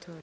който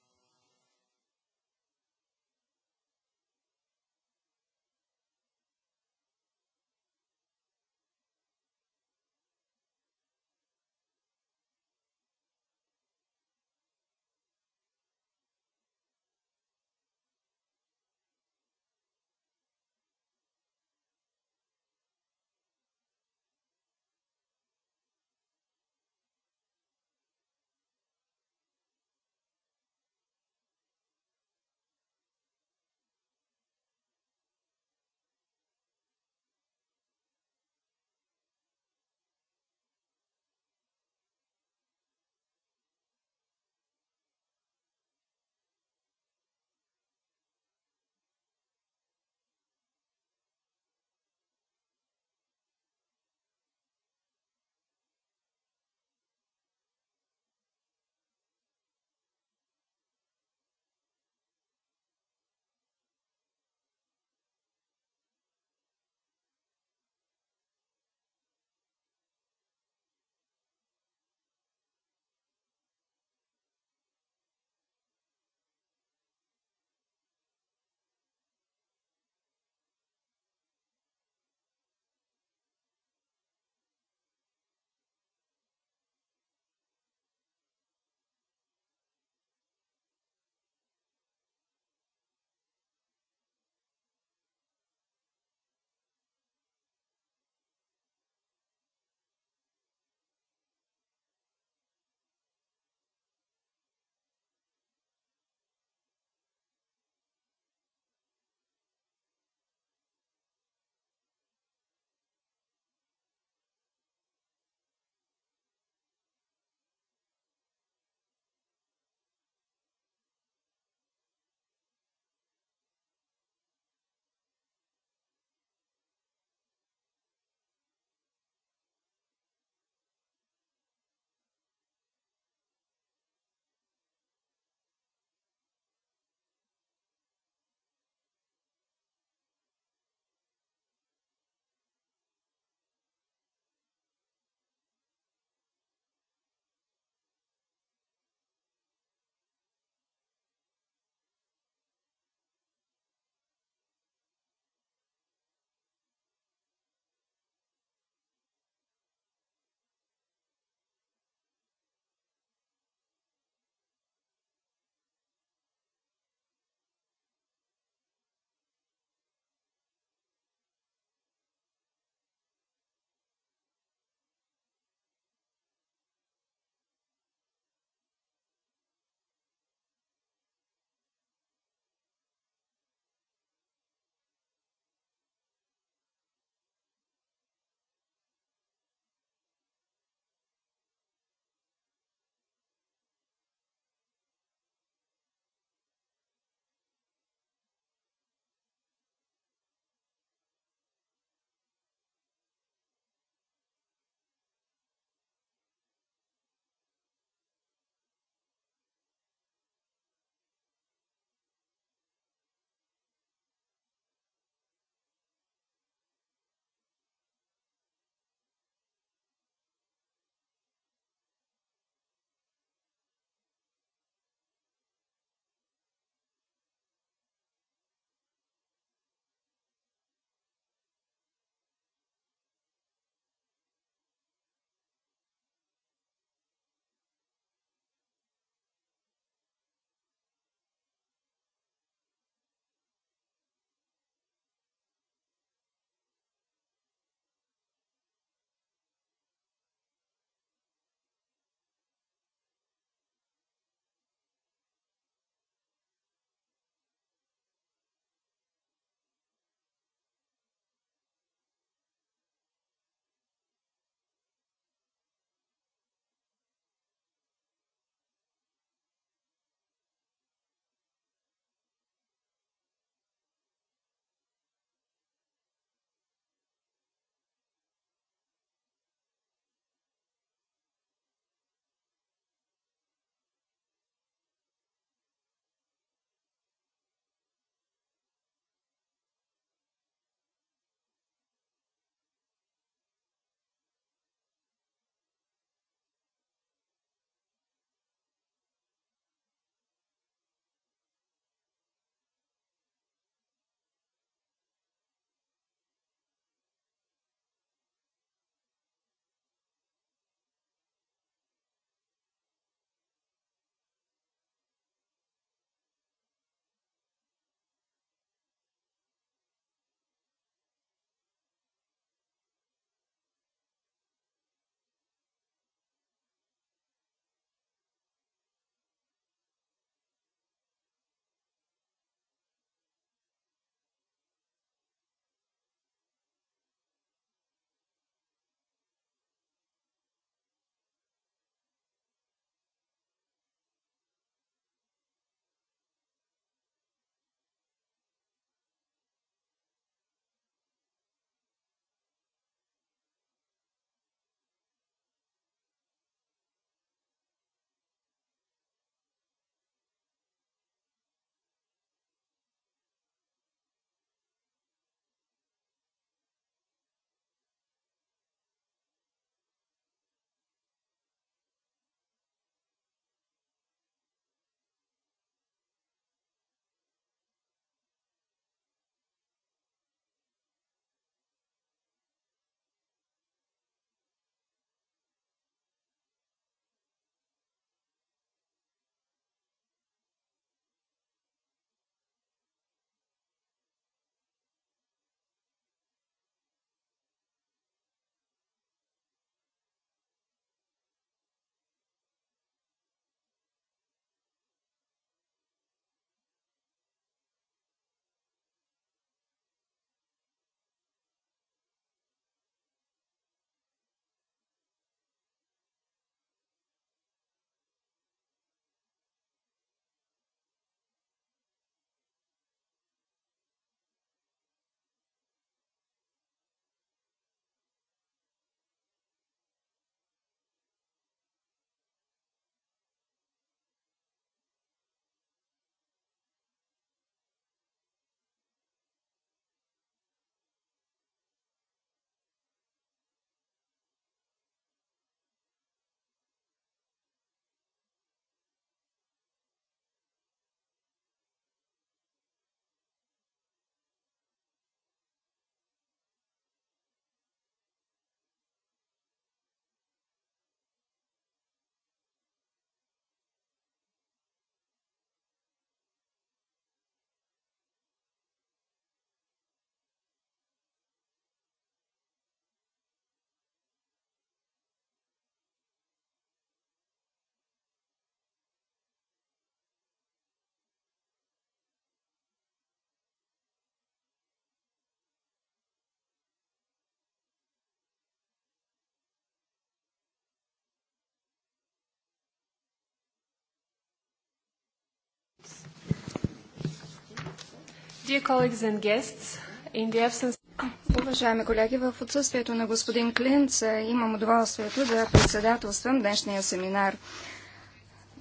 Уважаеми колеги, в отсъствието на господин Клинц е, имам удоволствието да председателствам днешния семинар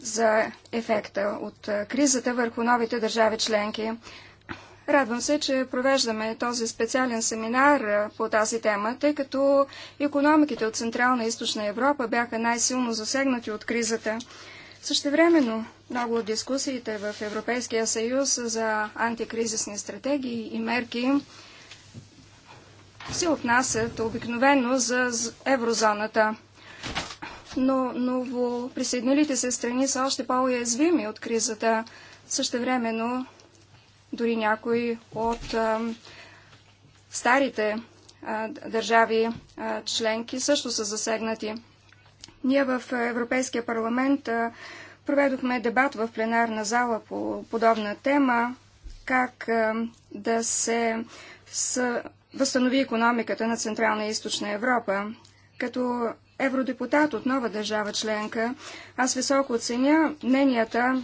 за ефекта от е, кризата върху новите държави членки. Радвам се, че провеждаме този специален семинар е, по тази тема, тъй като економиките от Централна и Източна Европа бяха най-силно засегнати от кризата. Същевременно много от дискусиите в Европейския съюз за антикризисни стратегии и мерки се отнасят обикновено за еврозоната. Но ново присъединилите се страни са още по-уязвими от кризата. Същевременно дори някои от а, старите а, държави а, членки също са засегнати. Ние в Европейския парламент проведохме дебат в пленарна зала по подобна тема, как да се възстанови економиката на Централна и Източна Европа. Като евродепутат от нова държава членка, аз високо оценя мненията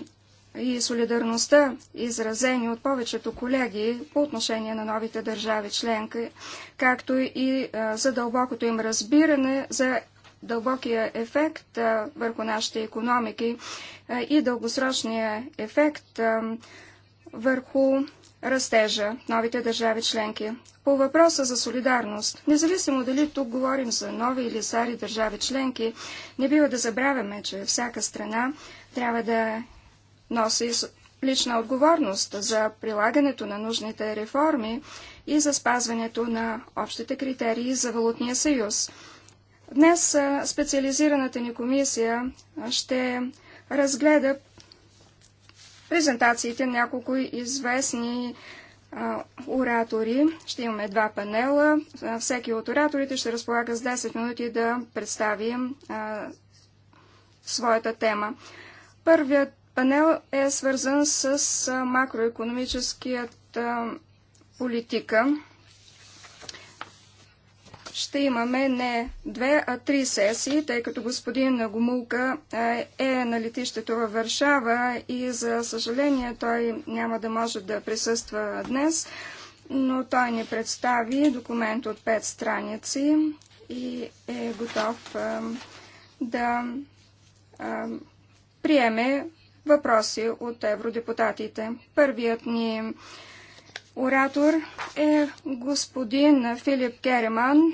и солидарността, изразени от повечето колеги по отношение на новите държави членки, както и за дълбокото им разбиране за дълбокия ефект върху нашите економики и дългосрочния ефект върху растежа новите държави членки. По въпроса за солидарност, независимо дали тук говорим за нови или стари държави членки, не бива да забравяме, че всяка страна трябва да носи лична отговорност за прилагането на нужните реформи и за спазването на общите критерии за валутния съюз. Днес специализираната ни комисия ще разгледа презентациите на няколко известни оратори. Ще имаме два панела. Всеки от ораторите ще разполага с 10 минути да представи своята тема. Първият панел е свързан с макроекономическият политика ще имаме не две, а три сесии, тъй като господин Гомулка е на летището във Варшава и за съжаление той няма да може да присъства днес, но той ни представи документ от пет страници и е готов да приеме въпроси от евродепутатите. Първият ни оратор е господин Филип Кереман,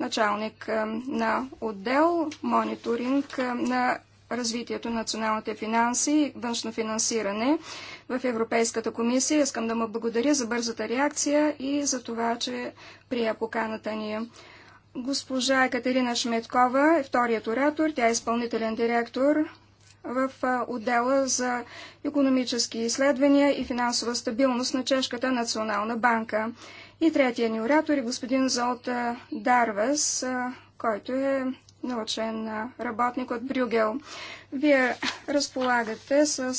началник на отдел мониторинг на развитието на националните финанси и външно финансиране в Европейската комисия. Искам да му благодаря за бързата реакция и за това, че прия поканата ни. Госпожа Екатерина Шметкова е вторият оратор. Тя е изпълнителен директор в отдела за економически изследвания и финансова стабилност на Чешката национална банка. И третия ни оратор е господин Золта Дарвес, който е научен работник от Брюгел. Вие разполагате с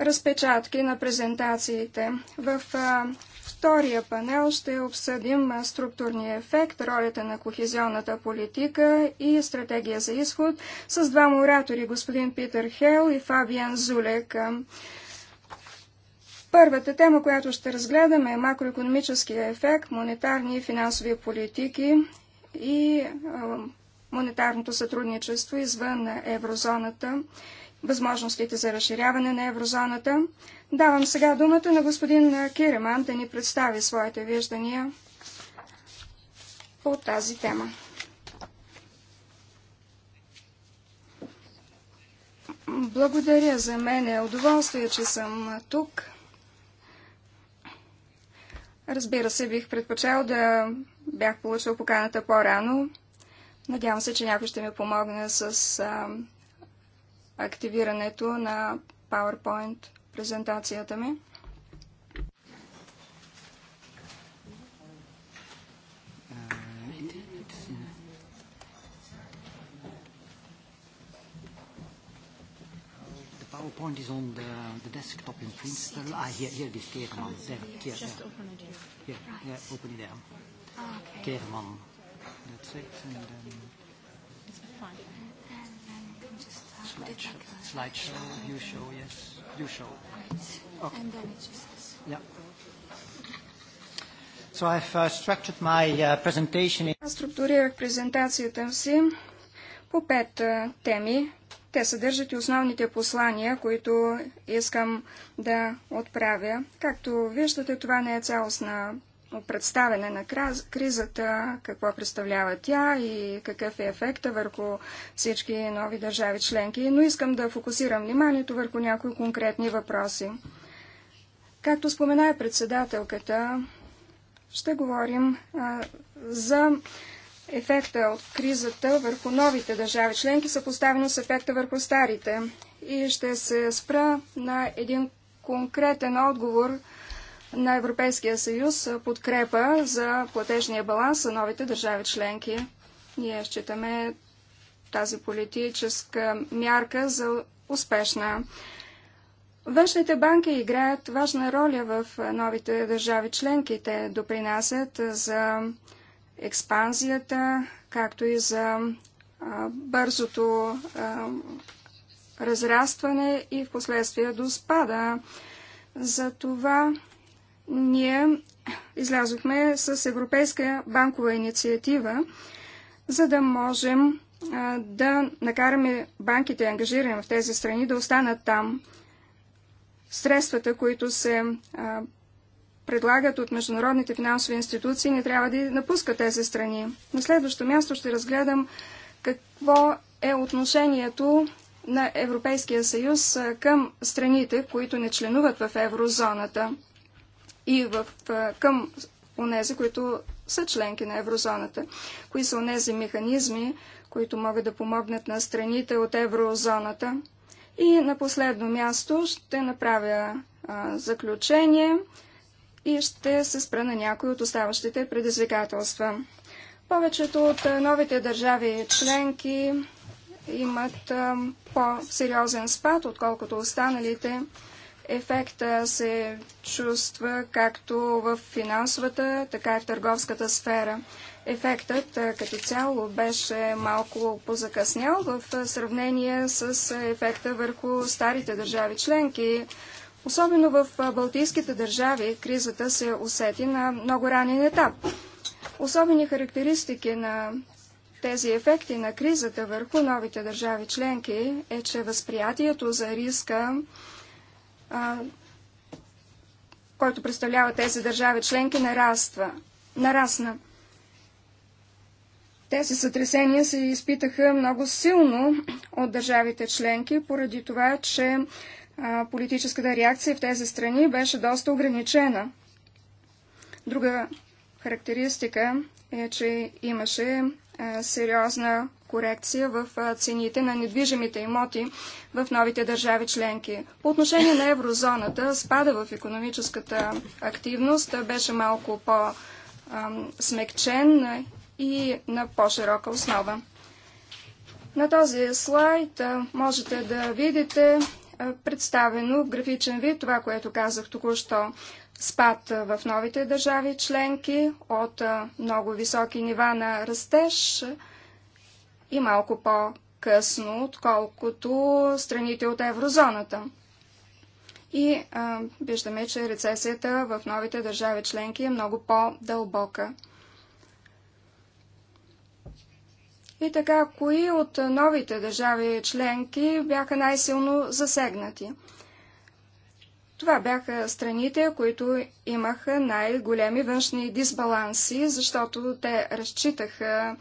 разпечатки на презентациите. В а, втория панел ще обсъдим структурния ефект, ролята на кохезионната политика и стратегия за изход с два оратори, господин Питър Хел и Фабиан Зулек. Първата тема, която ще разгледаме е макроекономическия ефект, монетарни и финансови политики и а, монетарното сътрудничество извън еврозоната възможностите за разширяване на еврозоната. Давам сега думата на господин Киреман да ни представи своите виждания по тази тема. Благодаря за мен. Е удоволствие, че съм тук. Разбира се, бих предпочел да бях получил поканата по-рано. Надявам се, че някой ще ми помогне с активирането на PowerPoint презентацията ми. PowerPoint is on the, the desktop in principle. Ah, here, here it is, Keverman. There, here, Just there. open it here. Here, right. yeah, open it there. Ah, okay. Keverman. That's it, and then... It's fine slideshow. Slideshow, you show, yes. You show. Okay. And then just Yeah. So I've uh, structured my uh, presentation. Структурирах презентацията си по пет е, теми. Те съдържат и основните послания, които искам да отправя. Както виждате, това не е цялостна представене на кризата, какво представлява тя и какъв е ефекта върху всички нови държави членки, но искам да фокусирам вниманието върху някои конкретни въпроси. Както спомена председателката, ще говорим а, за ефекта от кризата върху новите държави членки, съпоставено с ефекта върху старите. И ще се спра на един конкретен отговор, на Европейския съюз подкрепа за платежния баланс на новите държави членки. Ние считаме тази политическа мярка за успешна. Външните банки играят важна роля в новите държави членки. Те допринасят за експанзията, както и за бързото разрастване и в последствие до спада. За това ние излязохме с Европейска банкова инициатива, за да можем да накараме банките, ангажирани в тези страни, да останат там. Средствата, които се предлагат от международните финансови институции, не трябва да напускат тези страни. На следващо място ще разгледам какво е отношението на Европейския съюз към страните, които не членуват в еврозоната и в, към онези, които са членки на еврозоната. Кои са онези механизми, които могат да помогнат на страните от еврозоната. И на последно място ще направя а, заключение и ще се спра на някои от оставащите предизвикателства. Повечето от новите държави членки имат по-сериозен спад, отколкото останалите. Ефекта се чувства както в финансовата, така и в търговската сфера. Ефектът като цяло беше малко позакъснял в сравнение с ефекта върху старите държави членки. Особено в балтийските държави кризата се усети на много ранен етап. Особени характеристики на тези ефекти на кризата върху новите държави членки е, че възприятието за риска който представлява тези държави членки, нараства, нарасна. Тези сътресения се изпитаха много силно от държавите членки, поради това, че политическата реакция в тези страни беше доста ограничена. Друга характеристика е, че имаше сериозна корекция в цените на недвижимите имоти в новите държави членки. По отношение на еврозоната, спада в економическата активност беше малко по-смекчен и на по-широка основа. На този слайд можете да видите представено в графичен вид това, което казах току-що. Спад в новите държави членки от много високи нива на растеж – и малко по-късно, отколкото страните от еврозоната. И а, виждаме, че рецесията в новите държави членки е много по-дълбока. И така, кои от новите държави членки бяха най-силно засегнати? Това бяха страните, които имаха най-големи външни дисбаланси, защото те разчитаха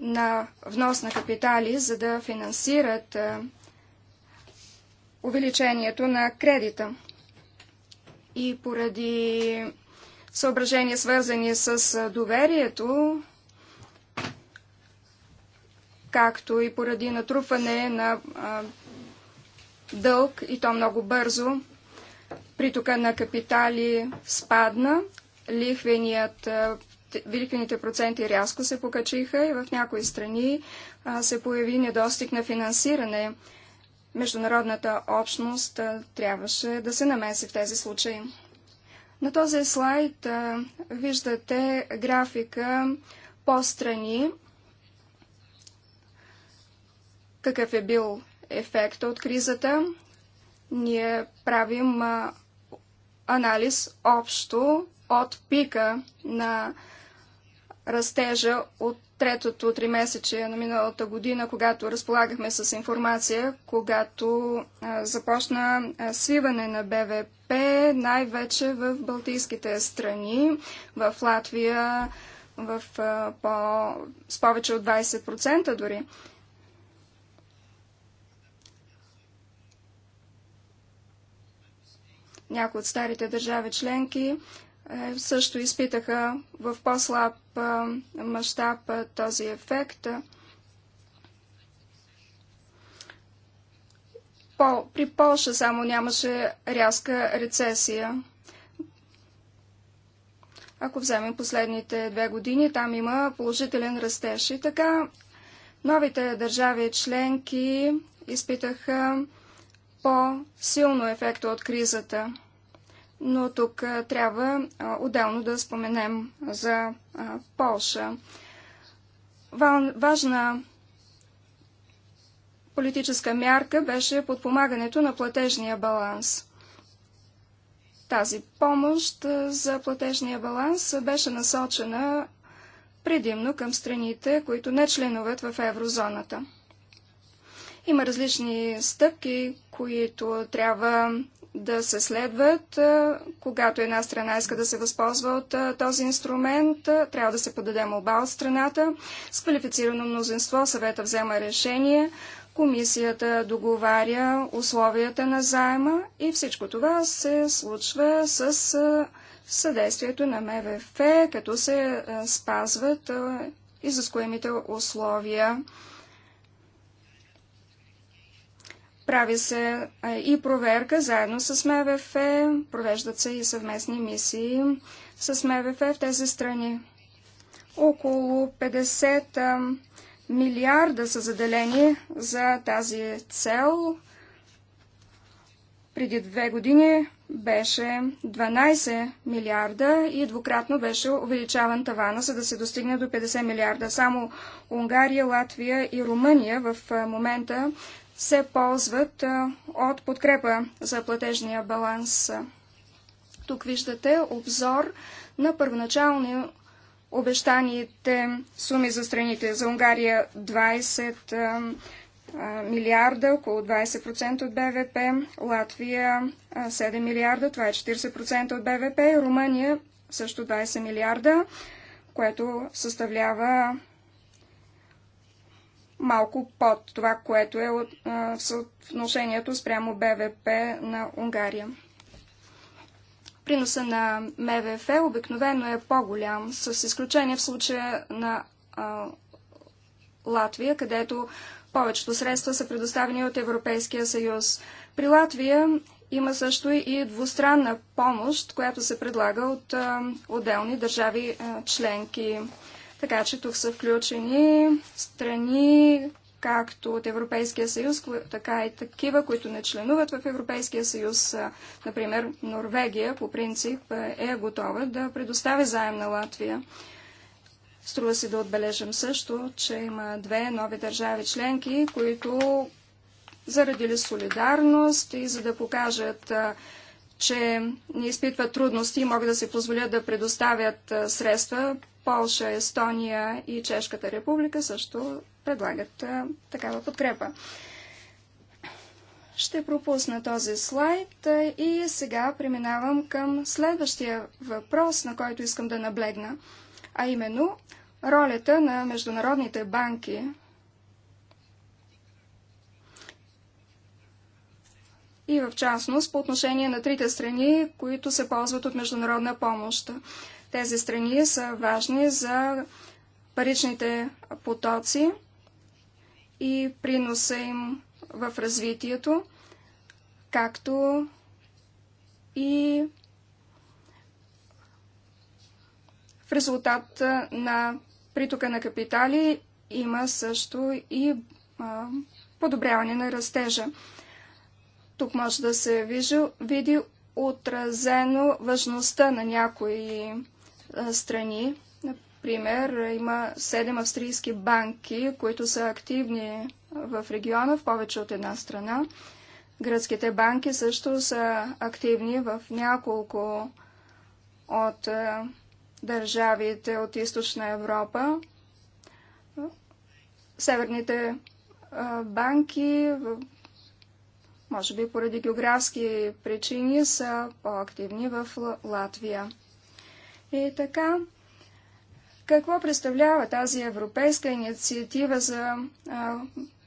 на внос на капитали, за да финансират увеличението на кредита. И поради съображения, свързани с доверието, както и поради натрупване на дълг, и то много бързо, притока на капитали спадна, лихвеният ликвените проценти рязко се покачиха и в някои страни а, се появи недостиг на финансиране. Международната общност а, трябваше да се намеси в тези случаи. На този слайд а, виждате графика по страни, какъв е бил ефекта от кризата. Ние правим анализ общо от пика на растежа от третото три месече на миналата година, когато разполагахме с информация, когато започна свиване на БВП, най-вече в Балтийските страни, в Латвия в, по, с повече от 20% дори. Някои от старите държави членки е, също изпитаха в по-слаб е, мащаб е, този ефект. при Польша само нямаше рязка рецесия. Ако вземем последните две години, там има положителен растеж. И така, новите държави членки изпитаха по-силно ефекта от кризата но тук трябва отделно да споменем за Полша. Важна политическа мярка беше подпомагането на платежния баланс. Тази помощ за платежния баланс беше насочена предимно към страните, които не членуват в еврозоната. Има различни стъпки, които трябва да се следват. Когато една страна иска да се възползва от този инструмент, трябва да се подаде молба от страната. С квалифицирано мнозинство съвета взема решение, комисията договаря условията на заема и всичко това се случва с съдействието на МВФ, като се спазват изискуемите условия. Прави се и проверка заедно с МВФ, провеждат се и съвместни мисии с МВФ в тези страни. Около 50 милиарда са заделени за тази цел. Преди две години беше 12 милиарда и двукратно беше увеличаван тавана, за да се достигне до 50 милиарда. Само Унгария, Латвия и Румъния в момента се ползват от подкрепа за платежния баланс. Тук виждате обзор на първоначални обещаните суми за страните. За Унгария 20 милиарда, около 20% от БВП, Латвия 7 милиарда, това е 40% от БВП, Румъния също 20 милиарда, което съставлява малко под това, което е от, а, съотношението спрямо БВП на Унгария. Приноса на МВФ обикновено е по-голям, с изключение в случая на а, Латвия, където повечето средства са предоставени от Европейския съюз. При Латвия има също и двустранна помощ, която се предлага от а, отделни държави а, членки. Така че тук са включени страни, както от Европейския съюз, така и такива, които не членуват в Европейския съюз. Например, Норвегия по принцип е готова да предостави заем на Латвия. Струва си да отбележим също, че има две нови държави членки, които заради солидарност и за да покажат, че не изпитват трудности и могат да се позволят да предоставят средства Полша, Естония и Чешката република също предлагат такава подкрепа. Ще пропусна този слайд и сега преминавам към следващия въпрос, на който искам да наблегна, а именно ролята на международните банки и в частност по отношение на трите страни, които се ползват от международна помощ. Тези страни са важни за паричните потоци и приноса им в развитието, както и в резултат на притока на капитали има също и подобряване на растежа. Тук може да се види отразено важността на някои страни. Например, има 7 австрийски банки, които са активни в региона в повече от една страна. Гръцките банки също са активни в няколко от държавите от източна Европа. Северните банки, може би поради географски причини, са по-активни в Латвия. И така, какво представлява тази европейска инициатива за а,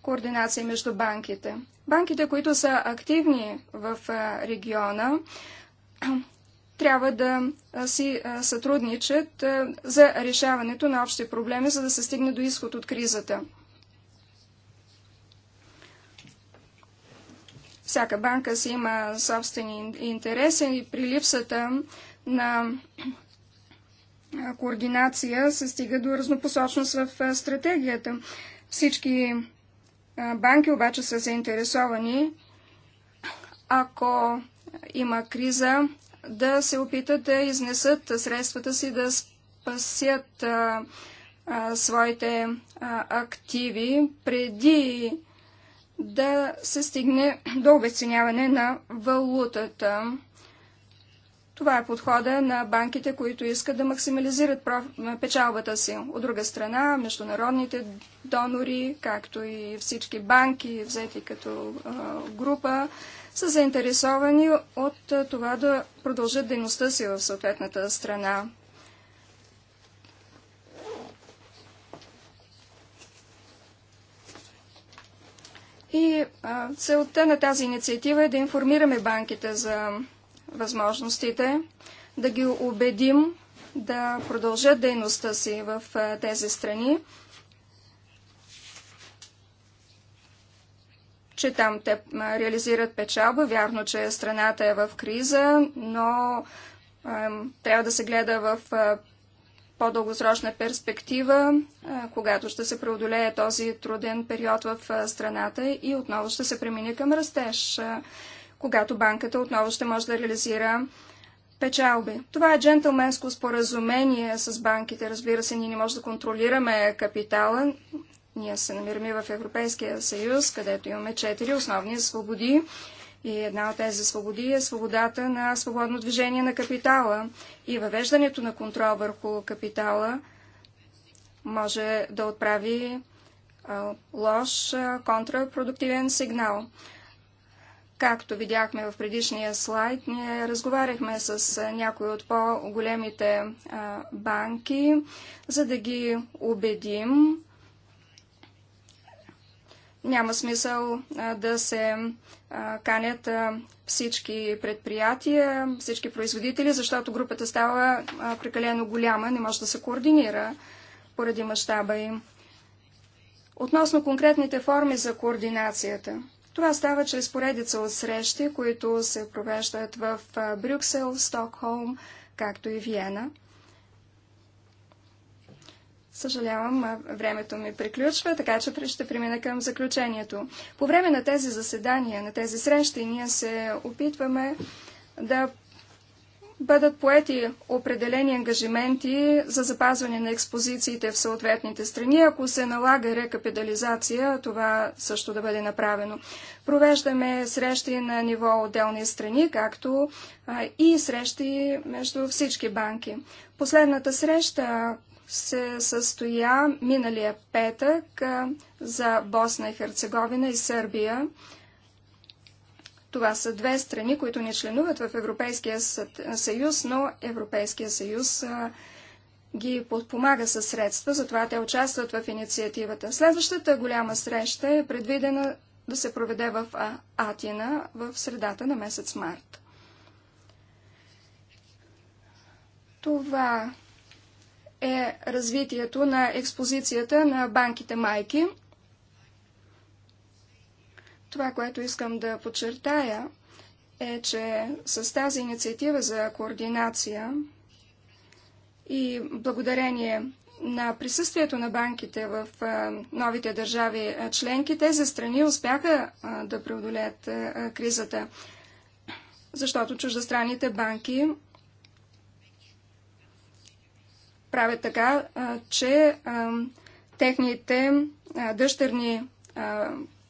координация между банките? Банките, които са активни в а, региона, трябва да си сътрудничат за решаването на общи проблеми, за да се стигне до изход от кризата. Всяка банка си има собствени интереси и при липсата на координация се стига до разнопосочност в стратегията. Всички банки обаче са заинтересовани, ако има криза, да се опитат да изнесат средствата си, да спасят а, а, своите а, активи преди да се стигне до обесценяване на валутата. Това е подхода на банките, които искат да максимализират печалбата си. От друга страна, международните донори, както и всички банки, взети като група, са заинтересовани от това да продължат дейността си в съответната страна. И целта на тази инициатива е да информираме банките за възможностите, да ги убедим да продължат дейността си в тези страни, че там те реализират печалба. Вярно, че страната е в криза, но е, трябва да се гледа в по-дългосрочна перспектива, когато ще се преодолее този труден период в страната и отново ще се премине към растеж когато банката отново ще може да реализира печалби. Това е джентълменско споразумение с банките. Разбира се, ние не може да контролираме капитала. Ние се намираме в Европейския съюз, където имаме четири основни свободи. И една от тези свободи е свободата на свободно движение на капитала. И въвеждането на контрол върху капитала може да отправи лош контрапродуктивен сигнал. Както видяхме в предишния слайд, ние разговаряхме с някои от по-големите банки, за да ги убедим. Няма смисъл да се канят всички предприятия, всички производители, защото групата става прекалено голяма, не може да се координира поради мащаба им. Относно конкретните форми за координацията – това става чрез поредица от срещи, които се провеждат в Брюксел, Стокхолм, както и Виена. Съжалявам, времето ми приключва, така че ще премина към заключението. По време на тези заседания, на тези срещи, ние се опитваме да бъдат поети определени ангажименти за запазване на експозициите в съответните страни. Ако се налага рекапитализация, това също да бъде направено. Провеждаме срещи на ниво отделни страни, както и срещи между всички банки. Последната среща се състоя миналия петък за Босна и Херцеговина и Сърбия. Това са две страни, които не членуват в Европейския съюз, но Европейския съюз ги подпомага със средства, затова те участват в инициативата. Следващата голяма среща е предвидена да се проведе в Атина в средата на месец март. Това е развитието на експозицията на банките майки – това, което искам да подчертая, е, че с тази инициатива за координация и благодарение на присъствието на банките в новите държави членки, тези страни успяха да преодолеят кризата, защото чуждестранните банки правят така, че техните дъщерни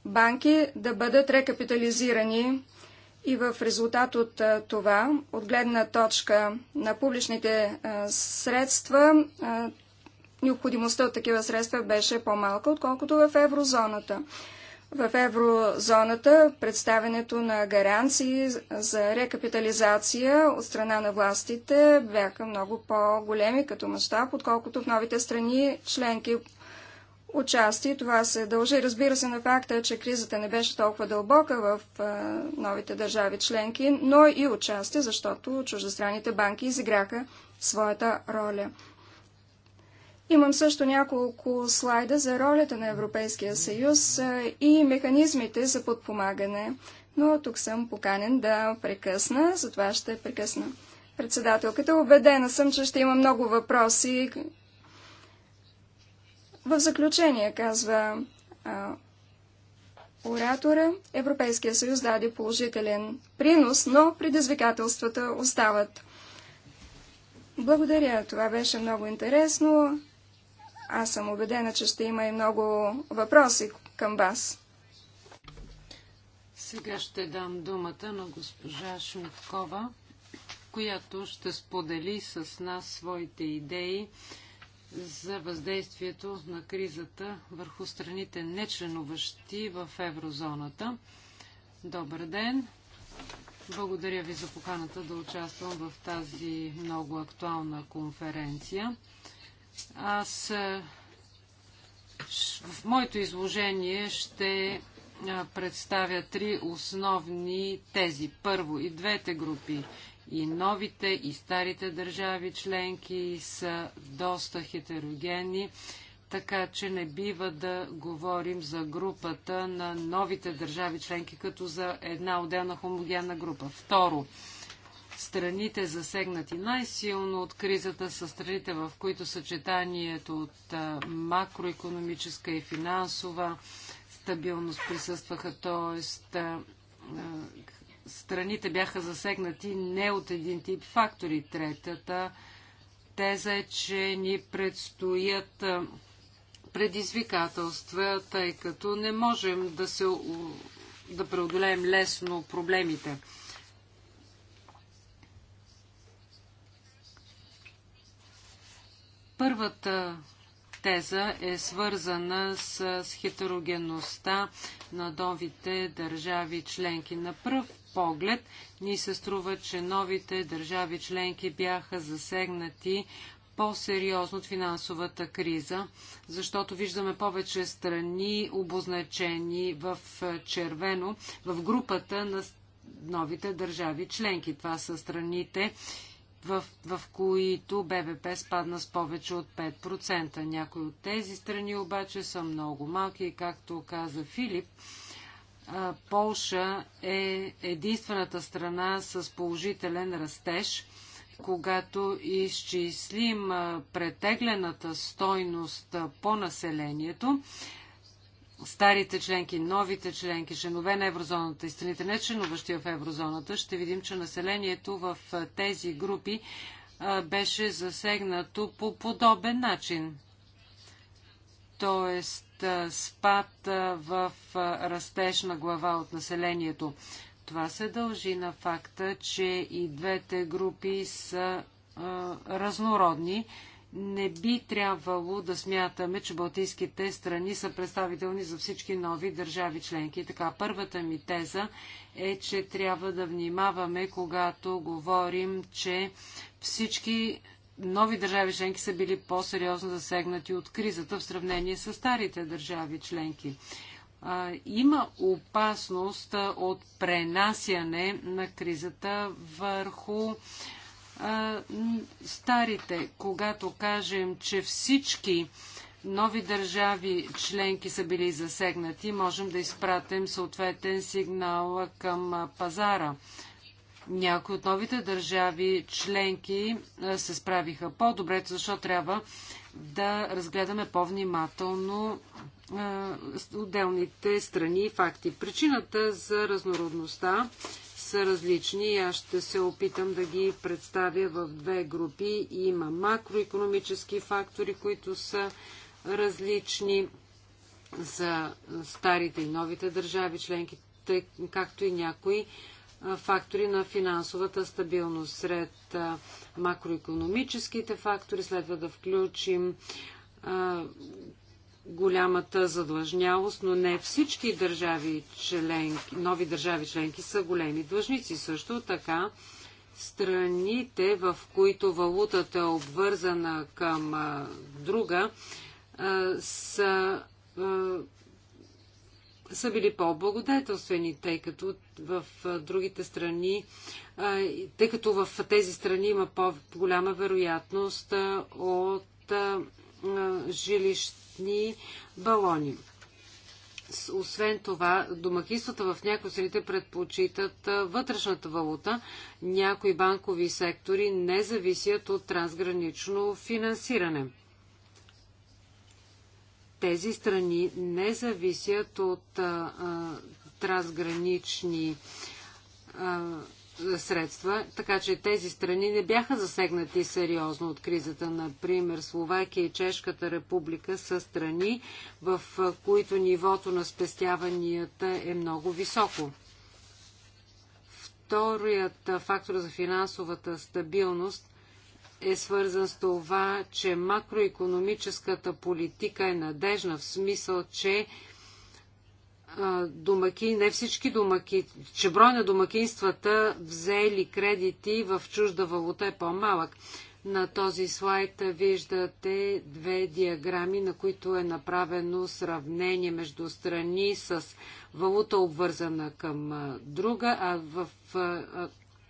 банки да бъдат рекапитализирани и в резултат от това, от гледна точка на публичните средства, необходимостта от такива средства беше по-малка, отколкото в еврозоната. В еврозоната представенето на гаранции за рекапитализация от страна на властите бяха много по-големи като мащаб, отколкото в новите страни членки отчасти. Това се дължи, разбира се, на факта, че кризата не беше толкова дълбока в новите държави членки, но и отчасти, защото чуждестранните банки изиграха своята роля. Имам също няколко слайда за ролята на Европейския съюз и механизмите за подпомагане, но тук съм поканен да прекъсна, затова ще прекъсна. Председателката, убедена съм, че ще има много въпроси в заключение, казва а, оратора, Европейския съюз даде положителен принос, но предизвикателствата остават. Благодаря, това беше много интересно. Аз съм убедена, че ще има и много въпроси към вас. Сега ще дам думата на госпожа Шмиткова, която ще сподели с нас своите идеи за въздействието на кризата върху страните нечленуващи в еврозоната. Добър ден! Благодаря ви за поканата да участвам в тази много актуална конференция. Аз е, в моето изложение ще е, представя три основни тези. Първо и двете групи и новите, и старите държави членки са доста хетерогенни, така че не бива да говорим за групата на новите държави членки като за една отделна хомогенна група. Второ, страните засегнати най-силно от кризата са страните, в които съчетанието от макроекономическа и финансова стабилност присъстваха, т.е страните бяха засегнати не от един тип фактори. Третата теза е, че ни предстоят предизвикателства, тъй като не можем да, се, да преодолеем лесно проблемите. Първата теза е свързана с хетерогенността на новите държави членки. На пръв поглед ни се струва, че новите държави членки бяха засегнати по-сериозно от финансовата криза, защото виждаме повече страни обозначени в е, червено в групата на новите държави членки. Това са страните, в, в които БВП спадна с повече от 5%. Някои от тези страни обаче са много малки както каза Филип, Полша е единствената страна с положителен растеж. Когато изчислим претеглената стойност по населението, старите членки, новите членки, членове на еврозоната и страните не членуващи в еврозоната, ще видим, че населението в тези групи беше засегнато по подобен начин. Тоест, е, спад е, в е, растеж на глава от населението. Това се дължи на факта, че и двете групи са разнородни. Не би трябвало да смятаме, че балтийските страни са представителни за всички нови държави членки. Така, първата ми теза е, че трябва да внимаваме, когато говорим, че всички нови държави членки са били по-сериозно засегнати от кризата в сравнение с старите държави членки. Има опасност от пренасяне на кризата върху старите. Когато кажем, че всички нови държави членки са били засегнати, можем да изпратим съответен сигнал към пазара. Някои от новите държави членки се справиха по-добре, защото трябва да разгледаме по-внимателно отделните страни и факти. Причината за разнородността са различни. Аз ще се опитам да ги представя в две групи. Има макроекономически фактори, които са различни за старите и новите държави членки, както и някои фактори на финансовата стабилност. Сред макроекономическите фактори следва да включим голямата задлъжнявост, но не всички държави членки, нови държави членки са големи длъжници. Също така страните, в които валутата е обвързана към друга, са са били по-благодетелствени, тъй като в другите страни, тъй като в тези страни има по-голяма вероятност от жилищни балони. Освен това, домакинствата в някои страните предпочитат вътрешната валута. Някои банкови сектори не зависят от трансгранично финансиране тези страни не зависят от а, а, трансгранични а, средства, така че тези страни не бяха засегнати сериозно от кризата. Например, Словакия и Чешката република са страни, в които нивото на спестяванията е много високо. Вторият фактор за финансовата стабилност е свързан с това, че макроекономическата политика е надежна в смисъл, че домаки, не всички домаки, че брой на домакинствата взели кредити в чужда валута е по-малък. На този слайд виждате две диаграми, на които е направено сравнение между страни с валута обвързана към друга, а в,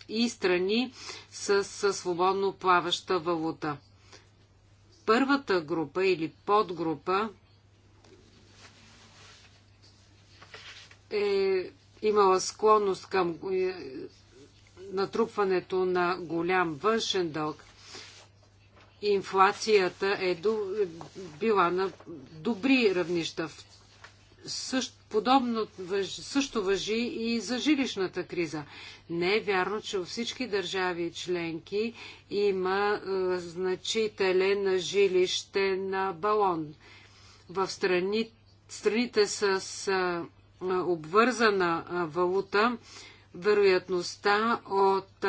и страни с, свободно плаваща валута. Първата група или подгрупа е имала склонност към е, натрупването на голям външен дълг. Инфлацията е, е била на добри равнища. Същ, подобно също въжи и за жилищната криза. Не е вярно, че във всички държави членки има е, значителен жилищен балон. В страни, страните с е, обвързана е, валута, вероятността от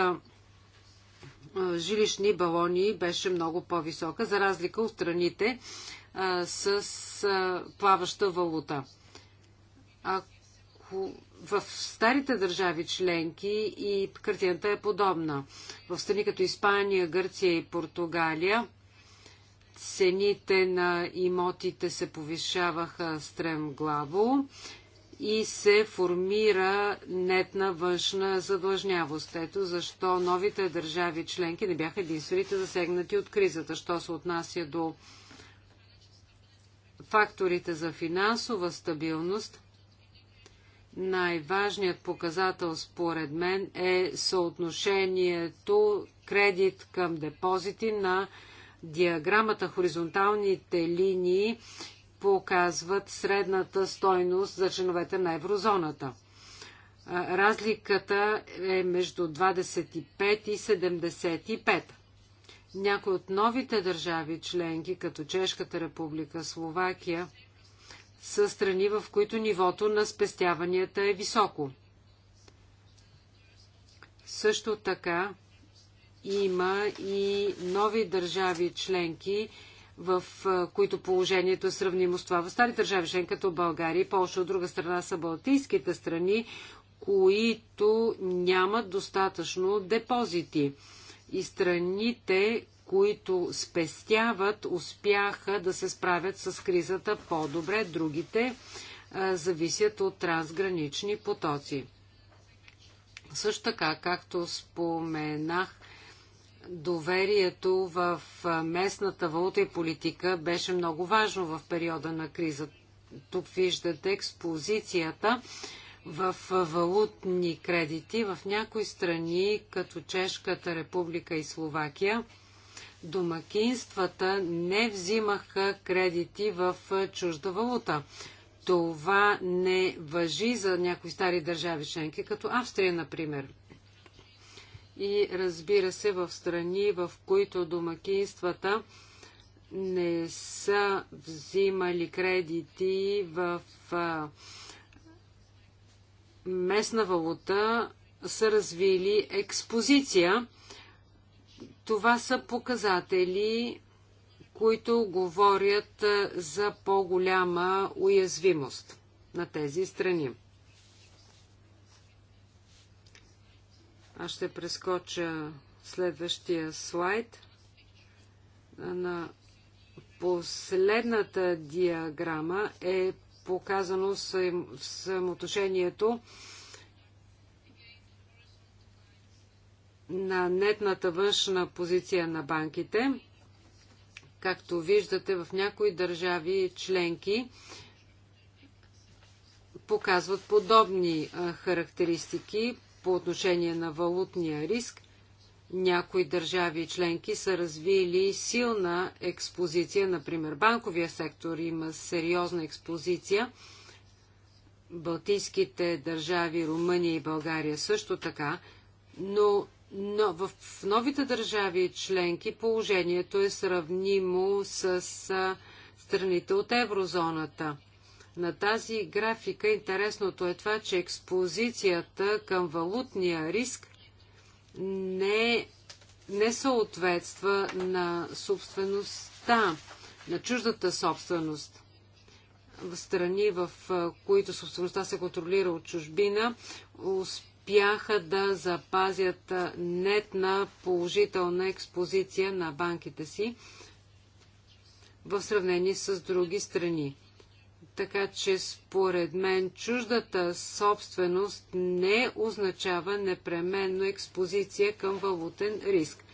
жилищни балони беше много по-висока, за разлика от страните с плаваща валута. Ако в старите държави членки и картината е подобна. В страни като Испания, Гърция и Португалия цените на имотите се повишаваха стремглаво и се формира нетна външна задлъжнявост. Ето защо новите държави членки не бяха единствените засегнати от кризата. Що се отнася до факторите за финансова стабилност, най-важният показател според мен е съотношението кредит към депозити на диаграмата. Хоризонталните линии показват средната стойност за членовете на еврозоната. Разликата е между 25 и 75. Някои от новите държави членки, като Чешката република, Словакия, са страни, в които нивото на спестяванията е високо. Също така има и нови държави членки, в които положението е сравнимо с това. В стари държави, член като България и Польша, от друга страна са балтийските страни, които нямат достатъчно депозити. И страните, които спестяват, успяха да се справят с кризата по-добре, другите а, зависят от трансгранични потоци. Също така, както споменах, доверието в местната валута и политика беше много важно в периода на криза. Тук виждате експозицията в валутни кредити в някои страни, като Чешката република и Словакия домакинствата не взимаха кредити в чужда валута. Това не въжи за някои стари държави членки, като Австрия, например. И разбира се, в страни, в които домакинствата не са взимали кредити в местна валута, са развили експозиция – това са показатели, които говорят за по-голяма уязвимост на тези страни. Аз ще прескоча следващия слайд на последната диаграма е показано самоотношението на нетната външна позиция на банките. Както виждате, в някои държави членки показват подобни характеристики по отношение на валутния риск. Някои държави членки са развили силна експозиция, например банковия сектор има сериозна експозиция. Балтийските държави, Румъния и България също така, но но в новите държави членки положението е сравнимо с страните от еврозоната. На тази графика интересното е това, че експозицията към валутния риск не, не съответства на собствеността, на чуждата собственост. В страни, в които собствеността се контролира от чужбина, успе успяха да запазят нетна положителна експозиция на банките си в сравнение с други страни. Така че според мен чуждата собственост не означава непременно експозиция към валутен риск.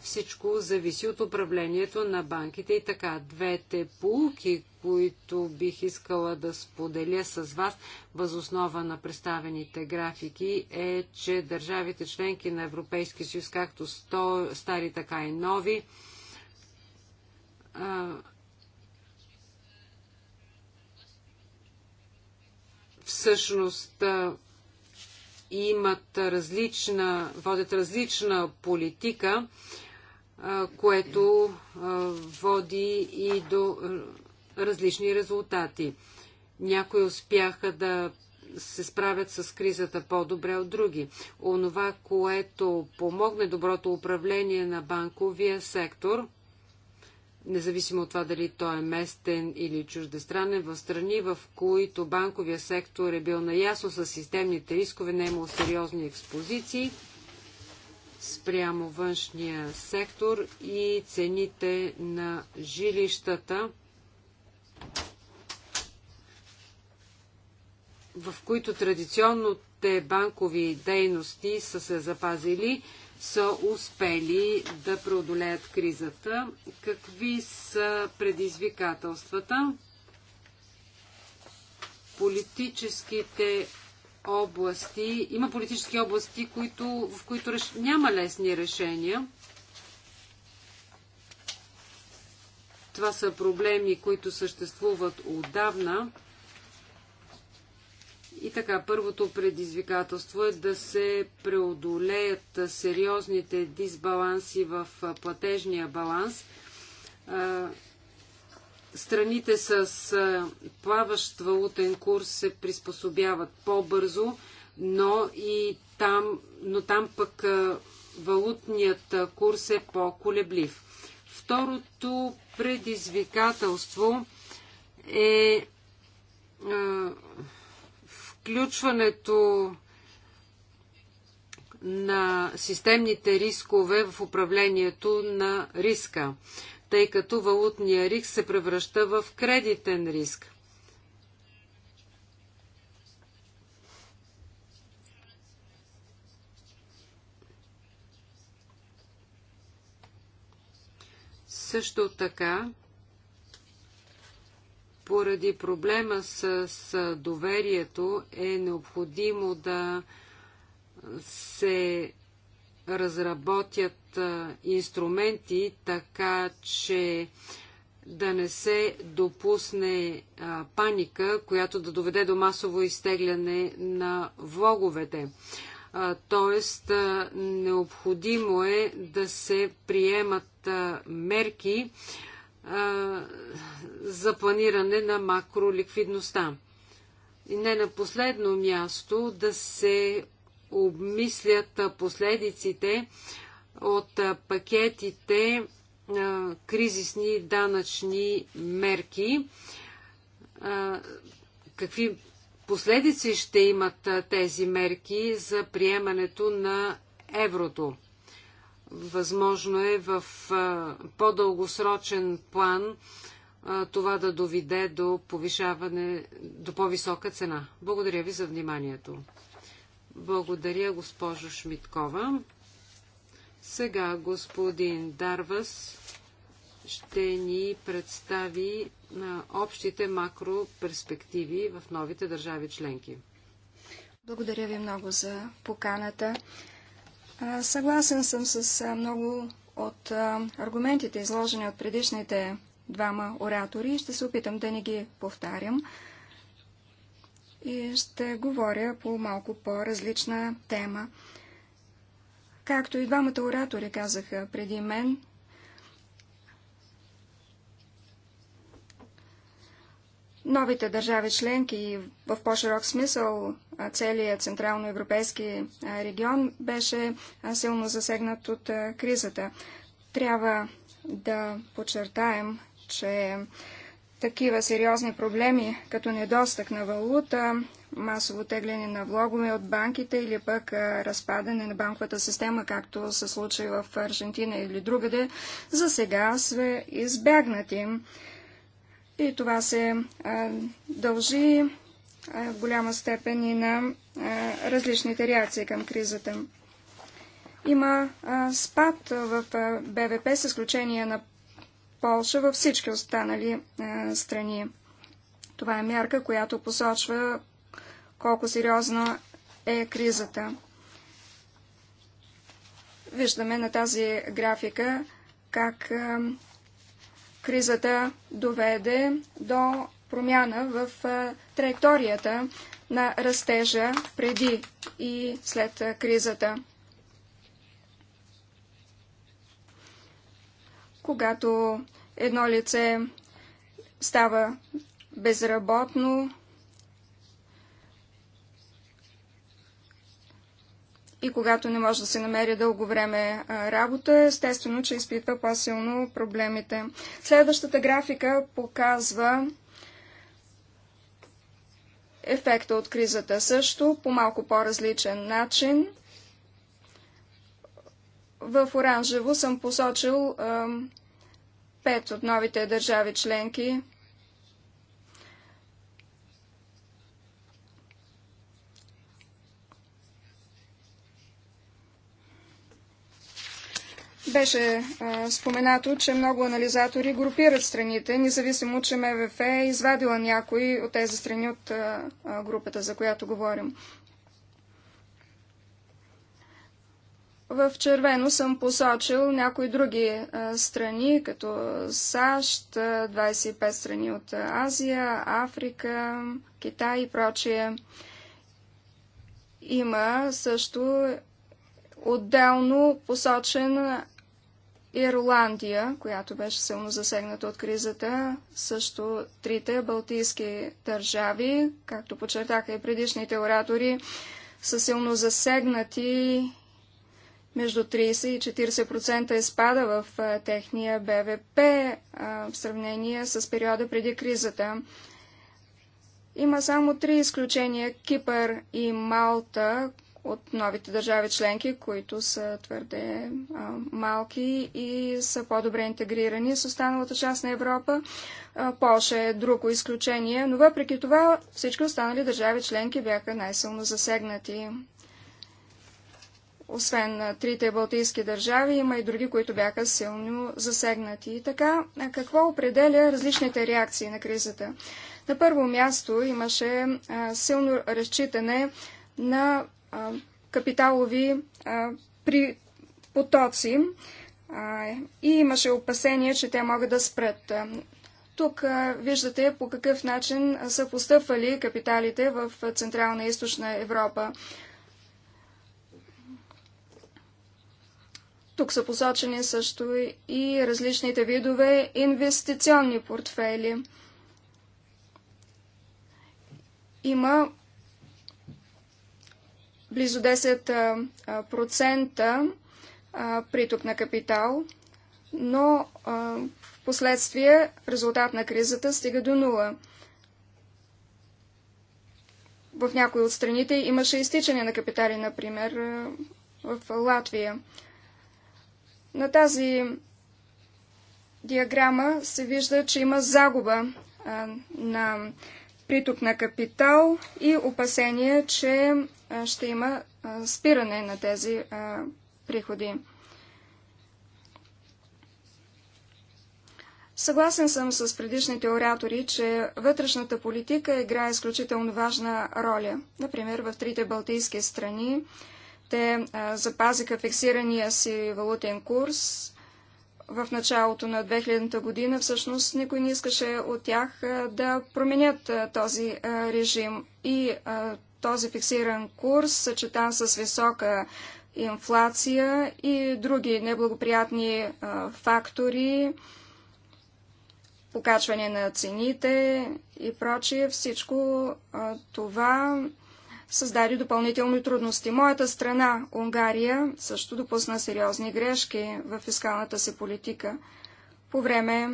Всичко зависи от управлението на банките и така. Двете полуки, които бих искала да споделя с вас възоснова на представените графики е, че държавите членки на Европейски съюз, както сто, стари, така и нови, всъщност имат различна, водят различна политика, което води и до различни резултати. Някои успяха да се справят с кризата по-добре от други. Онова, което помогне доброто управление на банковия сектор, независимо от това дали той е местен или чуждестранен, в страни, в които банковия сектор е бил наясно с системните рискове, не е имал сериозни експозиции спрямо външния сектор и цените на жилищата – в които традиционните банкови дейности са се запазили, са успели да преодолеят кризата. Какви са предизвикателствата? Политическите области, има политически области, които, в които реш... няма лесни решения. Това са проблеми, които съществуват отдавна. И така, първото предизвикателство е да се преодолеят сериозните дисбаланси в платежния баланс. Страните с плаващ валутен курс се приспособяват по-бързо, но и там, но там пък валутният курс е по-колеблив. Второто предизвикателство е включването на системните рискове в управлението на риска, тъй като валутния риск се превръща в кредитен риск. Също така поради проблема с, с доверието е необходимо да се разработят инструменти, така че да не се допусне а, паника, която да доведе до масово изтегляне на влоговете. Тоест, необходимо е да се приемат а, мерки, за планиране на макроликвидността. И не на последно място да се обмислят последиците от пакетите кризисни данъчни мерки. Какви последици ще имат тези мерки за приемането на еврото? Възможно е в по-дългосрочен план това да доведе до повишаване, до по-висока цена. Благодаря ви за вниманието. Благодаря, госпожо Шмиткова. Сега господин Дарвас ще ни представи на общите макроперспективи в новите държави членки. Благодаря ви много за поканата. Съгласен съм с много от аргументите, изложени от предишните двама оратори. Ще се опитам да не ги повтарям и ще говоря по малко по-различна тема. Както и двамата оратори казаха преди мен, новите държави членки и в по-широк смисъл целият Централно европейски регион беше силно засегнат от кризата. Трябва да подчертаем, че такива сериозни проблеми, като недостъг на валута, масово тегляне на влогове от банките или пък разпадане на банковата система, както се случи в Аржентина или другаде, за сега са избягнати. И това се дължи в голяма степен и на различните реакции към кризата. Има спад в БВП с изключение на Полша във всички останали страни. Това е мярка, която посочва колко сериозна е кризата. Виждаме на тази графика как Кризата доведе до промяна в траекторията на растежа преди и след кризата. Когато едно лице става безработно, и когато не може да се намери дълго време работа, естествено, че изпитва по-силно проблемите. Следващата графика показва ефекта от кризата също по малко по-различен начин. В оранжево съм посочил пет от новите държави членки – Беше а, споменато, че много анализатори групират страните, независимо, че МВФ е извадила някои от тези страни от а, групата, за която говорим. В червено съм посочил някои други а, страни, като САЩ, 25 страни от Азия, Африка, Китай и прочие. Има също отделно посочен Ирландия, която беше силно засегната от кризата, също трите балтийски държави, както подчертаха и предишните оратори, са силно засегнати. Между 30 и 40% изпада е в техния БВП в сравнение с периода преди кризата. Има само три изключения – Кипър и Малта, от новите държави членки, които са твърде а, малки и са по-добре интегрирани с останалата част на Европа. А, Польша е друго изключение, но въпреки това всички останали държави членки бяха най-силно засегнати. Освен трите балтийски държави, има и други, които бяха силно засегнати. И така, какво определя различните реакции на кризата? На първо място имаше а, силно разчитане на капиталови при потоци и имаше опасение, че те могат да спрат. Тук виждате по какъв начин са постъпвали капиталите в Централна и Източна Европа. Тук са посочени също и различните видове инвестиционни портфели. Има близо 10% приток на капитал, но в последствие резултат на кризата стига до нула. В някои от страните имаше изтичане на капитали, например в Латвия. На тази диаграма се вижда, че има загуба на приток на капитал и опасение, че ще има спиране на тези приходи. Съгласен съм с предишните оратори, че вътрешната политика играе изключително важна роля. Например, в трите балтийски страни те запазиха фиксирания си валутен курс в началото на 2000-та година, всъщност никой не искаше от тях да променят този режим. И този фиксиран курс, съчетан с висока инфлация и други неблагоприятни фактори, покачване на цените и прочие, всичко това създаде допълнителни трудности. Моята страна, Унгария, също допусна сериозни грешки в фискалната си политика по време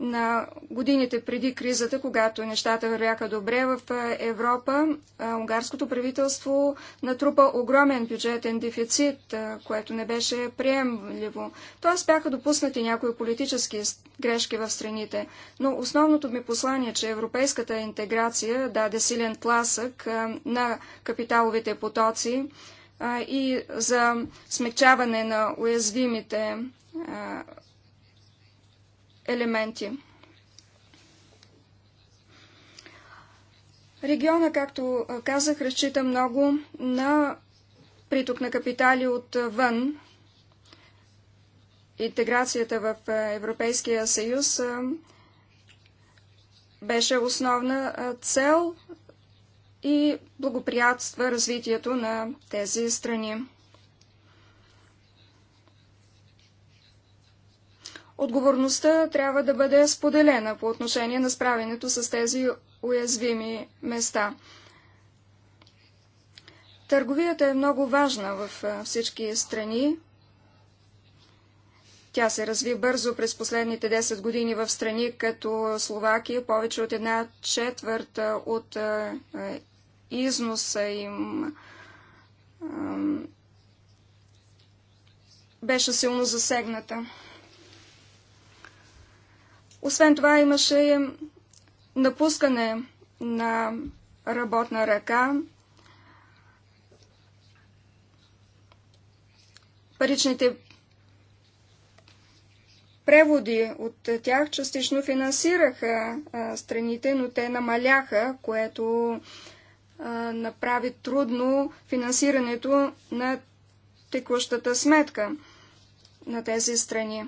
на годините преди кризата, когато нещата вървяха добре в Европа, унгарското правителство натрупа огромен бюджетен дефицит, което не беше приемливо. Тоест бяха допуснати някои политически грешки в страните. Но основното ми послание, е, че европейската интеграция даде силен тласък на капиталовите потоци и за смягчаване на уязвимите елементи. Региона, както казах, разчита много на приток на капитали отвън. Интеграцията в Европейския съюз беше основна цел и благоприятства развитието на тези страни. Отговорността трябва да бъде споделена по отношение на справянето с тези уязвими места. Търговията е много важна в всички страни. Тя се разви бързо през последните 10 години в страни като Словакия. Повече от една четвърта от износа им беше силно засегната. Освен това имаше напускане на работна ръка, паричните преводи от тях частично финансираха а, страните, но те намаляха, което а, направи трудно финансирането на текущата сметка на тези страни.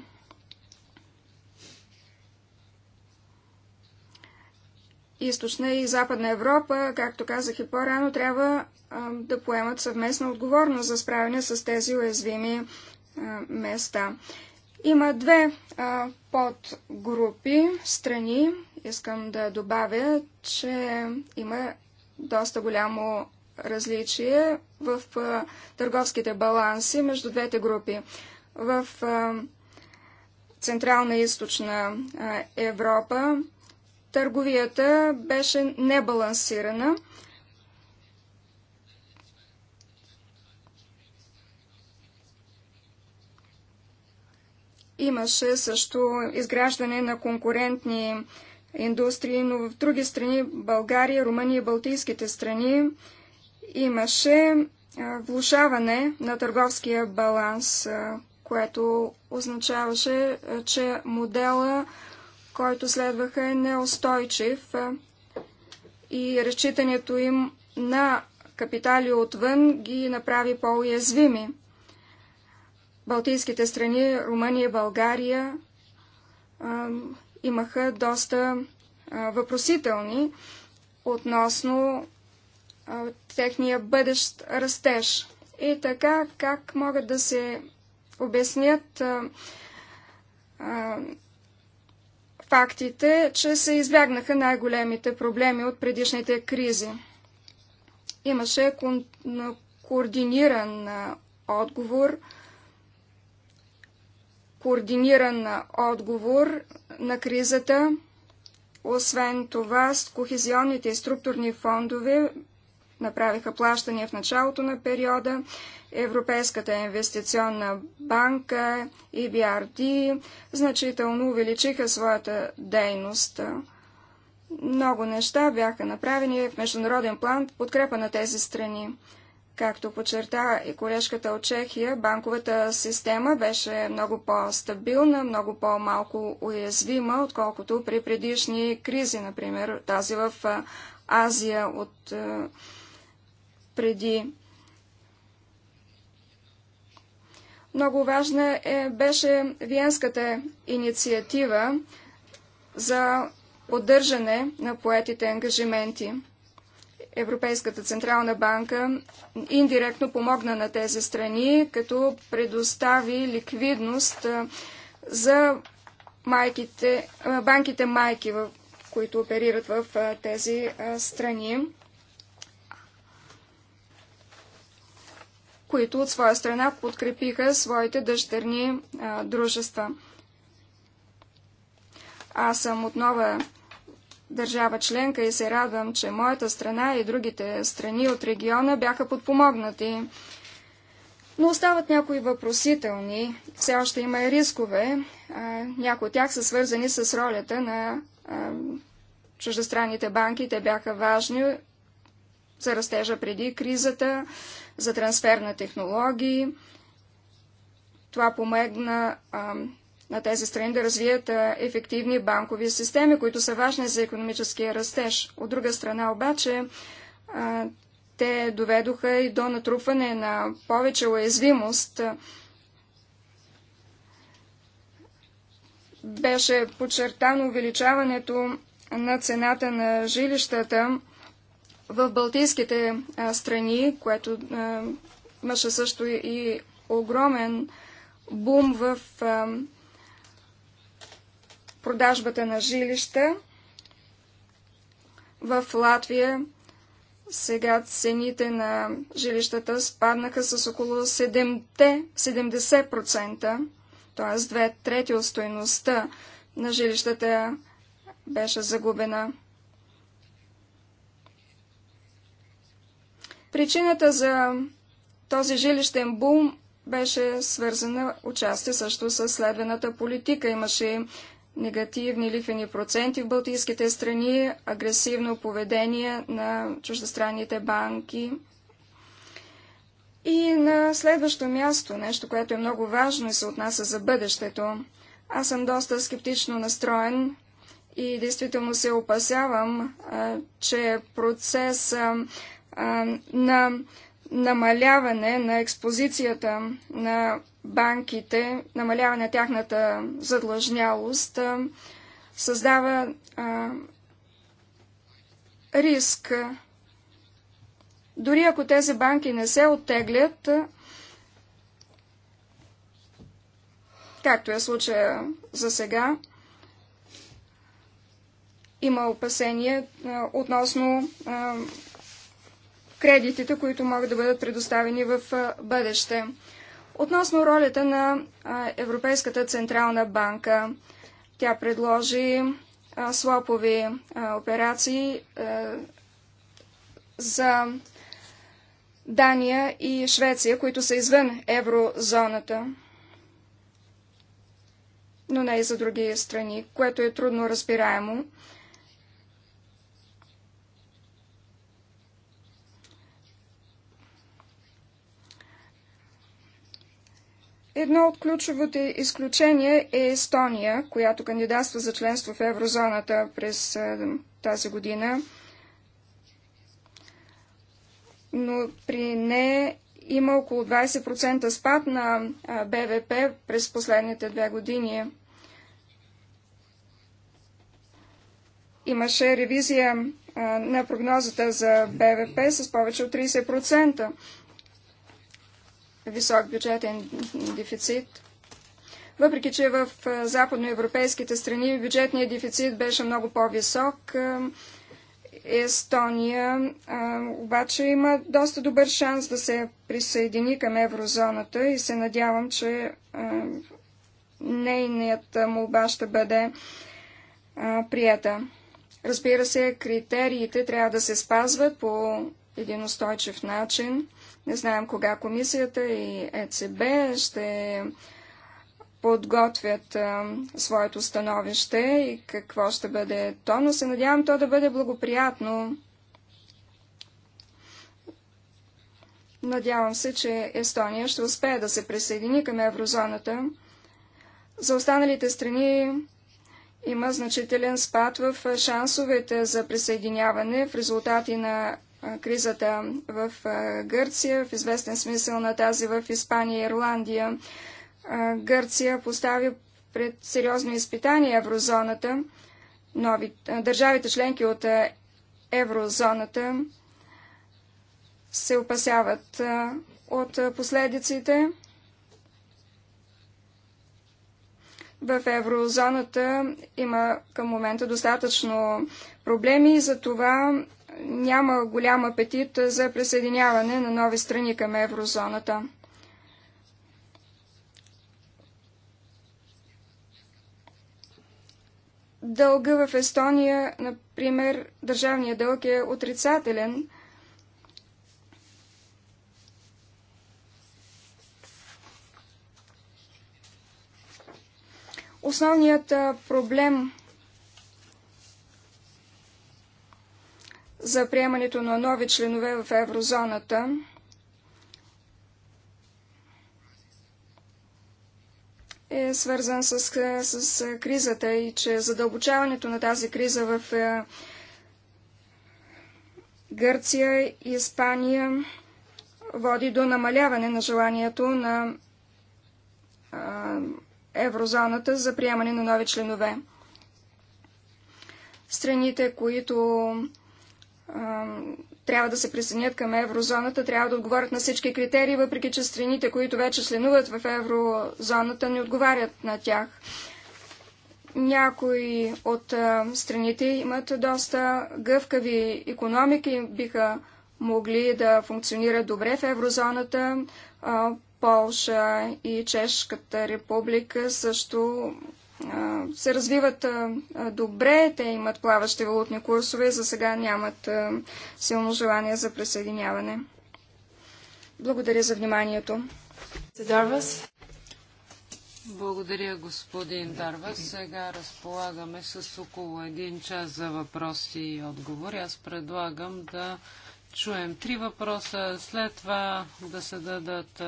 източна и западна Европа, както казах и по-рано, трябва да поемат съвместна отговорност за справяне с тези уязвими места. Има две подгрупи, страни. Искам да добавя, че има доста голямо различие в търговските баланси между двете групи. В Централна и Източна Европа търговията беше небалансирана. Имаше също изграждане на конкурентни индустрии, но в други страни, България, Румъния и Балтийските страни, имаше влушаване на търговския баланс, което означаваше, че модела който следваха, е неустойчив и разчитането им на капитали отвън ги направи по-уязвими. Балтийските страни, Румъния и България, имаха доста въпросителни относно техния бъдещ растеж. И така, как могат да се обяснят фактите, че се избягнаха най-големите проблеми от предишните кризи. Имаше координиран отговор, координиран отговор на кризата. Освен това, с кохезионните и структурни фондове направиха плащания в началото на периода, Европейската инвестиционна банка и BRD значително увеличиха своята дейност. Много неща бяха направени в международен план в подкрепа на тези страни. Както почерта и колежката от Чехия, банковата система беше много по-стабилна, много по-малко уязвима, отколкото при предишни кризи, например тази в Азия от преди Много важна е, беше Виенската инициатива за поддържане на поетите ангажименти. Европейската Централна банка индиректно помогна на тези страни, като предостави ликвидност за майките, банките майки, които оперират в тези страни. които от своя страна подкрепиха своите дъщерни а, дружества. Аз съм отнова държава членка и се радвам, че моята страна и другите страни от региона бяха подпомогнати. Но остават някои въпросителни. Все още има и рискове. Някои от тях са свързани с ролята на чуждестранните банки. Те бяха важни за растежа преди кризата, за трансфер на технологии. Това помегна а, на тези страни да развият а, ефективни банкови системи, които са важни за економическия растеж. От друга страна обаче, а, те доведоха и до натрупване на повече уязвимост. Беше подчертано увеличаването на цената на жилищата, в Балтийските страни, което имаше също и огромен бум в продажбата на жилища, в Латвия сега цените на жилищата спаднаха с около 70%, т.е. две трети от стоеността на жилищата беше загубена. Причината за този жилищен бум беше свързана отчасти също с следвената политика. Имаше негативни лихвени проценти в балтийските страни, агресивно поведение на чуждестранните банки. И на следващо място, нещо, което е много важно и се отнася за бъдещето. Аз съм доста скептично настроен и действително се опасявам, че процес на намаляване на експозицията на банките, намаляване на тяхната задлъжнялост, създава а, риск. Дори ако тези банки не се оттеглят, както е случая за сега, има опасение а, относно а, кредитите, които могат да бъдат предоставени в бъдеще. Относно ролята на Европейската централна банка, тя предложи слопови операции за Дания и Швеция, които са извън еврозоната, но не и за други страни, което е трудно разбираемо. Едно от ключовите изключения е Естония, която кандидатства за членство в еврозоната през тази година. Но при нея има около 20% спад на БВП през последните две години. Имаше ревизия на прогнозата за БВП с повече от 30% висок бюджетен дефицит. Въпреки, че в западноевропейските страни бюджетният дефицит беше много по-висок, Естония обаче има доста добър шанс да се присъедини към еврозоната и се надявам, че нейният молба ще бъде прията. Разбира се, критериите трябва да се спазват по един устойчив начин. Не знаем кога комисията и ЕЦБ ще подготвят а, своето становище и какво ще бъде то, но се надявам то да бъде благоприятно. Надявам се, че Естония ще успее да се присъедини към еврозоната. За останалите страни има значителен спад в шансовете за присъединяване в резултати на кризата в Гърция, в известен смисъл на тази в Испания и Ирландия. Гърция постави пред сериозни изпитания еврозоната, нови, държавите членки от еврозоната се опасяват от последиците. В еврозоната има към момента достатъчно проблеми, за това няма голям апетит за присъединяване на нови страни към еврозоната. Дълга в Естония, например, държавният дълг е отрицателен. Основният проблем за приемането на нови членове в еврозоната. е свързан с, с, е, с кризата и че задълбочаването на тази криза в е, Гърция и Испания води до намаляване на желанието на е, еврозоната за приемане на нови членове. Страните, които трябва да се присъединят към еврозоната, трябва да отговорят на всички критерии, въпреки че страните, които вече членуват в еврозоната, не отговарят на тях. Някои от страните имат доста гъвкави економики, биха могли да функционират добре в еврозоната. Полша и Чешката република също се развиват добре, те имат плаващи валутни курсове, за сега нямат силно желание за присъединяване. Благодаря за вниманието. Благодаря, господин Дарвас. Сега разполагаме с около един час за въпроси и отговори. Аз предлагам да чуем три въпроса, след това да се дадат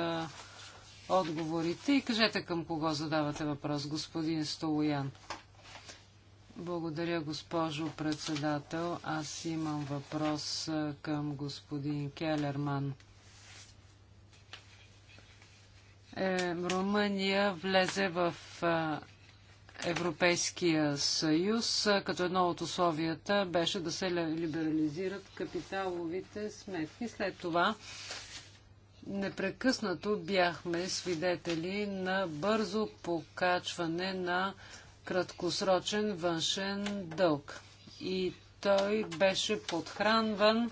отговорите и кажете към кого задавате въпрос, господин Столоян. Благодаря, госпожо председател. Аз имам въпрос към господин Келерман. Е, Румъния влезе в Европейския съюз, като едно от условията беше да се либерализират капиталовите сметки. След това непрекъснато бяхме свидетели на бързо покачване на краткосрочен външен дълг. И той беше подхранван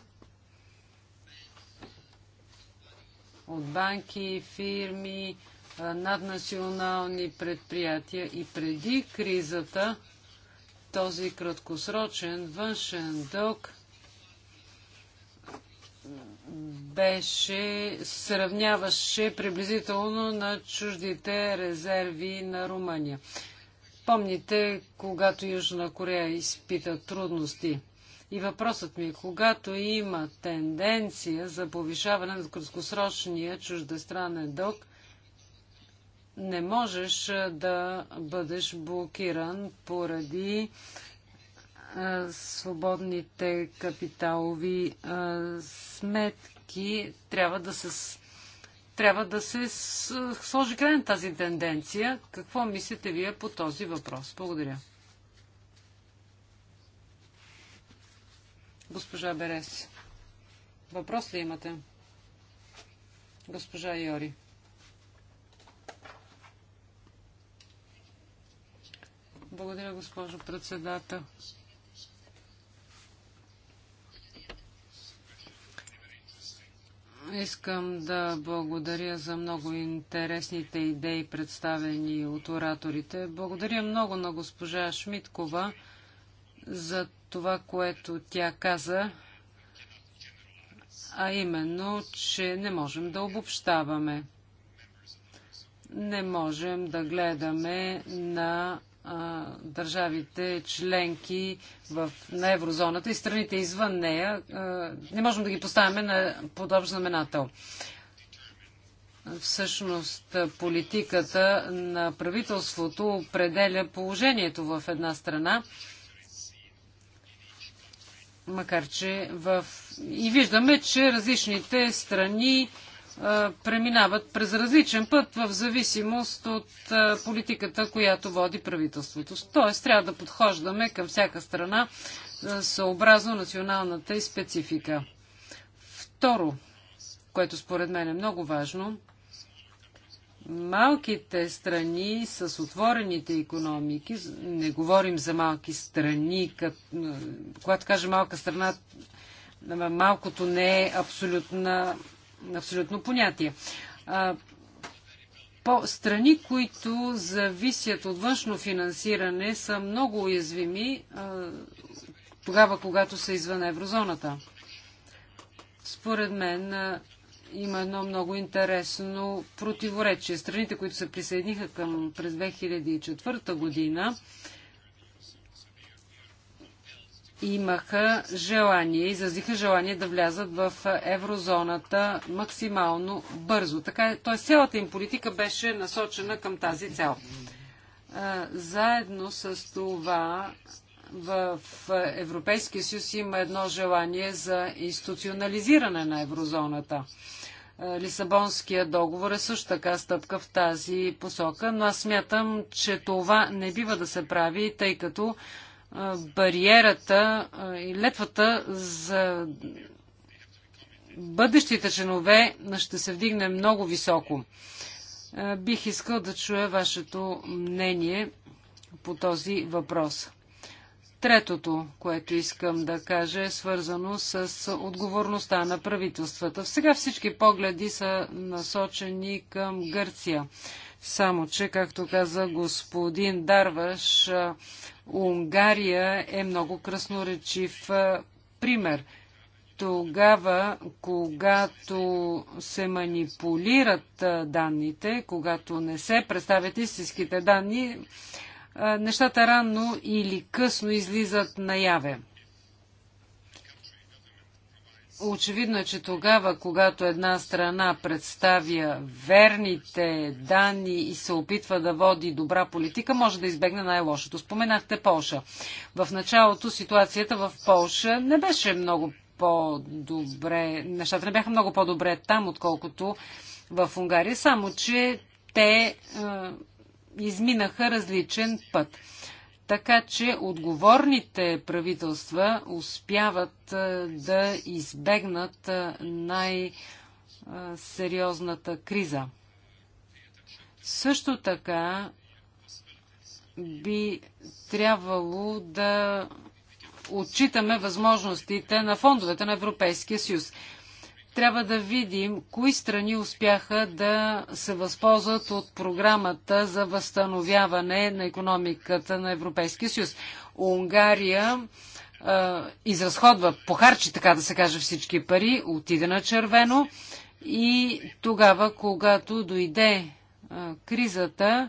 от банки, фирми, наднационални предприятия и преди кризата този краткосрочен външен дълг беше, сравняваше приблизително на чуждите резерви на Румъния. Помните, когато Южна Корея изпита трудности. И въпросът ми е, когато има тенденция за повишаване на краткосрочния чуждестранен дълг, не можеш да бъдеш блокиран поради свободните капиталови а, сметки мерки трябва да се трябва да се сложи край на тази тенденция. Какво мислите вие по този въпрос? Благодаря. Госпожа Берес. Въпрос ли имате? Госпожа Йори. Благодаря, госпожо председател. Искам да благодаря за много интересните идеи, представени от ораторите. Благодаря много на госпожа Шмиткова за това, което тя каза, а именно, че не можем да обобщаваме. Не можем да гледаме на държавите членки в, на еврозоната и страните извън нея. А, не можем да ги поставяме на подобен знаменател. Всъщност политиката на правителството определя положението в една страна макар че в... И виждаме, че различните страни преминават през различен път в зависимост от политиката, която води правителството. Тоест, трябва да подхождаме към всяка страна съобразно националната и специфика. Второ, което според мен е много важно, малките страни с отворените економики, не говорим за малки страни, като, когато кажа малка страна, малкото не е абсолютна абсолютно понятие. По страни, които зависят от външно финансиране, са много уязвими тогава, когато са извън еврозоната. Според мен има едно много интересно противоречие. Страните, които се присъединиха към през 2004 година, имаха желание, изразиха желание да влязат в еврозоната максимално бързо. Така, т.е. цялата им политика беше насочена към тази цел. Заедно с това в Европейския съюз има едно желание за институционализиране на еврозоната. Лисабонския договор е също така стъпка в тази посока, но аз смятам, че това не бива да се прави, тъй като бариерата и летвата за бъдещите членове ще се вдигне много високо. Бих искал да чуя вашето мнение по този въпрос. Третото, което искам да кажа, е свързано с отговорността на правителствата. Сега всички погледи са насочени към Гърция. Само, че, както каза господин Дарваш, Унгария е много красноречив пример. Тогава, когато се манипулират данните, когато не се представят истинските данни, нещата рано или късно излизат наяве. Очевидно е, че тогава, когато една страна представя верните данни и се опитва да води добра политика, може да избегне най-лошото. Споменахте Полша. В началото ситуацията в Полша не беше много по-добре, нещата не бяха много по-добре там, отколкото в Унгария, само че те е, изминаха различен път. Така че отговорните правителства успяват да избегнат най-сериозната криза. Също така би трябвало да отчитаме възможностите на фондовете на Европейския съюз трябва да видим кои страни успяха да се възползват от програмата за възстановяване на економиката на Европейския съюз. Унгария а, изразходва, похарчи така да се каже всички пари, отиде на червено и тогава, когато дойде а, кризата, а,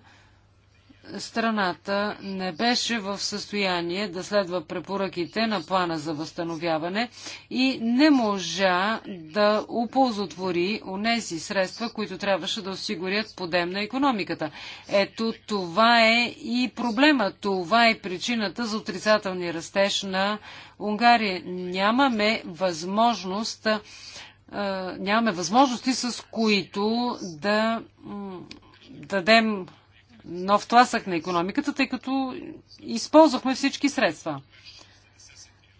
страната не беше в състояние да следва препоръките на плана за възстановяване и не можа да оползотвори онези средства, които трябваше да осигурят подем на економиката. Ето това е и проблема. Това е причината за отрицателни растеж на Унгария. Нямаме възможност нямаме възможности, с които да дадем нов тласък на економиката, тъй като използвахме всички средства.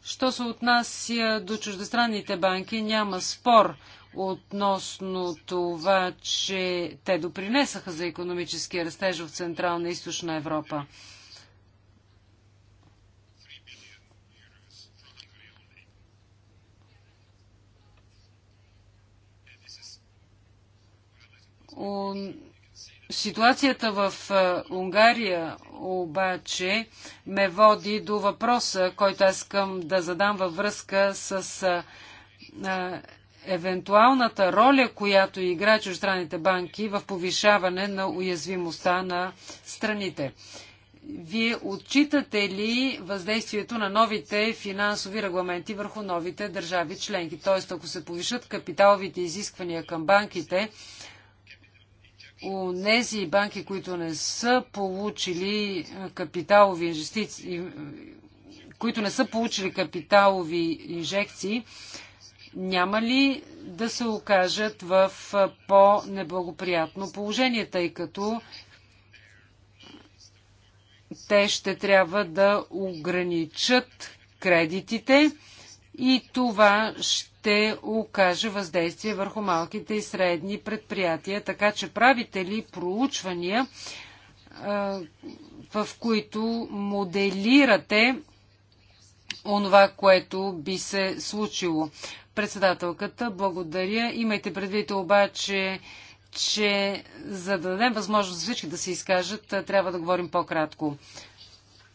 Що се отнася до чуждестранните банки, няма спор относно това, че те допринесаха за економическия растеж в Централна и Източна Европа. Ситуацията в е, Унгария обаче ме води до въпроса, който аз искам да задам във връзка с а, е, е, евентуалната роля, която игра чуждестранните банки в повишаване на уязвимостта на страните. Вие отчитате ли въздействието на новите финансови регламенти върху новите държави членки? Т.е. ако се повишат капиталовите изисквания към банките, у нези банки, които не са получили капиталови инжестиции, които не са получили капиталови инжекции, няма ли да се окажат в по-неблагоприятно положение, тъй като те ще трябва да ограничат кредитите и това ще ще окаже въздействие върху малките и средни предприятия. Така че правите ли проучвания, в които моделирате онова, което би се случило. Председателката, благодаря. Имайте предвид обаче, че за да дадем възможност всички да се изкажат, трябва да говорим по-кратко.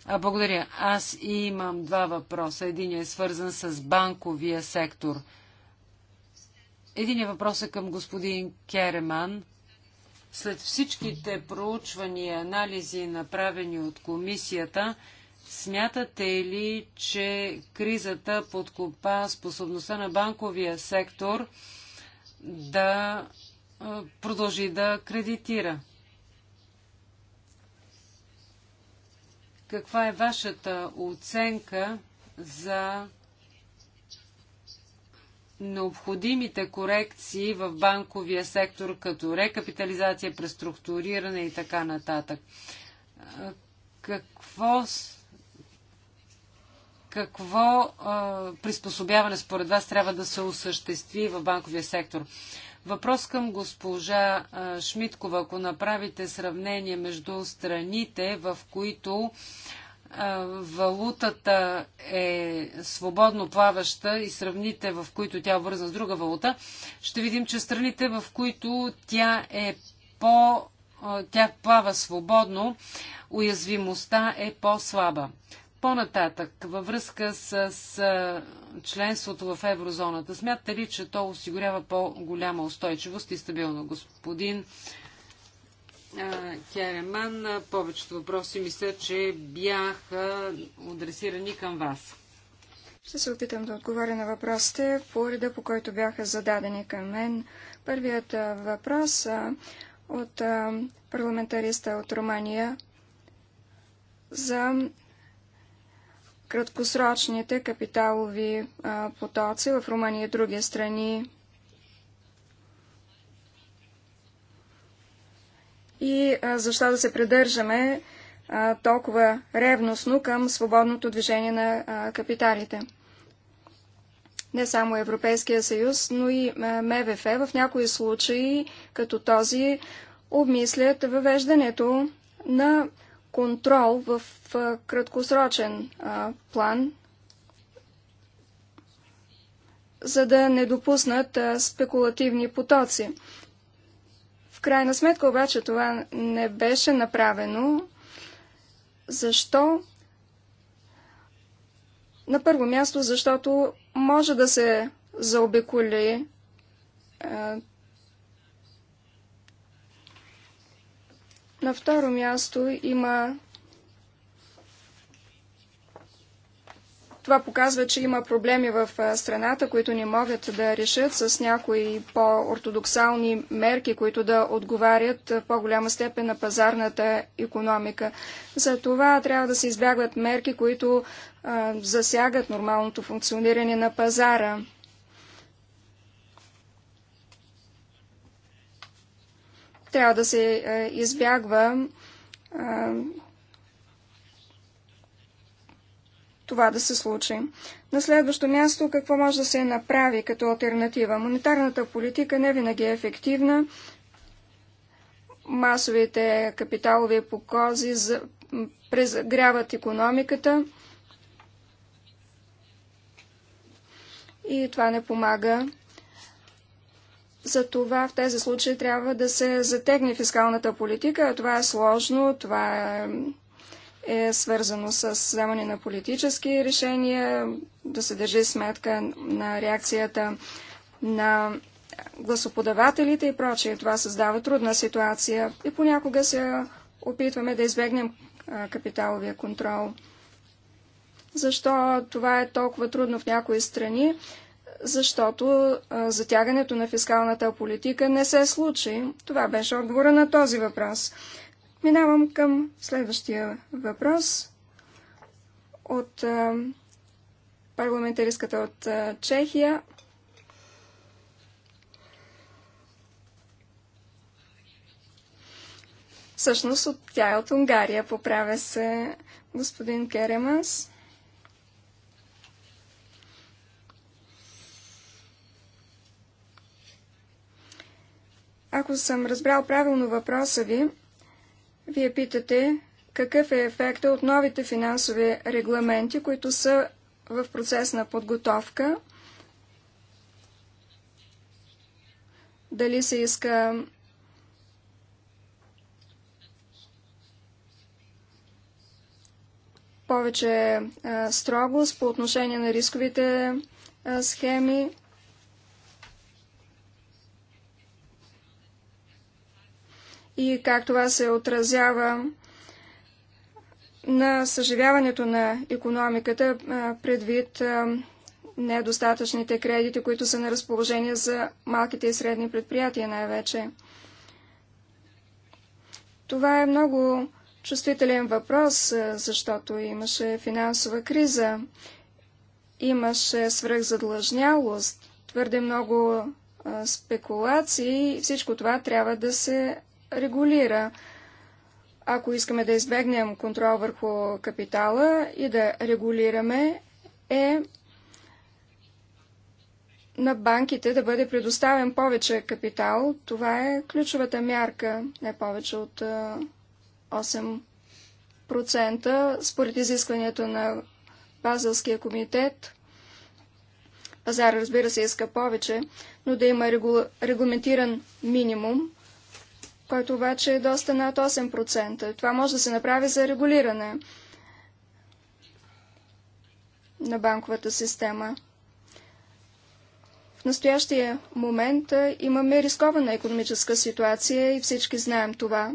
А, благодаря. Аз имам два въпроса. Един е свързан с банковия сектор. Един е въпрос е към господин Кереман. След всичките проучвания и анализи, направени от комисията, смятате ли, че кризата подкопа способността на банковия сектор да продължи да кредитира? Каква е вашата оценка за необходимите корекции в банковия сектор, като рекапитализация, преструктуриране и така нататък? Какво какво а, приспособяване според вас трябва да се осъществи в банковия сектор? Въпрос към госпожа Шмиткова. Ако направите сравнение между страните, в които валутата е свободно плаваща и сравните в които тя е върза с друга валута, ще видим, че страните, в които тя е по тя плава свободно, уязвимостта е по-слаба. По-нататък, във връзка с, с членството в еврозоната, смятате ли, че то осигурява по-голяма устойчивост и стабилно? Господин Кереман, повечето въпроси мисля, че бяха адресирани към вас. Ще се опитам да отговоря на въпросите по реда, по който бяха зададени към мен. Първият въпрос от парламентариста от Румъния за краткосрочните капиталови потоци в Румъния и други страни. И защо да се придържаме толкова ревностно към свободното движение на капиталите? Не само Европейския съюз, но и МВФ в някои случаи, като този, обмислят въвеждането на контрол в краткосрочен план, за да не допуснат спекулативни потоци. В крайна сметка обаче това не беше направено. Защо? На първо място, защото може да се заобиколи На второ място има Това показва, че има проблеми в страната, които не могат да решат с някои по-ортодоксални мерки, които да отговарят в по-голяма степен на пазарната економика. За това трябва да се избягват мерки, които а, засягат нормалното функциониране на пазара. Трябва да се е, избягва е, това да се случи. На следващо място, какво може да се направи като альтернатива? Монетарната политика не винаги е ефективна. Масовите капиталови покози презагряват економиката и това не помага затова в тези случаи трябва да се затегне фискалната политика. Това е сложно, това е, е свързано с вземане на политически решения, да се държи сметка на реакцията на гласоподавателите и прочие. Това създава трудна ситуация и понякога се опитваме да избегнем капиталовия контрол. Защо това е толкова трудно в някои страни? защото затягането на фискалната политика не се случи. Това беше отговора на този въпрос. Минавам към следващия въпрос от парламентаристката от Чехия. Всъщност от тя е от Унгария, поправя се господин Керемас. Ако съм разбрал правилно въпроса ви, вие питате какъв е ефекта от новите финансови регламенти, които са в процес на подготовка. Дали се иска повече а, строгост по отношение на рисковите а, схеми, и как това се отразява на съживяването на економиката предвид недостатъчните кредити, които са на разположение за малките и средни предприятия най-вече. Това е много чувствителен въпрос, защото имаше финансова криза, имаше свръхзадлъжнялост, твърде много спекулации и всичко това трябва да се регулира. Ако искаме да избегнем контрол върху капитала и да регулираме, е на банките да бъде предоставен повече капитал. Това е ключовата мярка, не повече от 8% според изискването на Базълския комитет. Пазар, разбира се, иска повече, но да има регу... регламентиран минимум, който обаче е доста над 8%. Това може да се направи за регулиране на банковата система. В настоящия момент имаме рискована економическа ситуация и всички знаем това.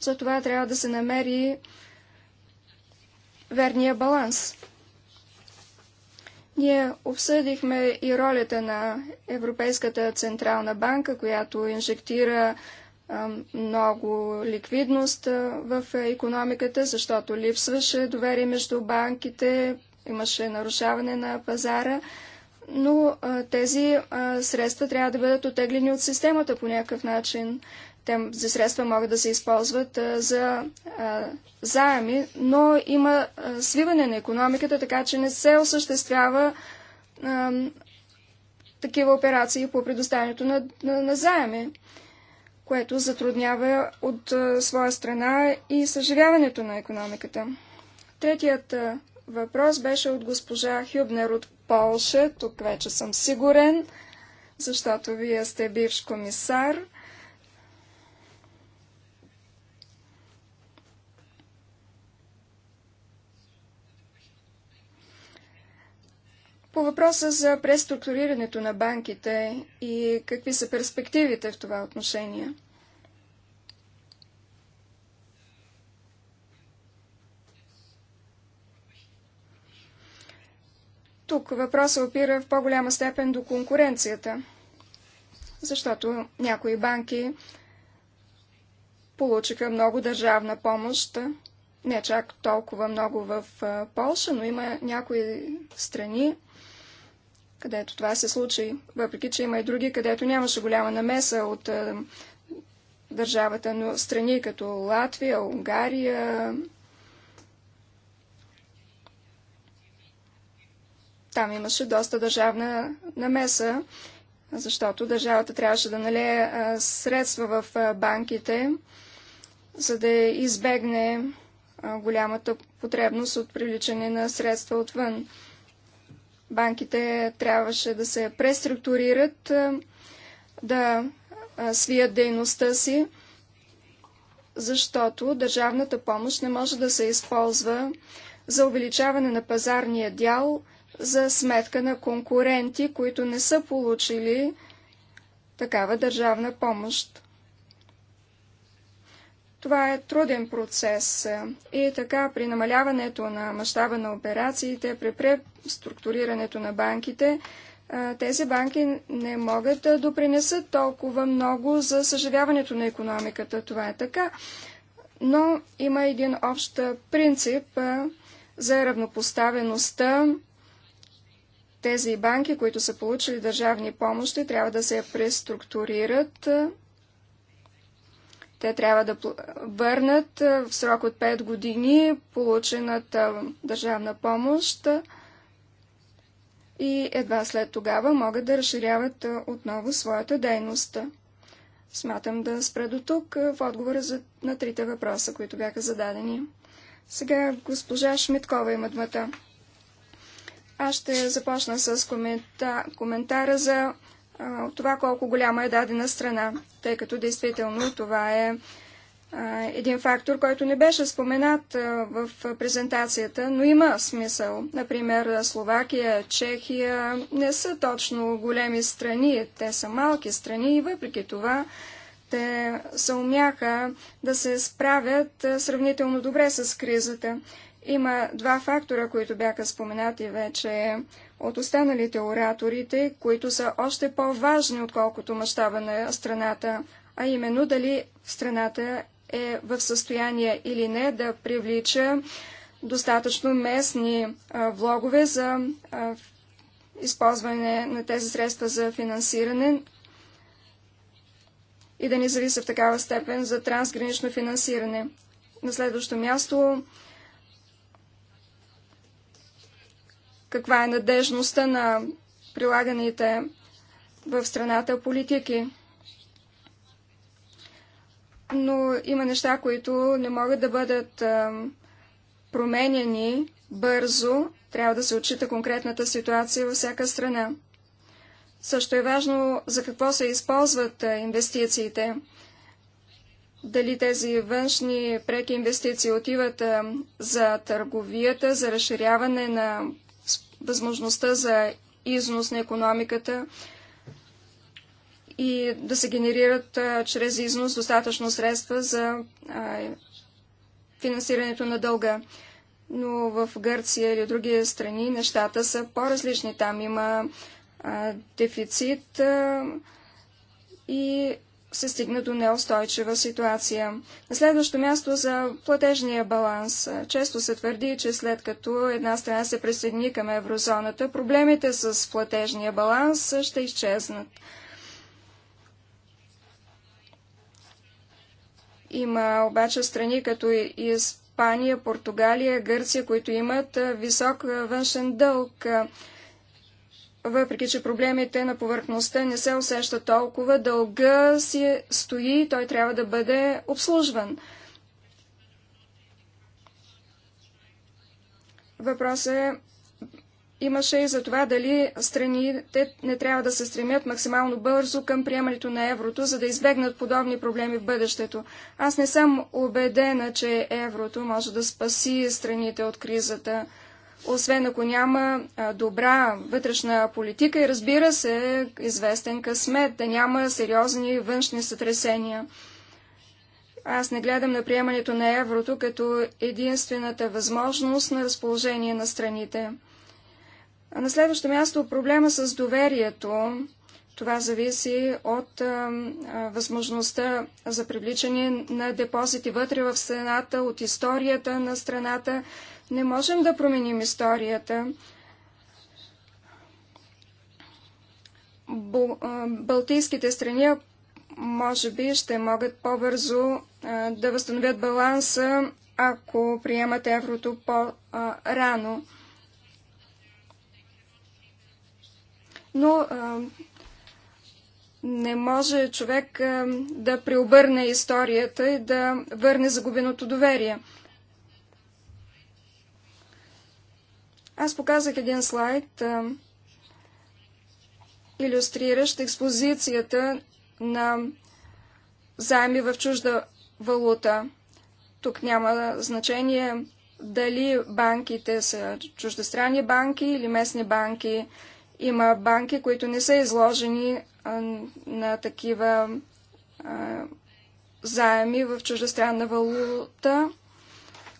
Затова трябва да се намери верния баланс. Ние обсъдихме и ролята на Европейската Централна банка, която инжектира много ликвидност в економиката, защото липсваше доверие между банките, имаше нарушаване на пазара, но тези средства трябва да бъдат отеглени от системата по някакъв начин. Тези средства могат да се използват за заеми, но има свиване на економиката, така че не се осъществява такива операции по предоставянето на, на, на заеми което затруднява от своя страна и съживяването на економиката. Третият въпрос беше от госпожа Хюбнер от Полша. Тук вече съм сигурен, защото вие сте бивш комисар – По въпроса за преструктурирането на банките и какви са перспективите в това отношение. Тук въпросът опира в по-голяма степен до конкуренцията, защото някои банки получиха много държавна помощ, не чак толкова много в Польша, но има някои страни, където това се случи, въпреки че има и други, където нямаше голяма намеса от а, е, държавата, но страни като Латвия, Унгария, там имаше доста държавна намеса, защото държавата трябваше да налее е, средства в е, банките, за да избегне голямата потребност от привличане на средства отвън банките трябваше да се преструктурират, е, да е, свият дейността си, защото държавната помощ не може да се използва за увеличаване на пазарния дял за сметка на конкуренти, които не са получили такава държавна помощ. Това е труден процес и така при намаляването на мащаба на операциите, при преструктурирането на банките, тези банки не могат да допринесат толкова много за съживяването на економиката. Това е така. Но има един общ принцип за равнопоставеността. Тези банки, които са получили държавни помощи, трябва да се преструктурират те трябва да върнат в срок от 5 години получената държавна помощ и едва след тогава могат да разширяват отново своята дейност. Смятам да спра до тук в отговора за, на трите въпроса, които бяха зададени. Сега госпожа Шмиткова има двата. Аз ще започна с коментара за от това колко голяма е дадена страна, тъй като действително това е един фактор, който не беше споменат в презентацията, но има смисъл. Например, Словакия, Чехия не са точно големи страни, те са малки страни и въпреки това те се умяха да се справят сравнително добре с кризата. Има два фактора, които бяха споменати вече от останалите ораторите, които са още по-важни, отколкото мащаба на страната, а именно дали страната е в състояние или не да привлича достатъчно местни влогове за използване на тези средства за финансиране и да не зависи в такава степен за трансгранично финансиране. На следващо място каква е надежността на прилаганите в страната политики. Но има неща, които не могат да бъдат променени бързо. Трябва да се отчита конкретната ситуация във всяка страна. Също е важно за какво се използват инвестициите. Дали тези външни преки инвестиции отиват за търговията, за разширяване на възможността за износ на економиката и да се генерират а, чрез износ достатъчно средства за а, финансирането на дълга. Но в Гърция или други страни нещата са по-различни. Там има а, дефицит и се стигне до неустойчива ситуация. На следващо място за платежния баланс. Често се твърди, че след като една страна се присъедини към еврозоната, проблемите с платежния баланс ще изчезнат. Има обаче страни като Испания, Португалия, Гърция, които имат висок външен дълг въпреки че проблемите на повърхността не се усеща толкова, дълга си стои, той трябва да бъде обслужван. Въпросът е, имаше и за това дали страните не трябва да се стремят максимално бързо към приемането на еврото, за да избегнат подобни проблеми в бъдещето. Аз не съм убедена, че еврото може да спаси страните от кризата освен ако няма добра вътрешна политика и разбира се, известен късмет, да няма сериозни външни сътресения. Аз не гледам на приемането на еврото като единствената възможност на разположение на страните. А на следващо място проблема с доверието. Това зависи от а, а, възможността за привличане на депозити вътре в страната, от историята на страната, не можем да променим историята. Балтийските страни може би ще могат по-бързо да възстановят баланса, ако приемат еврото по-рано. Но не може човек да преобърне историята и да върне загубеното доверие. Аз показах един слайд, иллюстриращ експозицията на заеми в чужда валута. Тук няма значение дали банките са чуждестранни банки или местни банки. Има банки, които не са изложени а, на такива а, заеми в чуждестранна валута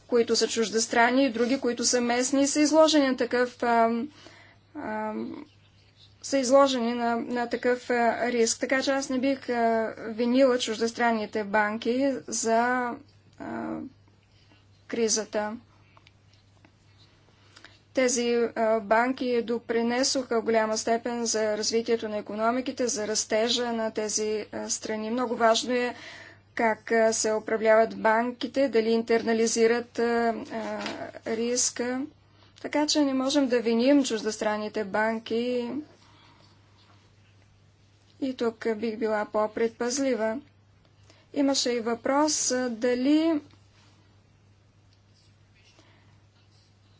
които са чуждестранни и други, които са местни, са изложени на такъв а, а, са изложени на, на такъв а, риск. Така че аз не бих а, винила чуждестранните банки за а, кризата. Тези а, банки допринесоха в голяма степен за развитието на економиките, за растежа на тези а, страни. Много важно е как се управляват банките, дали интернализират а, риска. Така че не можем да виним чуждестранните банки. И тук бих била по-предпазлива. Имаше и въпрос дали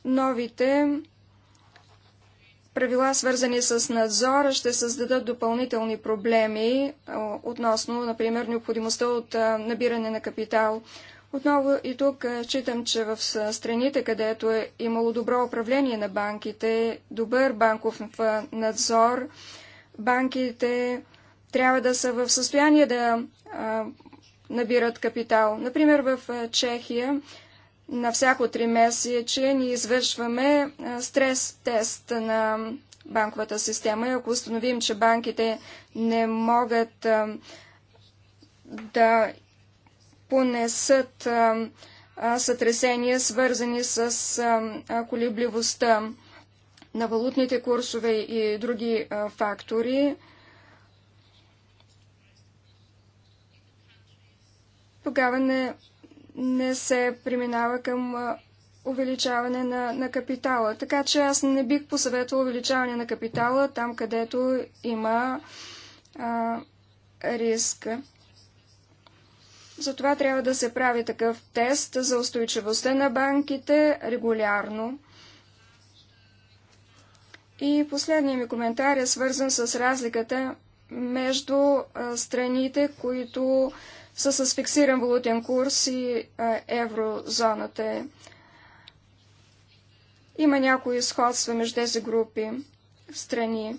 новите правила, свързани с надзора, ще създадат допълнителни проблеми относно, например, необходимостта от набиране на капитал. Отново и тук читам, че в страните, където е имало добро управление на банките, добър банков надзор, банките трябва да са в състояние да набират капитал. Например, в Чехия на всяко три месече ние извършваме стрес тест на банковата система и ако установим, че банките не могат да понесат сътресения, свързани с колебливостта на валутните курсове и други фактори, тогава не не се преминава към увеличаване на, на капитала. Така че аз не бих посъветвал увеличаване на капитала там, където има а, риск. Затова трябва да се прави такъв тест за устойчивостта на банките регулярно. И последният ми коментар е свързан с разликата между страните, които с фиксиран валутен курс и еврозоната е. Има някои сходства между тези групи страни.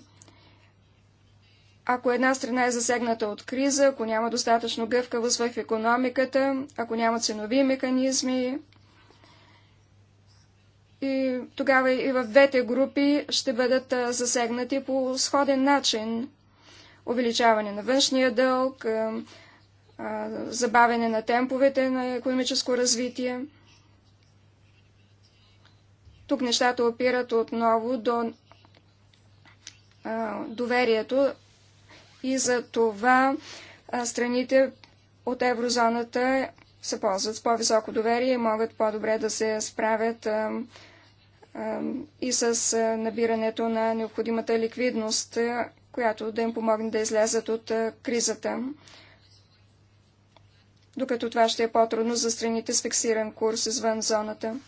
Ако една страна е засегната от криза, ако няма достатъчно гъвкавост в економиката, ако няма ценови механизми, и тогава и в двете групи ще бъдат засегнати по сходен начин. Увеличаване на външния дълг, забавяне на темповете на економическо развитие. Тук нещата опират отново до доверието и за това страните от еврозоната се ползват с по-високо доверие и могат по-добре да се справят и с набирането на необходимата ликвидност, която да им помогне да излезат от кризата докато това ще е по-трудно за страните с фиксиран курс извън зоната.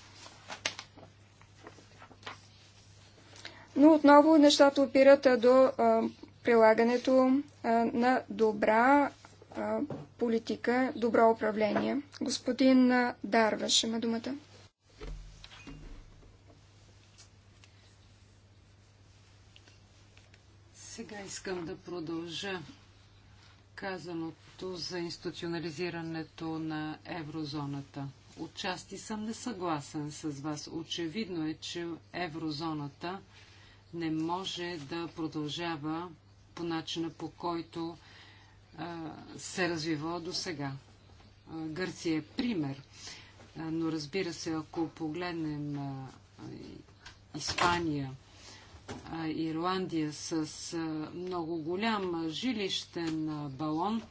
Но отново нещата опират до а, прилагането а, на добра а, политика, добро управление. Господин Дарваш има думата. Сега искам да продължа казаното за институционализирането на еврозоната. Отчасти съм несъгласен с вас. Очевидно е, че еврозоната не може да продължава по начина по който а, се развива до сега. Гърция е пример, а, но разбира се, ако погледнем а, Испания, Ирландия с много голям жилищен балон.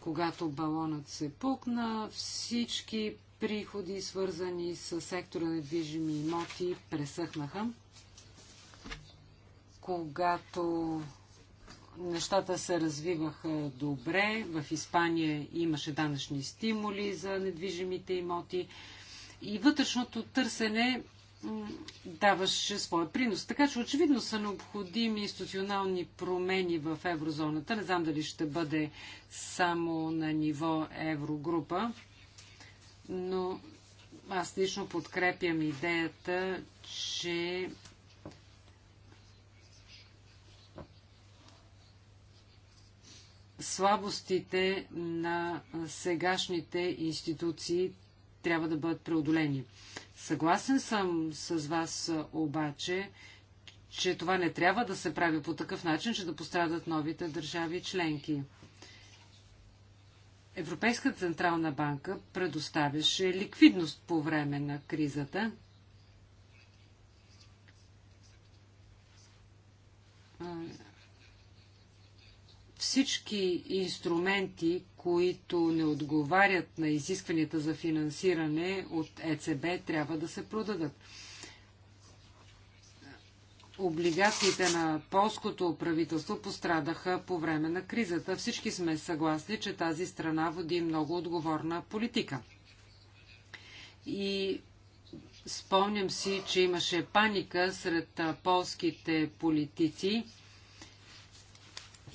Когато балонът се пукна, всички приходи, свързани с сектора на движими имоти, пресъхнаха. Когато нещата се развиваха добре, в Испания имаше данъчни стимули за недвижимите имоти и вътрешното търсене даваше своя принос. Така че очевидно са необходими институционални промени в еврозоната. Не знам дали ще бъде само на ниво еврогрупа, но аз лично подкрепям идеята, че слабостите на сегашните институции трябва да бъдат преодолени. Съгласен съм с вас обаче, че това не трябва да се прави по такъв начин, че да пострадат новите държави членки. Европейската централна банка предоставяше ликвидност по време на кризата. А, всички инструменти, които не отговарят на изискванията за финансиране от ЕЦБ, трябва да се продадат. Облигациите на полското правителство пострадаха по време на кризата. Всички сме съгласни, че тази страна води много отговорна политика. И спомням си, че имаше паника сред полските политици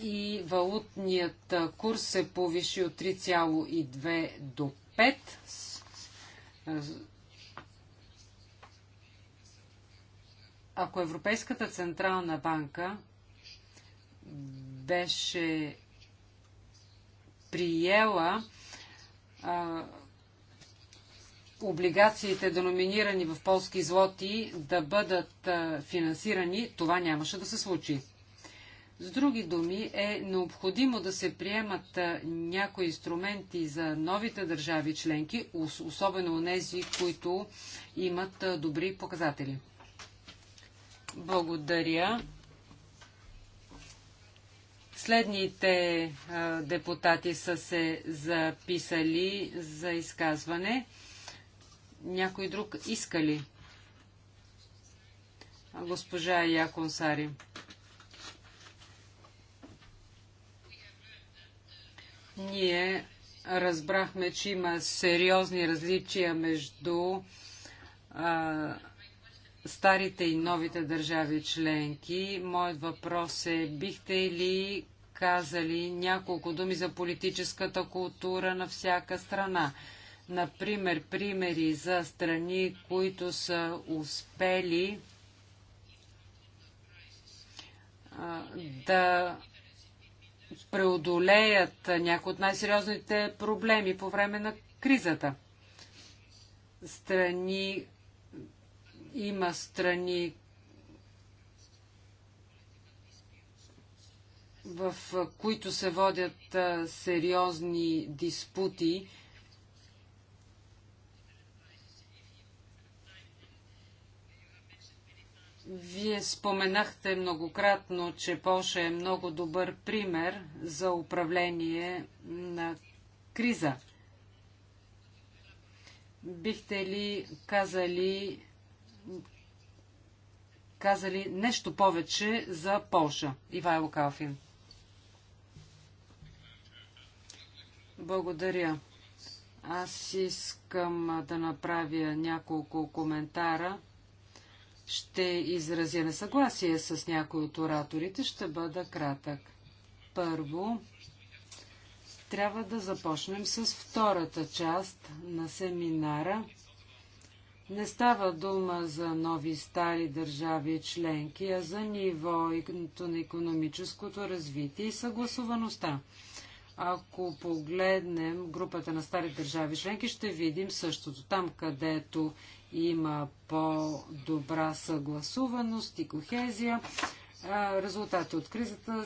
и валутният курс се повиши от 3,2 до 5. Ако Европейската централна банка беше приела а, облигациите, деноминирани в полски злоти, да бъдат а, финансирани, това нямаше да се случи. С други думи, е необходимо да се приемат някои инструменти за новите държави членки, особено нези, които имат добри показатели. Благодаря. Следните депутати са се записали за изказване. Някой друг иска ли? Госпожа Яконсари. Сари. Ние разбрахме, че има сериозни различия между а, старите и новите държави членки. Моят въпрос е, бихте ли казали няколко думи за политическата култура на всяка страна? Например, примери за страни, които са успели а, да преодолеят някои от най-сериозните проблеми по време на кризата. Страни, има страни, в които се водят сериозни диспути Вие споменахте многократно, че Польша е много добър пример за управление на криза. Бихте ли казали, казали нещо повече за Польша? Ивайло Калфин. Благодаря. Аз искам да направя няколко коментара – ще изразя несъгласие с някои от ораторите, ще бъда кратък. Първо, трябва да започнем с втората част на семинара. Не става дума за нови стари държави и членки, а за ниво на економическото развитие и съгласуваността. Ако погледнем групата на стари държави членки, ще видим същото. Там, където има по-добра съгласуваност и кохезия. Резултати от кризата,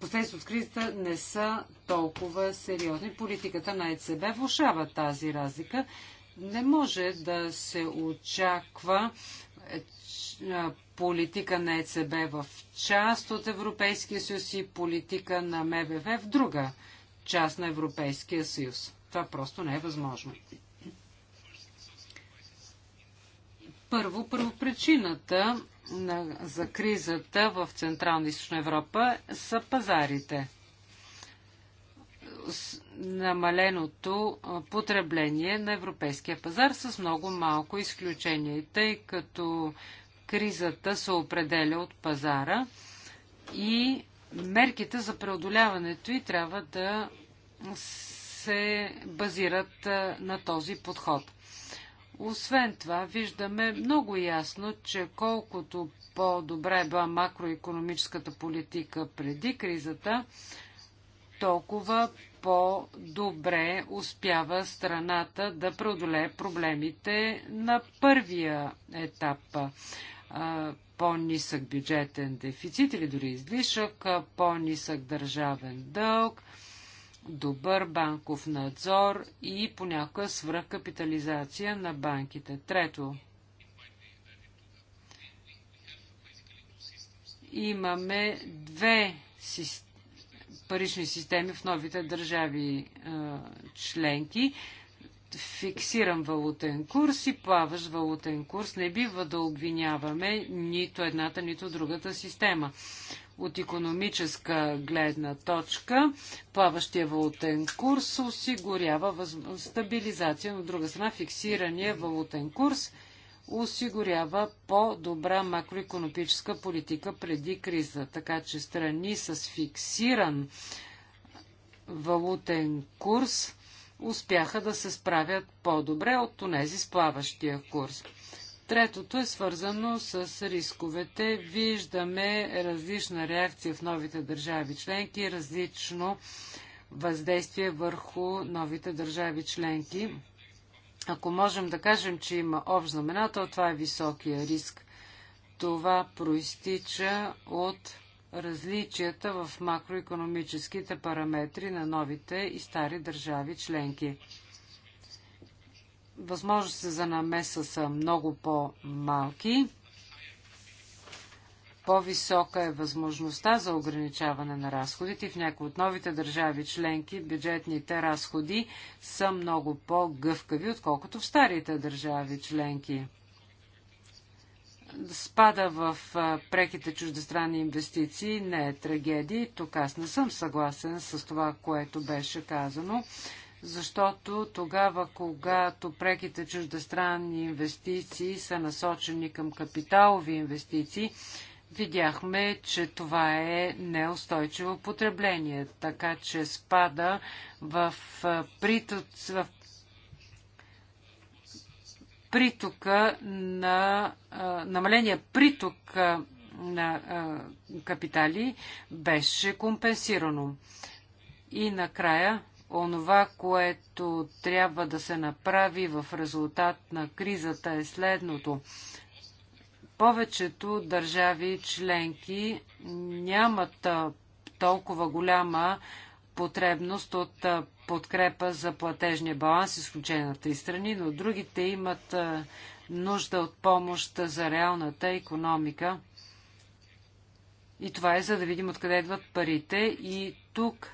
последствия от кризата не са толкова сериозни. Политиката на ЕЦБ влушава тази разлика. Не може да се очаква е, политика на ЕЦБ в част от Европейския съюз и политика на МВВ в друга част на Европейския съюз. Това просто не е възможно. Първо, първопричината на, за кризата в Централна и Източна Европа са пазарите. С намаленото потребление на европейския пазар с много малко изключение, тъй като кризата се определя от пазара и мерките за преодоляването и трябва да се базират на този подход. Освен това, виждаме много ясно, че колкото по-добре била макроекономическата политика преди кризата, толкова по-добре успява страната да преодолее проблемите на първия етап. По-нисък бюджетен дефицит или дори излишък, по-нисък държавен дълг, добър банков надзор и понякога свръхкапитализация на банките. Трето, имаме две парични системи в новите държави членки. Фиксиран валутен курс и плаващ валутен курс. Не бива да обвиняваме нито едната, нито другата система. От економическа гледна точка, плаващия валутен курс осигурява въз... стабилизация, но от друга страна фиксирания валутен курс осигурява по-добра макроекономическа политика преди криза. Така че страни с фиксиран валутен курс успяха да се справят по-добре от тунези с плаващия курс. Третото е свързано с рисковете. Виждаме различна реакция в новите държави членки, различно въздействие върху новите държави членки. Ако можем да кажем, че има общ знаменател, това е високия риск. Това проистича от различията в макроекономическите параметри на новите и стари държави членки. Възможностите за намеса са много по-малки. По-висока е възможността за ограничаване на разходите. В някои от новите държави членки бюджетните разходи са много по-гъвкави, отколкото в старите държави членки. Спада в преките чуждестранни инвестиции не е трагедия. Тук аз не съм съгласен с това, което беше казано защото тогава, когато преките чуждестранни инвестиции са насочени към капиталови инвестиции, видяхме, че това е неустойчиво потребление, така че спада в, притоц, в притока на намаления приток на капитали беше компенсирано. И накрая Онова, което трябва да се направи в резултат на кризата е следното. Повечето държави членки нямат толкова голяма потребност от подкрепа за платежния баланс, изключение на три страни, но другите имат нужда от помощ за реалната економика. И това е за да видим откъде идват парите. И тук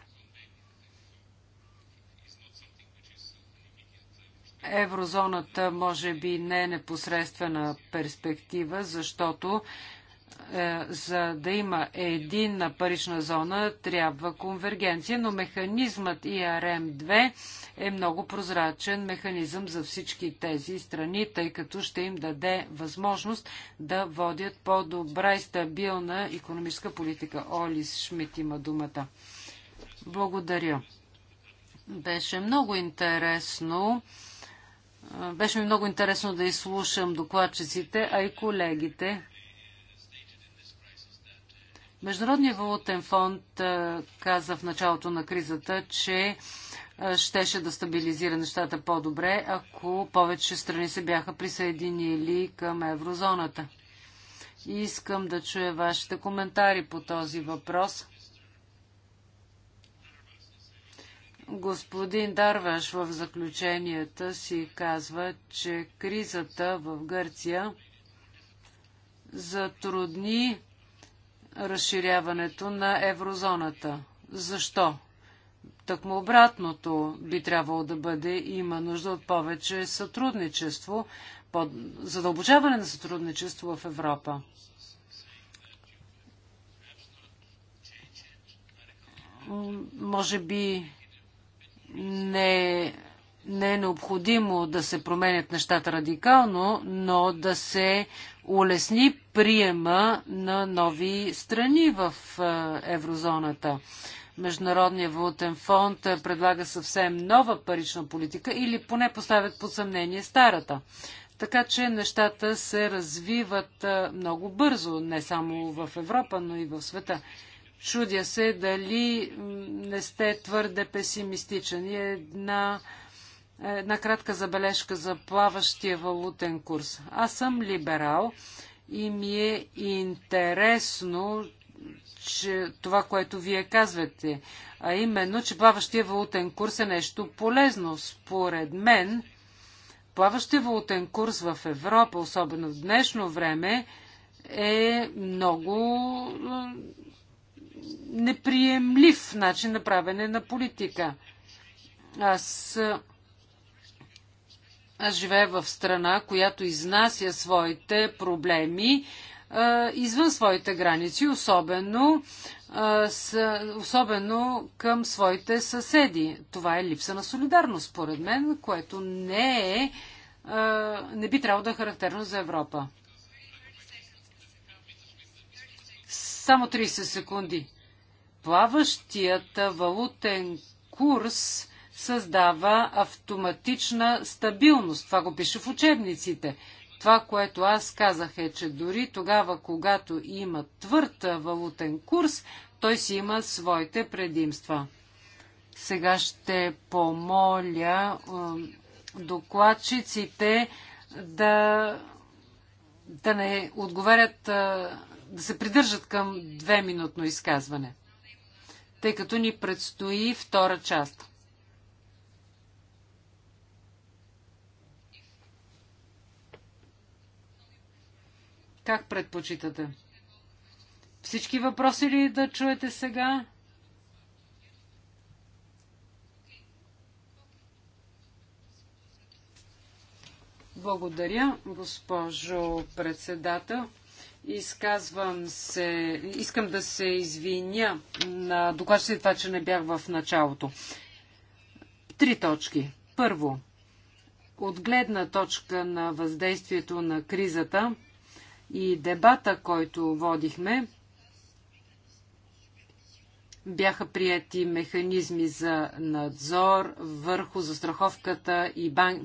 Еврозоната може би не е непосредствена перспектива, защото е, за да има един на парична зона трябва конвергенция, но механизмът ИРМ-2 е много прозрачен механизъм за всички тези страни, тъй като ще им даде възможност да водят по-добра и стабилна економическа политика. Олис Шмидт има думата. Благодаря. Беше много интересно беше ми много интересно да изслушам докладчиците, а и колегите. Международният валутен фонд каза в началото на кризата, че щеше да стабилизира нещата по-добре, ако повече страни се бяха присъединили към еврозоната. И искам да чуя вашите коментари по този въпрос – Господин Дарваш в заключенията си казва, че кризата в Гърция затрудни разширяването на еврозоната. Защо? Тъкмо обратното би трябвало да бъде. Има нужда от повече сътрудничество, под... задълбочаване на сътрудничество в Европа. Може би не, не е необходимо да се променят нещата радикално, но да се улесни приема на нови страни в е, еврозоната. Международният валутен фонд е, предлага съвсем нова парична политика или поне поставят под съмнение старата. Така че нещата се развиват е, много бързо, не само в Европа, но и в света. Чудя се дали не сте твърде песимистичен. И една, една кратка забележка за плаващия валутен курс. Аз съм либерал и ми е интересно че, това, което вие казвате, а именно, че плаващия валутен курс е нещо полезно. Според мен, плаващия валутен курс в Европа, особено в днешно време, е много неприемлив начин на правене на политика. Аз, аз живея в страна, която изнася своите проблеми а, извън своите граници, особено, а, с, особено към своите съседи. Това е липса на солидарност, според мен, което не е а, не би трябвало да е характерно за Европа. Само 30 секунди. Плаващият валутен курс създава автоматична стабилност. Това го пише в учебниците. Това, което аз казах е, че дори тогава, когато има твърд валутен курс, той си има своите предимства. Сега ще помоля докладчиците да, да не отговарят да се придържат към две-минутно изказване, тъй като ни предстои втора част. Как предпочитате? Всички въпроси ли да чуете сега? Благодаря, госпожо председател. Изказвам се, искам да се извиня на докладчите това, че не бях в началото. Три точки. Първо, от гледна точка на въздействието на кризата и дебата, който водихме, бяха прияти механизми за надзор върху застраховката и банк,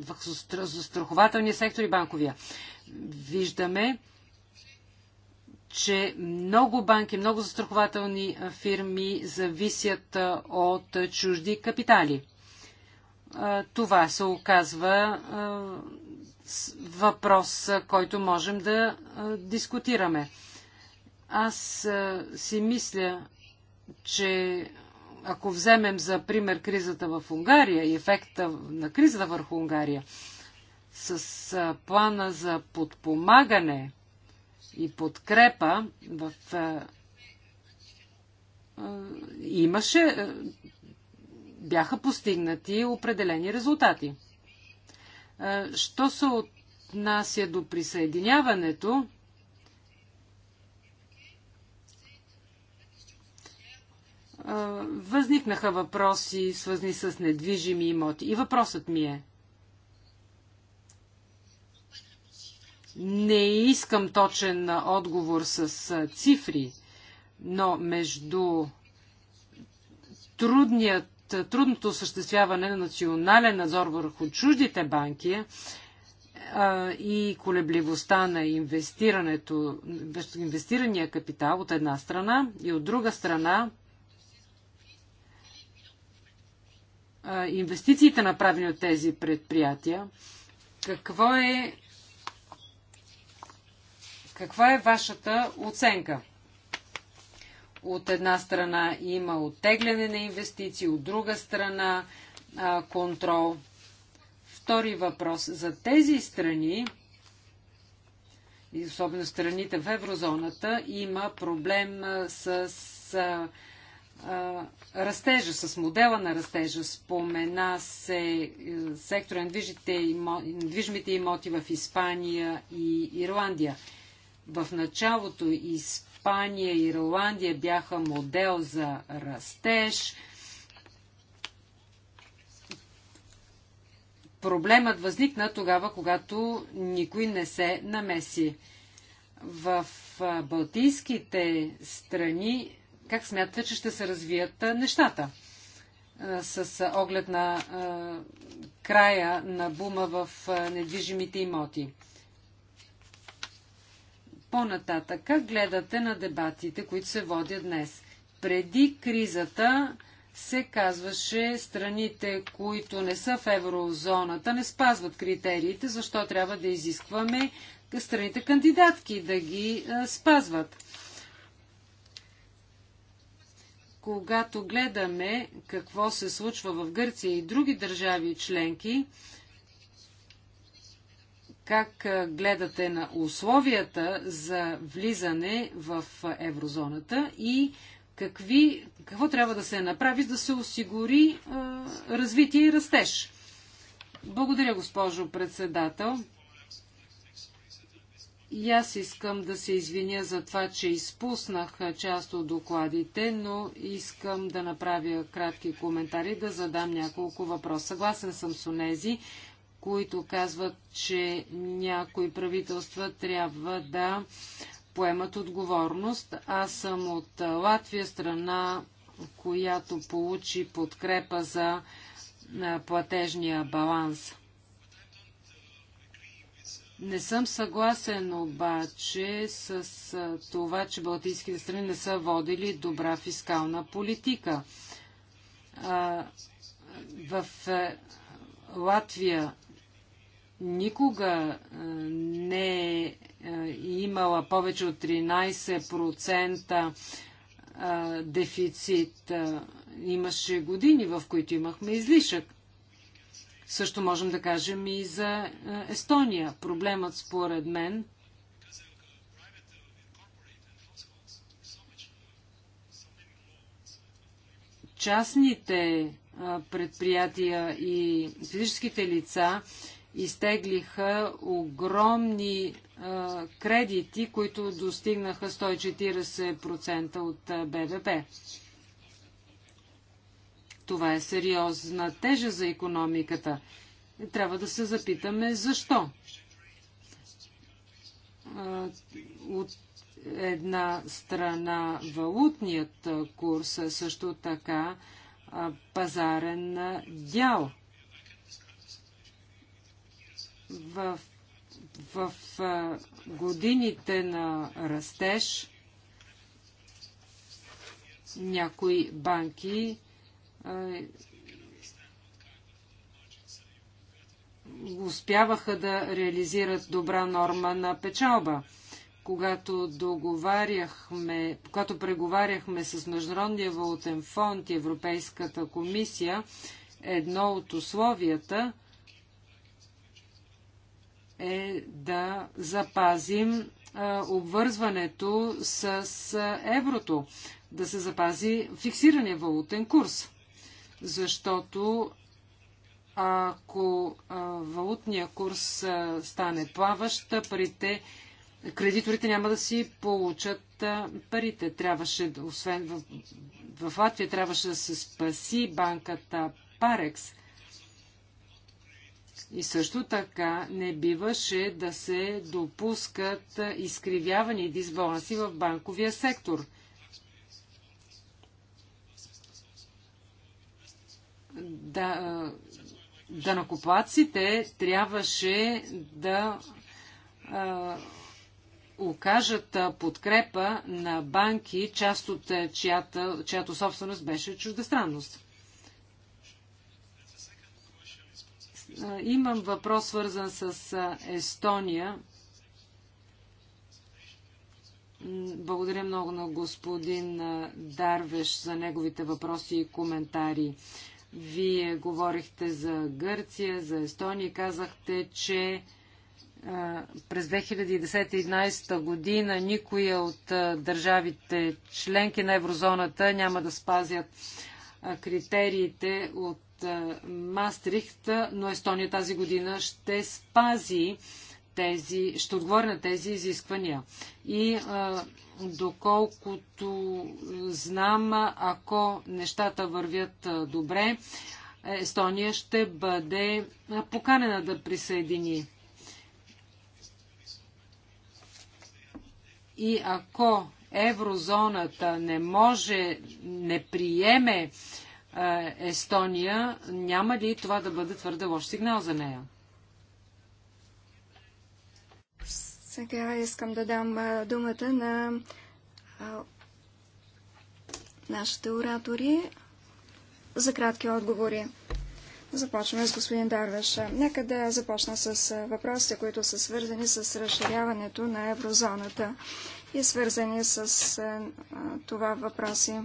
застрахователния сектор и банковия. Виждаме, че много банки, много застрахователни фирми зависят от чужди капитали. Това се оказва въпрос, който можем да дискутираме. Аз си мисля, че ако вземем за пример кризата в Унгария и ефекта на кризата върху Унгария, с плана за подпомагане – и подкрепа в е, е, имаше, е, бяха постигнати определени резултати. Що се отнася до присъединяването, възникнаха въпроси, свързани с недвижими имоти. И въпросът ми е, Не искам точен отговор с цифри, но между трудният, трудното осъществяване на национален надзор върху чуждите банки и колебливостта на инвестирането, инвестирания капитал от една страна и от друга страна инвестициите направени от тези предприятия, какво е каква е вашата оценка? От една страна има оттегляне на инвестиции, от друга страна а, контрол. Втори въпрос. За тези страни, и особено страните в еврозоната, има проблем с а, а, растежа, с модела на растежа. Спомена се е, сектора на движимите имоти в Испания и Ирландия. В началото Испания и Ирландия бяха модел за растеж. Проблемът възникна тогава, когато никой не се намеси. В Балтийските страни как смятате, че ще се развият нещата? с оглед на края на бума в недвижимите имоти. По-нататък, как гледате на дебатите, които се водят днес? Преди кризата се казваше, страните, които не са в еврозоната, не спазват критериите, защо трябва да изискваме страните кандидатки да ги спазват. Когато гледаме какво се случва в Гърция и други държави членки, как гледате на условията за влизане в еврозоната и какви, какво трябва да се направи, за да се осигури а, развитие и растеж. Благодаря, госпожо председател. И аз искам да се извиня за това, че изпуснах част от докладите, но искам да направя кратки коментари, да задам няколко въпроса. Съгласен съм с онези, които казват, че някои правителства трябва да поемат отговорност. Аз съм от Латвия, страна, която получи подкрепа за платежния баланс. Не съм съгласен обаче с това, че балтийските страни не са водили добра фискална политика. В Латвия никога не е имала повече от 13% дефицит. Имаше години, в които имахме излишък. Също можем да кажем и за Естония. Проблемът според мен частните предприятия и физическите лица изтеглиха огромни а, кредити, които достигнаха 140% от БВП. Това е сериозна тежа за економиката. Трябва да се запитаме защо. от една страна валутният курс, е също така пазарен дял – в, в, в годините на растеж някои банки успяваха да реализират добра норма на печалба. Когато договаряхме, когато преговаряхме с Международния валутен фонд и Европейската комисия, едно от условията – е да запазим обвързването с еврото, да се запази фиксирания валутен курс. Защото ако валутния курс стане плаващ, парите, кредиторите няма да си получат парите. Трябваше, освен в, в Латвия, трябваше да се спаси банката Парекс – и също така не биваше да се допускат изкривявани дисбаланси в банковия сектор. Да, данакоплаците трябваше да а, окажат подкрепа на банки, част от чиято, чиято собственост беше чуждестранност. Имам въпрос, свързан с Естония. Благодаря много на господин Дарвеш за неговите въпроси и коментари. Вие говорихте за Гърция, за Естония и казахте, че през 2010-2011 година никоя от държавите членки на еврозоната няма да спазят критериите от Мастрихт, но Естония тази година ще спази тези, ще отговори на тези изисквания. И доколкото знам, ако нещата вървят добре, Естония ще бъде поканена да присъедини. И ако еврозоната не може, не приеме е, Естония, няма ли това да бъде твърде лош сигнал за нея? Сега искам да дам думата на нашите оратори за кратки отговори. Започваме с господин Дарваш. Нека да започна с въпросите, които са свързани с разширяването на еврозоната и свързани с това въпроси.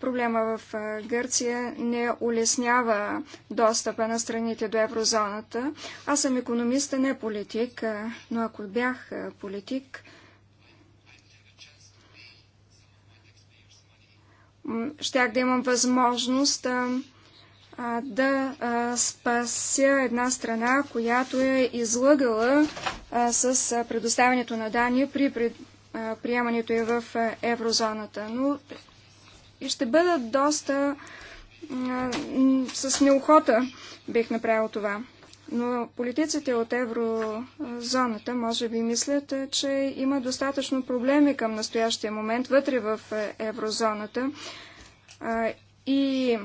Проблема в Гърция не улеснява достъпа на страните до еврозоната. Аз съм економист, не политик, но ако бях политик, щях да имам възможност да спася една страна, която е излъгала с предоставянето на данни при приемането и в еврозоната. Но и ще бъда доста с неохота бих направил това. Но политиците от еврозоната може би мислят, че има достатъчно проблеми към настоящия момент вътре в еврозоната и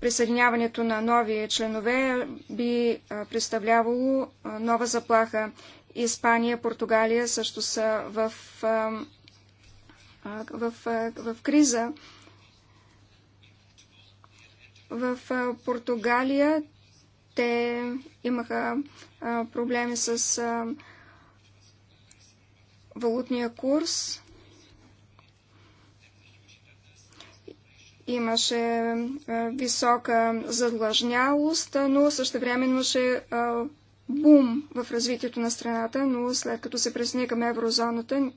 присъединяването на нови членове би представлявало нова заплаха. Испания, Португалия също са в, в, в, в криза. В Португалия те имаха проблеми с валутния курс. Имаше висока задлъжнялост, но също време имаше бум в развитието на страната, но след като се пресни към еврозоната,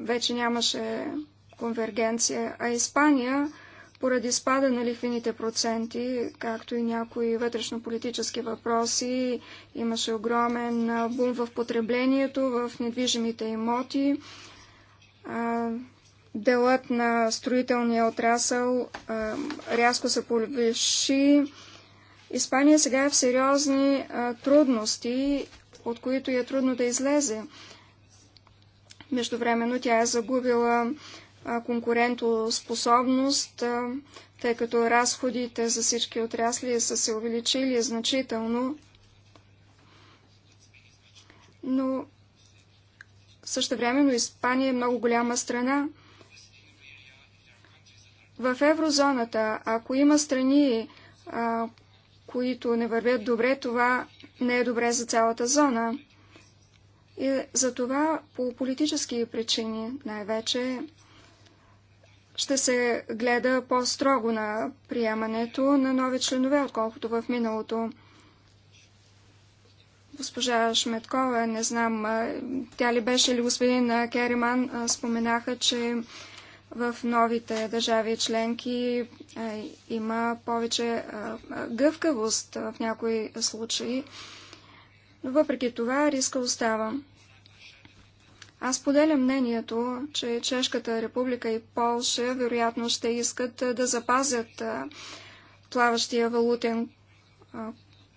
вече нямаше конвергенция. А Испания поради спада на лихвените проценти, както и някои вътрешно-политически въпроси, имаше огромен бум в потреблението, в недвижимите имоти. Делът на строителния отрасъл рязко се повиши. Испания сега е в сериозни трудности, от които е трудно да излезе. Междувременно тя е загубила конкурентоспособност, тъй като разходите за всички отрасли са се увеличили значително, но също времено Испания е много голяма страна. В еврозоната, ако има страни, а, които не вървят добре, това не е добре за цялата зона. И за това по политически причини най-вече ще се гледа по-строго на приемането на нови членове, отколкото в миналото. Госпожа Шметкова, не знам, тя ли беше ли господин Кериман, споменаха, че в новите държави членки има повече гъвкавост в някои случаи. Но въпреки това риска остава. Аз поделя мнението, че Чешката република и Полша вероятно ще искат да запазят плаващия валутен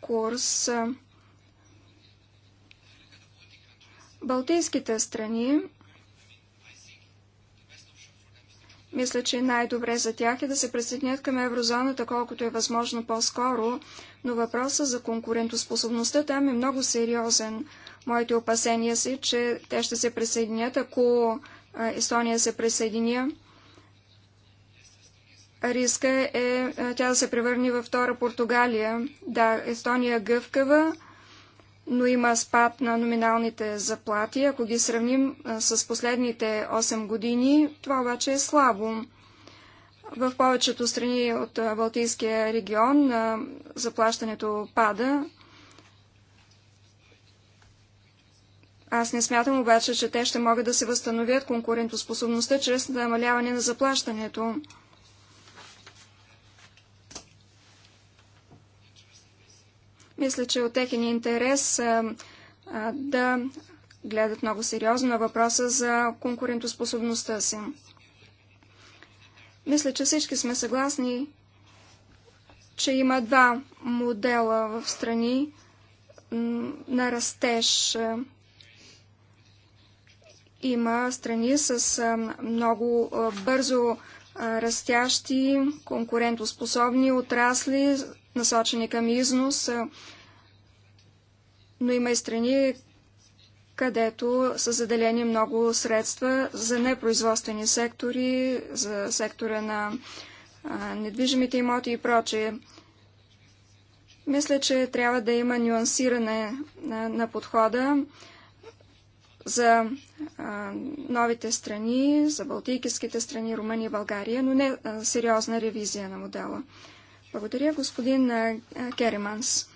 курс. Балтийските страни, мисля, че най-добре за тях е да се присъединят към еврозоната колкото е възможно по-скоро, но въпросът за конкурентоспособността там е много сериозен. Моите опасения са, че те ще се присъединят, ако Естония се присъединя. Риска е тя да се превърне във втора Португалия. Да, Естония е гъвкава, но има спад на номиналните заплати. Ако ги сравним с последните 8 години, това обаче е слабо. В повечето страни от Балтийския регион заплащането пада. Аз не смятам обаче, че те ще могат да се възстановят конкурентоспособността чрез намаляване на заплащането. Мисля, че от техен интерес а, а, да гледат много сериозно на въпроса за конкурентоспособността си. Мисля, че всички сме съгласни, че има два модела в страни на растеж има страни с много бързо растящи, конкурентоспособни отрасли, насочени към износ, но има и страни, където са заделени много средства за непроизводствени сектори, за сектора на а, недвижимите имоти и прочее. Мисля, че трябва да има нюансиране на, на подхода за а, новите страни, за балтийските страни, Румъния и България, но не а, сериозна ревизия на модела. Благодаря, господин а, Кериманс.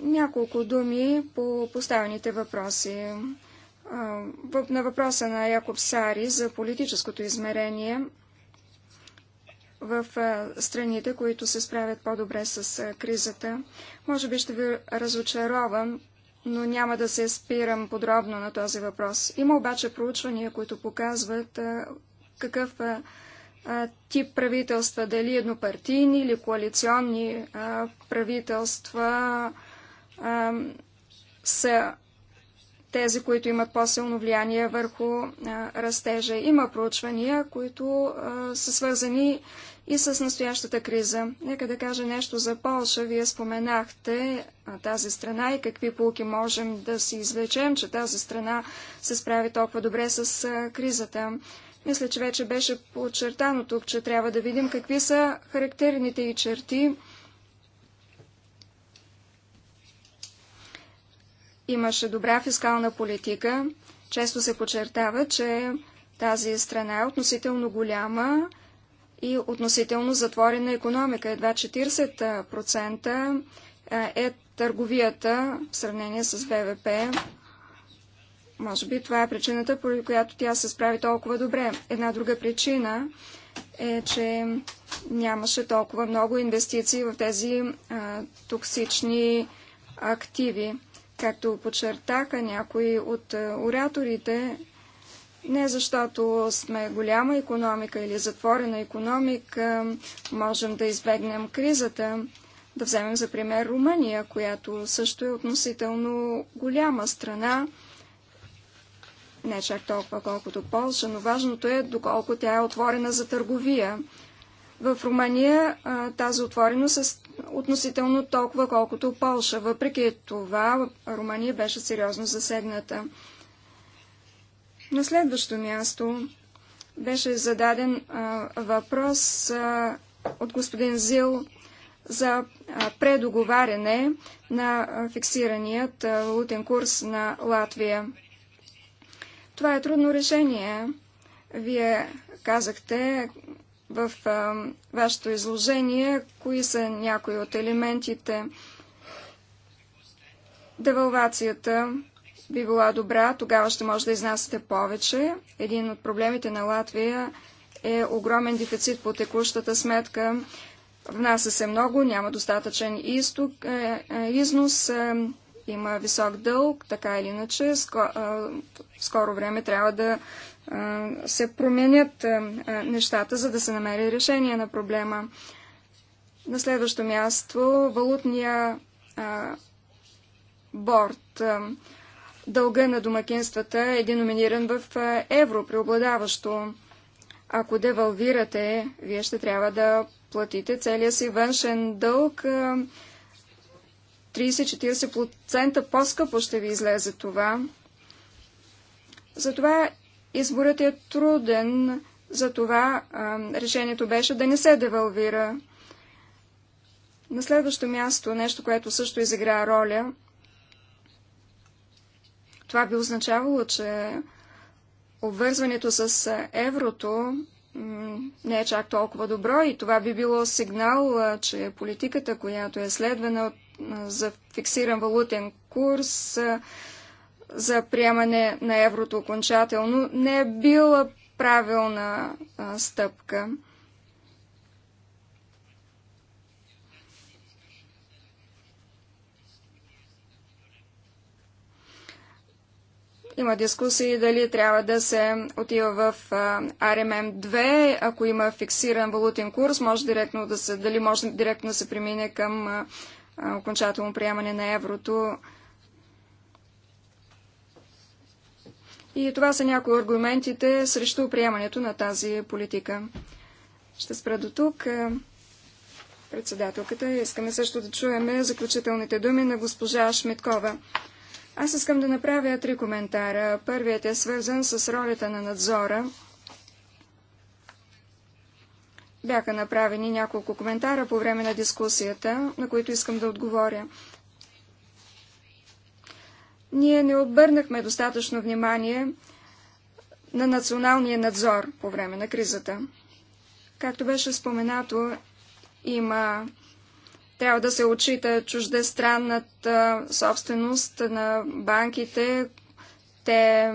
Няколко думи по поставените въпроси. А, на въпроса на Якоб Сари за политическото измерение в страните, които се справят по-добре с кризата. Може би ще ви разочаровам, но няма да се спирам подробно на този въпрос. Има обаче проучвания, които показват а, какъв а, тип правителства, дали еднопартийни или коалиционни а, правителства а, са тези, които имат по-силно влияние върху а, растежа. Има проучвания, които а, са свързани и с настоящата криза. Нека да кажа нещо за Полша. Вие споменахте тази страна и какви полки можем да си извлечем, че тази страна се справи толкова добре с кризата. Мисля, че вече беше подчертано тук, че трябва да видим какви са характерните и черти. Имаше добра фискална политика. Често се подчертава, че тази страна е относително голяма и относително затворена економика. Едва 40% е търговията в сравнение с ВВП. Може би това е причината, по която тя се справи толкова добре. Една друга причина е, че нямаше толкова много инвестиции в тези а, токсични активи. Както подчертаха някои от ораторите, не защото сме голяма економика или затворена економика, можем да избегнем кризата. Да вземем за пример Румъния, която също е относително голяма страна, не чак толкова колкото Полша, но важното е доколко тя е отворена за търговия. В Румъния тази отвореност е относително толкова колкото Полша. Въпреки това, Румъния беше сериозно засегната. На следващо място беше зададен а, въпрос а, от господин Зил за а, предоговаряне на а, фиксираният а, валутен курс на Латвия. Това е трудно решение. Вие казахте в а, вашето изложение, кои са някои от елементите. Девалвацията би била добра, тогава ще може да изнасяте повече. Един от проблемите на Латвия е огромен дефицит по текущата сметка. Внася се много, няма достатъчен изток, е, е, износ, е, има висок дълг, така или иначе. Скоро, скоро време трябва да се променят нещата, за да се намери решение на проблема. На следващо място валутния борт дълга на домакинствата е деноминиран в евро, преобладаващо. Ако девалвирате, вие ще трябва да платите целия си външен дълг. 30-40% по-скъпо ще ви излезе това. Затова изборът е труден, затова решението беше да не се девалвира. На следващо място, нещо, което също изигра роля – това би означавало, че обвързването с еврото не е чак толкова добро и това би било сигнал, че политиката, която е следвана за фиксиран валутен курс, за приемане на еврото окончателно, не е била правилна стъпка. Има дискусии дали трябва да се отива в RMM2, ако има фиксиран валутен курс, може директно да се, дали може директно да се премине към окончателно приемане на еврото. И това са някои аргументите срещу приемането на тази политика. Ще спра до тук. Председателката, искаме също да чуем заключителните думи на госпожа Шмиткова. Аз искам да направя три коментара. Първият е свързан с ролята на надзора. Бяха направени няколко коментара по време на дискусията, на които искам да отговоря. Ние не обърнахме достатъчно внимание на националния надзор по време на кризата. Както беше споменато, има трябва да се отчита чуждестранната собственост на банките. Те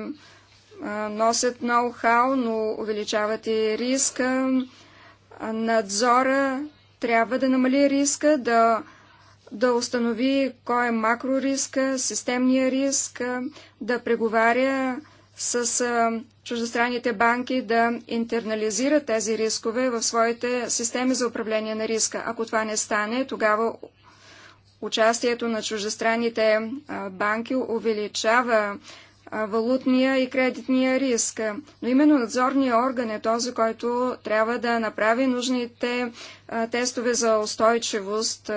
носят ноу-хау, но увеличават и риска. Надзора трябва да намали риска, да, да установи кой е макрориска, системния риск, да преговаря с чуждестранните банки да интернализират тези рискове в своите системи за управление на риска. Ако това не стане, тогава участието на чуждестранните банки увеличава валутния и кредитния риск. Но именно надзорния орган е този, който трябва да направи нужните тестове за устойчивост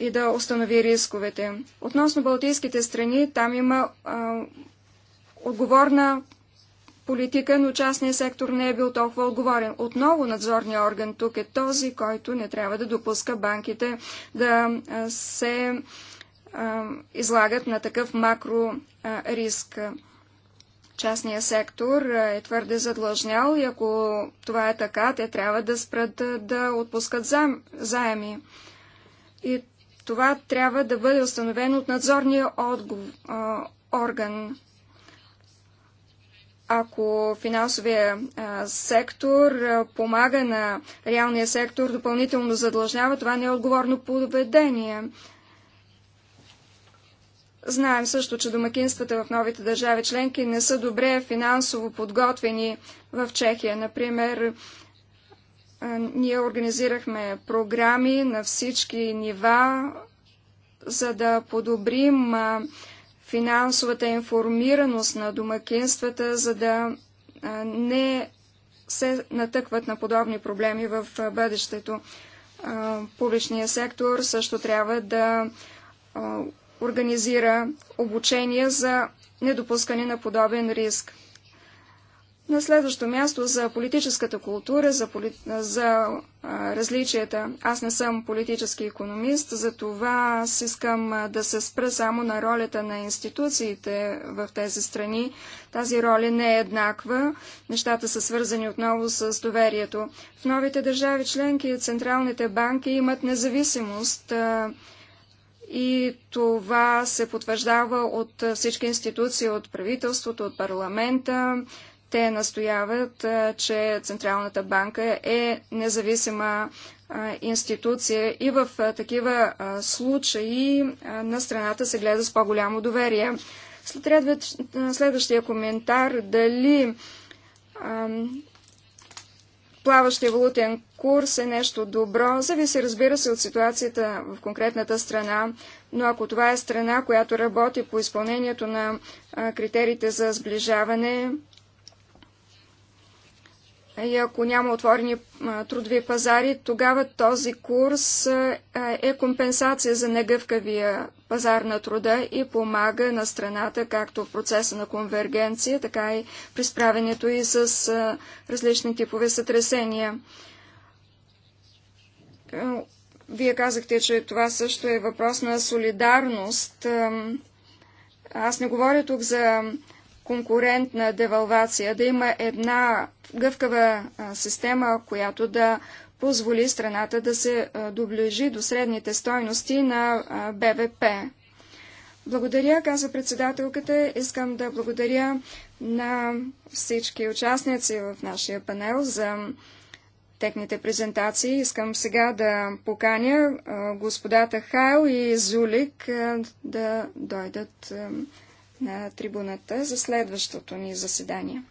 и да установи рисковете. Относно Балтийските страни, там има отговорна политика, но частния сектор не е бил толкова отговорен. Отново надзорният орган тук е този, който не трябва да допуска банките да се излагат на такъв макро риск. Частният сектор е твърде задлъжнял и ако това е така, те трябва да спрат да, отпускат заеми. И това трябва да бъде установено от надзорния орган ако финансовия а, сектор а, помага на реалния сектор, допълнително задлъжнява, това не е отговорно поведение. Знаем също, че домакинствата в новите държави членки не са добре финансово подготвени в Чехия. Например, а, ние организирахме програми на всички нива, за да подобрим финансовата информираност на домакинствата, за да не се натъкват на подобни проблеми в бъдещето. Публичният сектор също трябва да организира обучение за недопускане на подобен риск. На следващо място за политическата култура, за, поли... за а, различията. Аз не съм политически економист, затова аз искам да се спра само на ролята на институциите в тези страни. Тази роля не е еднаква. Нещата са свързани отново с доверието. В новите държави членки централните банки имат независимост. А, и това се потвърждава от всички институции, от правителството, от парламента, те настояват, че Централната банка е независима институция и в такива случаи на страната се гледа с по-голямо доверие. Следващия коментар дали плаващия валутен курс е нещо добро. Зависи, разбира се, от ситуацията в конкретната страна, но ако това е страна, която работи по изпълнението на критериите за сближаване, и ако няма отворени трудови пазари, тогава този курс е компенсация за негъвкавия пазар на труда и помага на страната както в процеса на конвергенция, така и при справянето и с различни типове сътресения. Вие казахте, че това също е въпрос на солидарност. Аз не говоря тук за конкурентна девалвация, да има една гъвкава система, която да позволи страната да се доближи до средните стойности на БВП. Благодаря, каза председателката. Искам да благодаря на всички участници в нашия панел за техните презентации. Искам сега да поканя господата Хайл и Зулик да дойдат на трибуната за следващото ни заседание.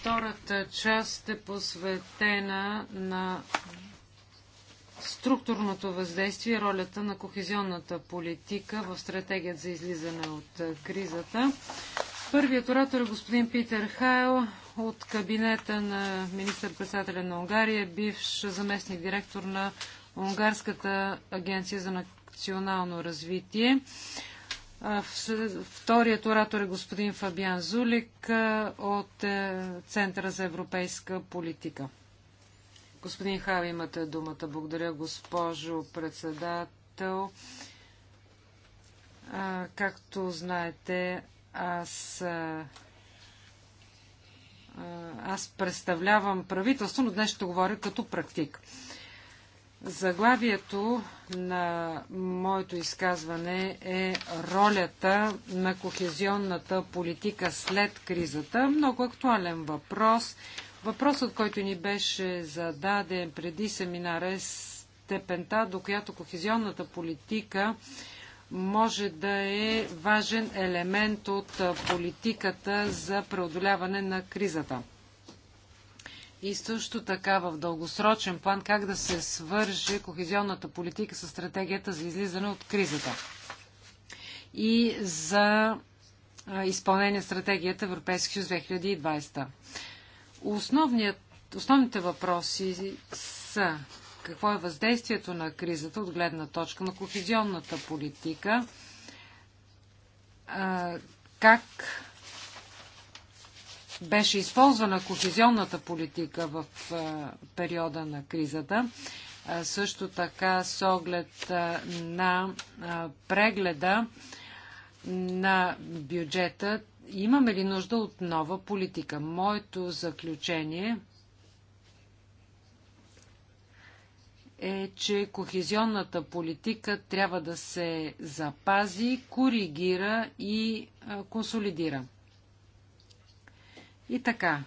Втората част е посветена на структурното въздействие и ролята на кохезионната политика в стратегията за излизане от кризата. Първият оратор е господин Питер Хайл от кабинета на министър-председателя на Унгария, бивш заместник директор на Унгарската агенция за национално развитие. Вторият оратор е господин Фабиан Зулик от е, Центъра за европейска политика. Господин Хал, имате думата. Благодаря, госпожо председател. както знаете, аз, аз представлявам правителство, но днес ще говоря като практик. А, Заглавието на моето изказване е ролята на кохезионната политика след кризата. Много актуален въпрос. Въпросът, който ни беше зададен преди семинара е степента, до която кохезионната политика може да е важен елемент от политиката за преодоляване на кризата и също така в дългосрочен план как да се свърже кохезионната политика с стратегията за излизане от кризата и за изпълнение на стратегията Европейски съюз 2020. Основният, основните въпроси са какво е въздействието на кризата от гледна точка на кохезионната политика, как беше използвана кохезионната политика в периода на кризата. Също така с оглед на прегледа на бюджета, имаме ли нужда от нова политика? Моето заключение е, че кохезионната политика трябва да се запази, коригира и консолидира. И така,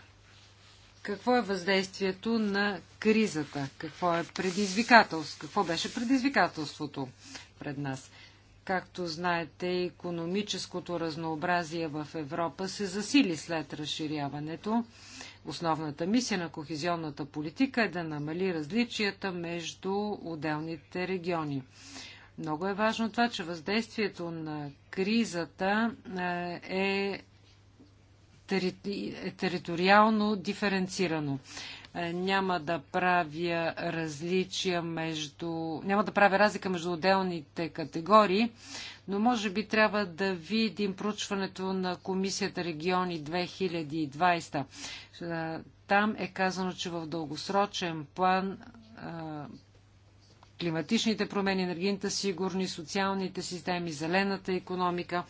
какво е въздействието на кризата? Какво е предизвикателство? Какво беше предизвикателството пред нас? Както знаете, економическото разнообразие в Европа се засили след разширяването. Основната мисия на кохезионната политика е да намали различията между отделните региони. Много е важно това, че въздействието на кризата е, е териториално диференцирано. Е, няма да правя различия между... Няма да правя разлика между отделните категории, но може би трябва да видим проучването на Комисията региони 2020. Е, там е казано, че в дългосрочен план е, климатичните промени, енергийната сигурност, социалните системи, зелената економика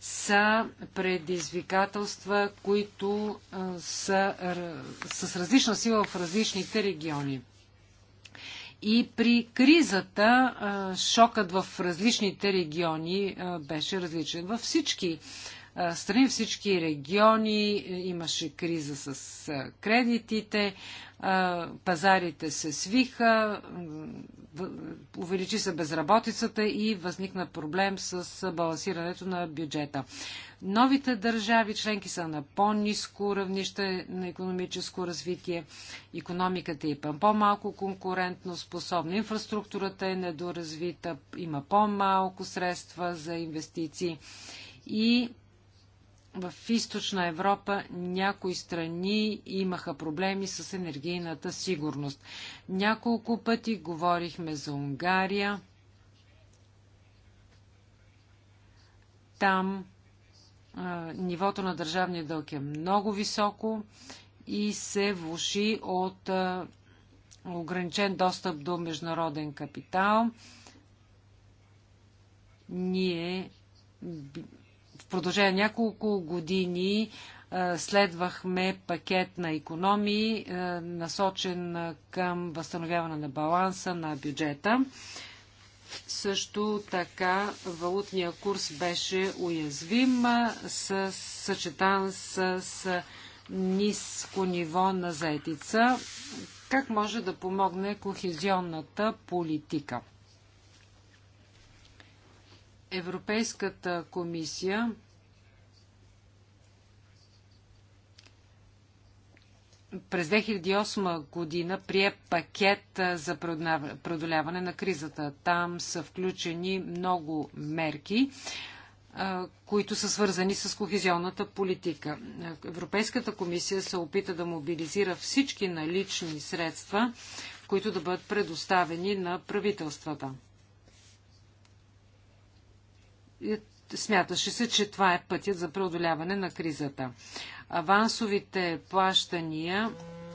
са предизвикателства, които са с различна сила в различните региони. И при кризата шокът в различните региони беше различен. Във всички страни, всички региони, е, имаше криза с кредитите, пазарите се свиха, увеличи се безработицата и възникна проблем с балансирането на бюджета. Новите държави членки са на по-низко равнище на економическо развитие, економиката е по-малко конкурентно способна, инфраструктурата е недоразвита, има по-малко средства за инвестиции и в източна Европа някои страни имаха проблеми с енергийната сигурност. Няколко пъти говорихме за Унгария. Там а, нивото на държавния дълг е много високо и се влуши от а, ограничен достъп до международен капитал. Ние продължение няколко години е, следвахме пакет на економии, е, насочен към възстановяване на баланса на бюджета. Също така валутния курс беше уязвим, е, съчетан с, с ниско ниво на заетица. Как може да помогне кохезионната политика? Европейската комисия през 2008 година прие пакет за преодоляване на кризата. Там са включени много мерки, които са свързани с кохезионната политика. Европейската комисия се опита да мобилизира всички налични средства, които да бъдат предоставени на правителствата. Смяташе се, че това е пътят за преодоляване на кризата. Авансовите плащания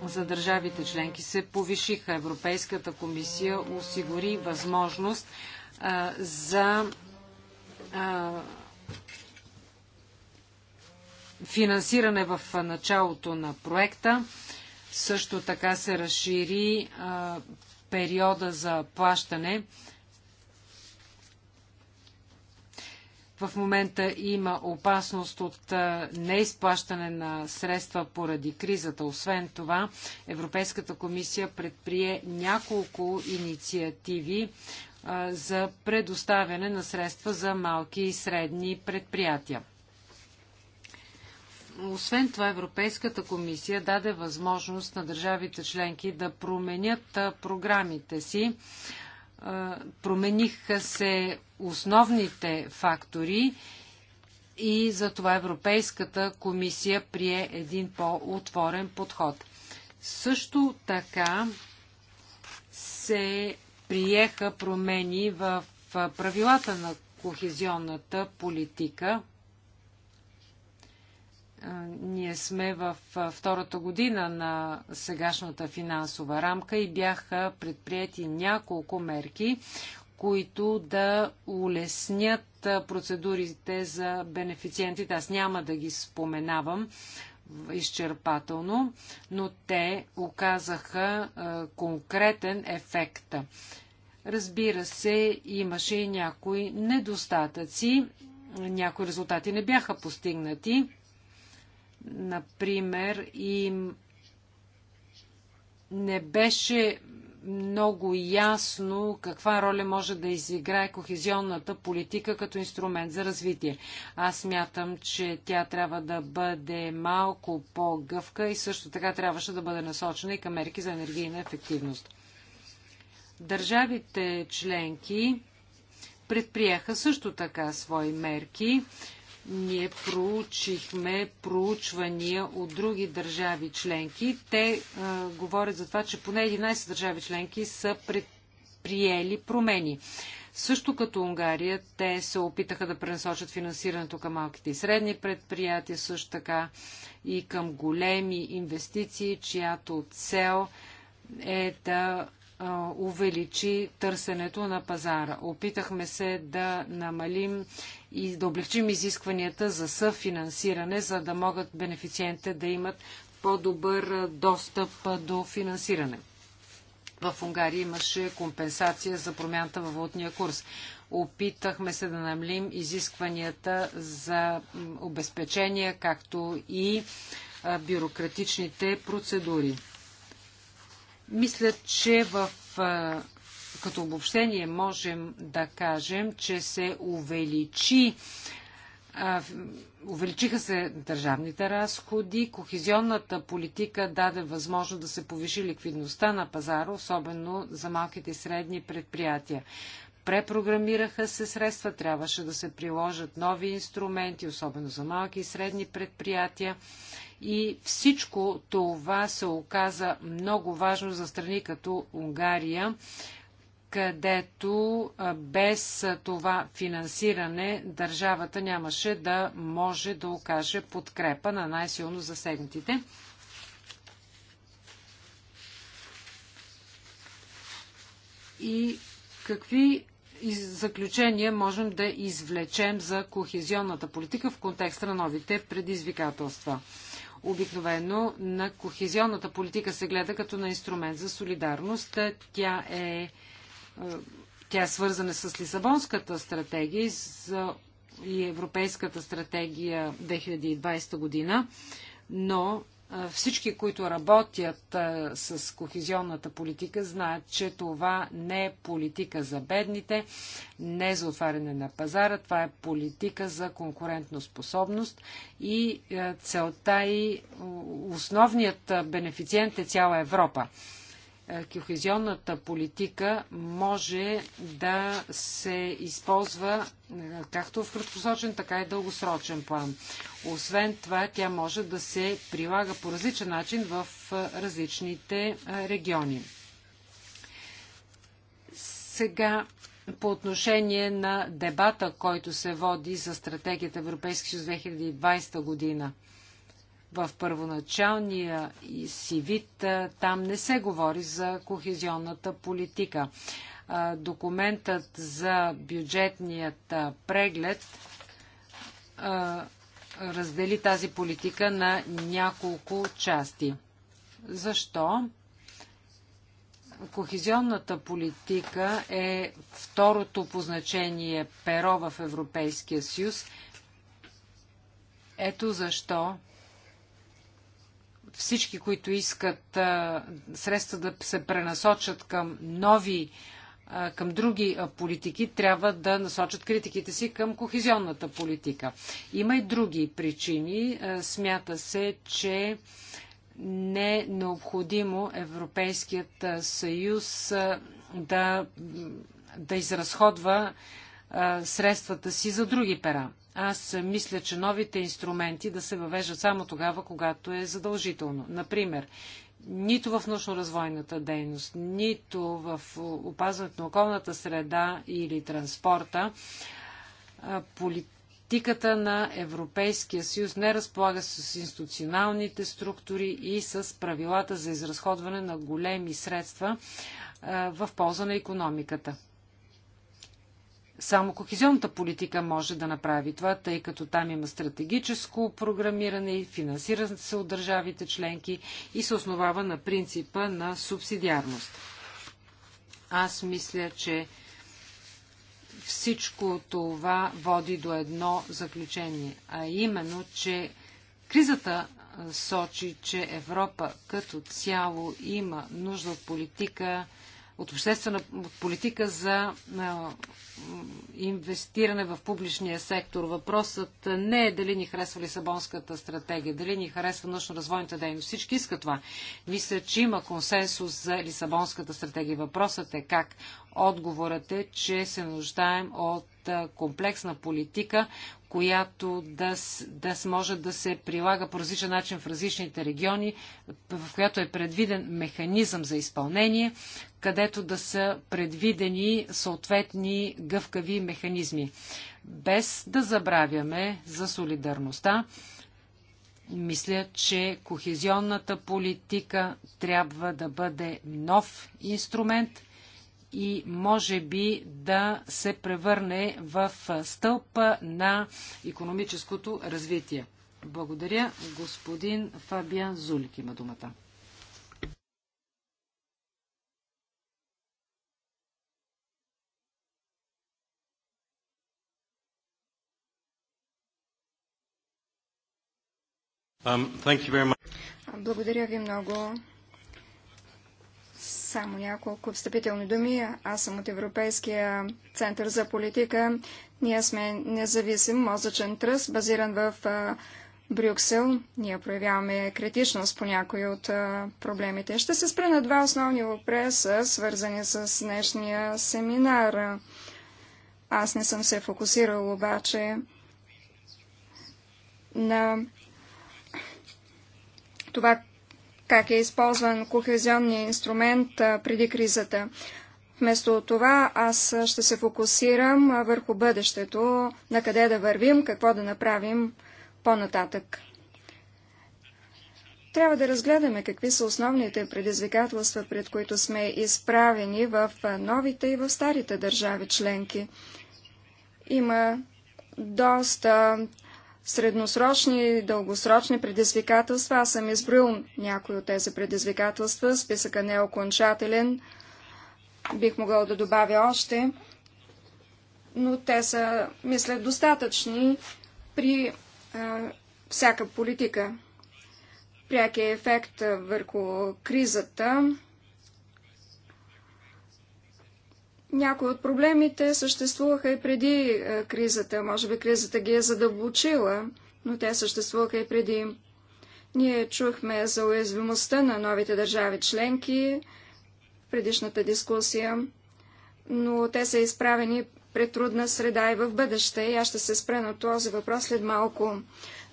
за държавите членки се повишиха. Европейската комисия осигури възможност а, за а, финансиране в началото на проекта. Също така се разшири а, периода за плащане В момента има опасност от неизплащане на средства поради кризата. Освен това, Европейската комисия предприе няколко инициативи за предоставяне на средства за малки и средни предприятия. Освен това, Европейската комисия даде възможност на държавите членки да променят програмите си промениха се основните фактори и затова Европейската комисия прие един по-отворен подход. Също така се приеха промени в правилата на кохезионната политика – ние сме в втората година на сегашната финансова рамка и бяха предприяти няколко мерки, които да улеснят процедурите за бенефициентите. Аз няма да ги споменавам изчерпателно, но те оказаха конкретен ефект. Разбира се, имаше и някои недостатъци. Някои резултати не бяха постигнати Например, им не беше много ясно каква роля може да изиграе кохезионната политика като инструмент за развитие. Аз мятам, че тя трябва да бъде малко по-гъвка и също така трябваше да бъде насочена и към мерки за енергийна ефективност. Държавите членки предприеха също така свои мерки ние проучихме проучвания от други държави членки. Те а, говорят за това, че поне 11 държави членки са предприели промени. Също като Унгария, те се опитаха да пренасочат финансирането към малките и средни предприятия, също така и към големи инвестиции, чиято цел е да увеличи търсенето на пазара. Опитахме се да намалим и да облегчим изискванията за съфинансиране, за да могат бенефициентите да имат по-добър достъп до финансиране. В Унгария имаше компенсация за промяната във валутния курс. Опитахме се да намалим изискванията за обезпечения, както и бюрократичните процедури. Мисля, че в, като обобщение можем да кажем, че се увеличи Увеличиха се държавните разходи, кохезионната политика даде възможност да се повиши ликвидността на пазара, особено за малките и средни предприятия. Препрограмираха се средства, трябваше да се приложат нови инструменти, особено за малки и средни предприятия и всичко това се оказа много важно за страни като Унгария, където без това финансиране държавата нямаше да може да окаже подкрепа на най-силно засегнатите. И какви заключения можем да извлечем за кохезионната политика в контекста на новите предизвикателства? Обикновено на кохезионната политика се гледа като на инструмент за солидарност. Тя е, е тя е свързана с Лисабонската стратегия за и Европейската стратегия 2020 година, но всички, които работят с кохезионната политика, знаят, че това не е политика за бедните, не за отваряне на пазара, това е политика за конкурентноспособност и целта и основният бенефициент е цяла Европа. Е, кохезионната политика може да се използва е, както в краткосрочен, така и дългосрочен план. Освен това, тя може да се прилага по различен начин в е, различните региони. Сега по отношение на дебата, който се води за стратегията Европейски съюз 2020 година – в първоначалния си вид там не се говори за кохезионната политика. Документът за бюджетният преглед раздели тази политика на няколко части. Защо? Кохезионната политика е второто по значение перо в Европейския съюз. Ето защо всички, които искат средства да се пренасочат към нови, към други политики, трябва да насочат критиките си към кохезионната политика. Има и други причини. Смята се, че не е необходимо Европейският съюз да, да изразходва средствата си за други пера. Аз мисля, че новите инструменти да се въвеждат само тогава, когато е задължително. Например, нито в научно-развойната дейност, нито в опазването на околната среда или транспорта, политиката на Европейския съюз не разполага с институционалните структури и с правилата за изразходване на големи средства в полза на економиката. Само кохезионната политика може да направи това, тъй като там има стратегическо програмиране и финансиране се от държавите членки и се основава на принципа на субсидиарност. Аз мисля, че всичко това води до едно заключение, а именно, че кризата сочи, че Европа като цяло има нужда от политика, от обществена политика за инвестиране в публичния сектор. Въпросът не е дали ни харесва Лисабонската стратегия, дали ни харесва научно-развойната дейност. Всички искат това. Мисля, че има консенсус за Лисабонската стратегия. Въпросът е как. Отговорът е, че се нуждаем от комплексна политика, която да, да може да се прилага по различен начин в различните региони, в която е предвиден механизъм за изпълнение, където да са предвидени съответни гъвкави механизми. Без да забравяме за солидарността, мисля, че кохезионната политика трябва да бъде нов инструмент, и може би да се превърне в стълпа на економическото развитие. Благодаря. Господин Фабиан Зулик има думата. Um, Благодаря ви много. Само няколко встъпителни думи. Аз съм от Европейския център за политика. Ние сме независим мозъчен тръст, базиран в Брюксел. Ние проявяваме критичност по някои от а, проблемите. Ще се спра на два основни въпроса, свързани с днешния семинар. Аз не съм се фокусирал обаче на това, как е използван кохезионния инструмент преди кризата. Вместо това аз ще се фокусирам върху бъдещето, на къде да вървим, какво да направим по-нататък. Трябва да разгледаме какви са основните предизвикателства, пред които сме изправени в новите и в старите държави членки. Има доста средносрочни и дългосрочни предизвикателства. Аз съм изброил някои от тези предизвикателства. Списъка не е окончателен. Бих могъл да добавя още. Но те са, мисля, достатъчни при а, всяка политика. Прякия е ефект върху кризата Някои от проблемите съществуваха и преди е, кризата. Може би кризата ги е задълбочила, но те съществуваха и преди. Ние чухме за уязвимостта на новите държави членки в предишната дискусия, но те са изправени претрудна среда и в бъдеще. И аз ще се спра на този въпрос след малко.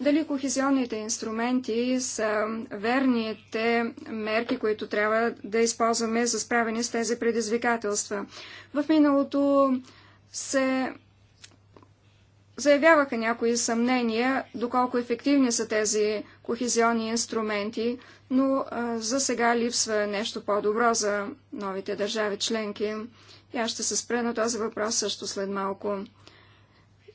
Дали кохезионните инструменти са верните мерки, които трябва да използваме за справяне с тези предизвикателства? В миналото се заявяваха някои съмнения, доколко ефективни са тези кохезионни инструменти, но а, за сега липсва нещо по-добро за новите държави членки. И аз ще се спре на този въпрос също след малко.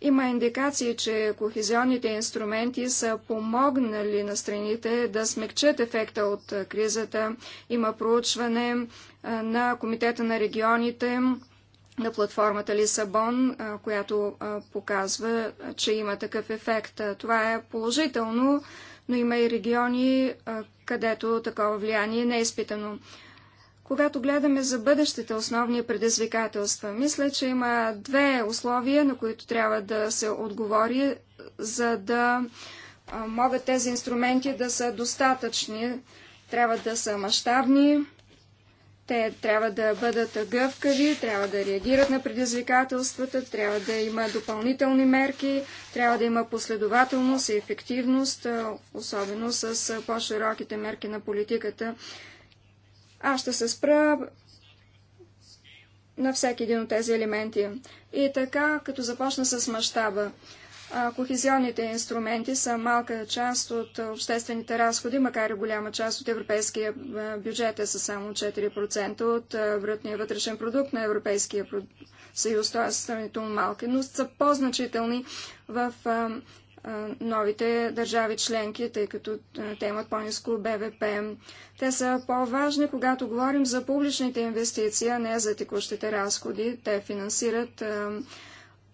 Има индикации, че кохезионните инструменти са помогнали на страните да смекчат ефекта от кризата. Има проучване на Комитета на регионите на платформата Лисабон, която показва, че има такъв ефект. Това е положително, но има и региони, където такова влияние не е изпитано когато гледаме за бъдещите основни предизвикателства. Мисля, че има две условия, на които трябва да се отговори, за да могат тези инструменти да са достатъчни. Трябва да са мащабни, те трябва да бъдат гъвкави, трябва да реагират на предизвикателствата, трябва да има допълнителни мерки, трябва да има последователност и ефективност, особено с по-широките мерки на политиката аз ще се спра на всеки един от тези елементи. И така, като започна с мащаба. Кохезионните инструменти са малка част от обществените разходи, макар и голяма част от европейския бюджет е са само 4% от вратния вътрешен продукт на Европейския съюз, т.е. са малки, но са по-значителни в новите държави членки, тъй като те имат по-низко БВП. Те са по-важни, когато говорим за публичните инвестиции, а не за текущите разходи. Те финансират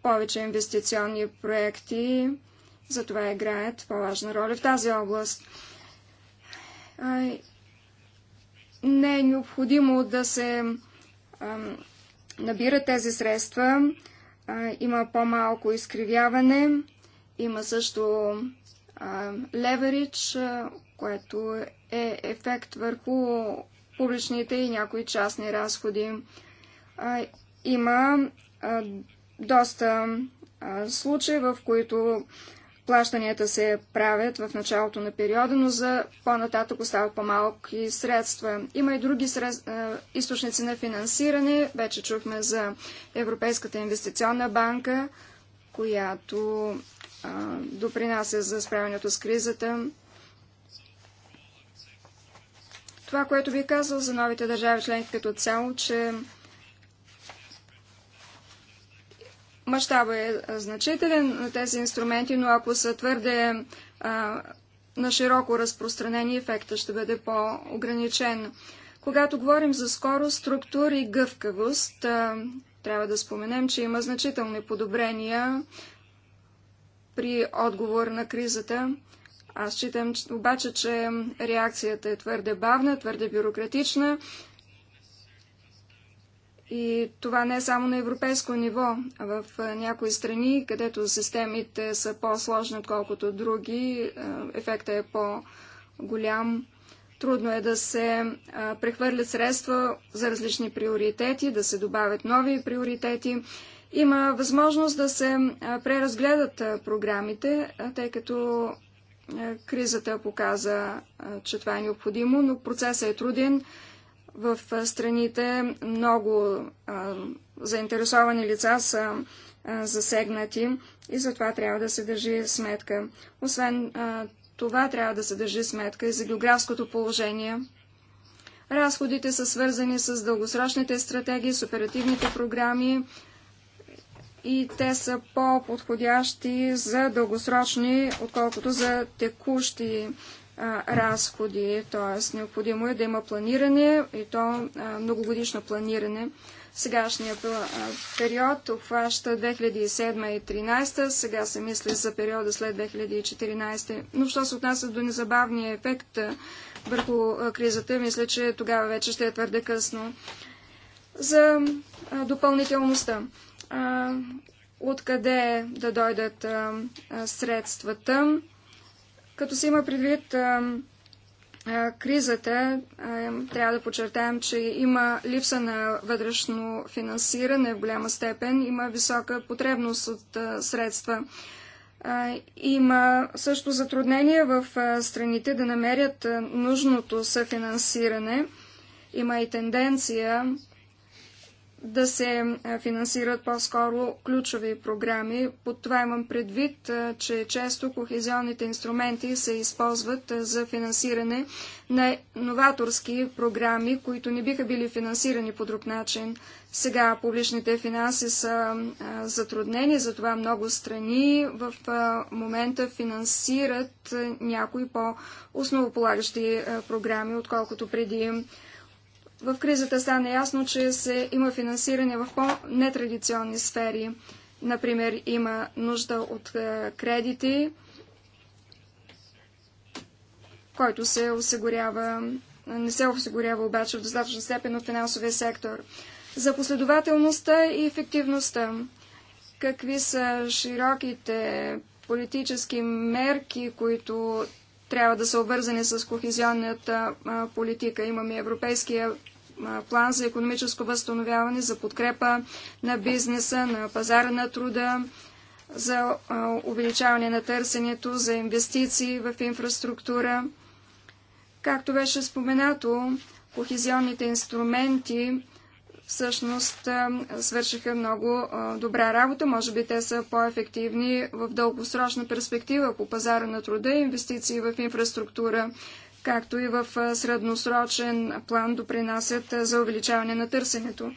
повече инвестиционни проекти, затова играят по-важна роля в тази област. не е необходимо да се набират тези средства. Има по-малко изкривяване има също леверидж, което е ефект върху публичните и някои частни разходи. А, има а, доста а, случаи, в които плащанията се правят в началото на периода, но за по-нататък остават по-малки средства. Има и други сред... източници на финансиране. Вече чухме за Европейската инвестиционна банка която а, допринася за справянето с кризата. Това, което би казал за новите държави членки като цяло, че мащаба е значителен на тези инструменти, но ако са твърде а, на широко разпространение, ефекта ще бъде по-ограничен. Когато говорим за скорост, структура и гъвкавост, а, трябва да споменем, че има значителни подобрения при отговор на кризата. Аз считам обаче, че реакцията е твърде бавна, твърде бюрократична. И това не е само на европейско ниво, а в някои страни, където системите са по-сложни, отколкото други, ефектът е по-голям. Трудно е да се а, прехвърлят средства за различни приоритети, да се добавят нови приоритети. Има възможност да се а, преразгледат а, програмите, тъй като кризата показа, че това е необходимо, но процесът е труден. В страните много заинтересовани лица са засегнати и затова трябва да се държи сметка. Освен това трябва да се държи сметка и за географското положение. Разходите са свързани с дългосрочните стратегии, с оперативните програми и те са по-подходящи за дългосрочни, отколкото за текущи а, разходи. Т.е. необходимо е да има планиране и то а, многогодишно планиране. Сегашния период обхваща 2007 и 2013, сега се мисли за периода след 2014. Но що се отнася до незабавния ефект върху кризата, мисля, че тогава вече ще е твърде късно. За допълнителността. Откъде да дойдат средствата? Като се има предвид кризата, трябва да подчертаем, че има липса на вътрешно финансиране в голяма степен, има висока потребност от средства. Има също затруднения в страните да намерят нужното съфинансиране. Има и тенденция да се финансират по-скоро ключови програми. Под това имам предвид, че често кохезионните инструменти се използват за финансиране на новаторски програми, които не биха били финансирани по друг начин. Сега публичните финанси са затруднени, затова много страни в момента финансират някои по-основополагащи програми, отколкото преди в кризата стана ясно, че се има финансиране в по-нетрадиционни сфери. Например, има нужда от е, кредити, който се осигурява, не се осигурява обаче в достатъчна степен от финансовия сектор. За последователността и ефективността. Какви са широките политически мерки, които трябва да са обвързани с кохезионната политика. Имаме Европейския план за економическо възстановяване, за подкрепа на бизнеса, на пазара на труда, за увеличаване на търсенето, за инвестиции в инфраструктура. Както беше споменато, кохезионните инструменти всъщност свършиха много добра работа. Може би те са по-ефективни в дългосрочна перспектива по пазара на труда, инвестиции в инфраструктура, както и в средносрочен план допринасят за увеличаване на търсенето.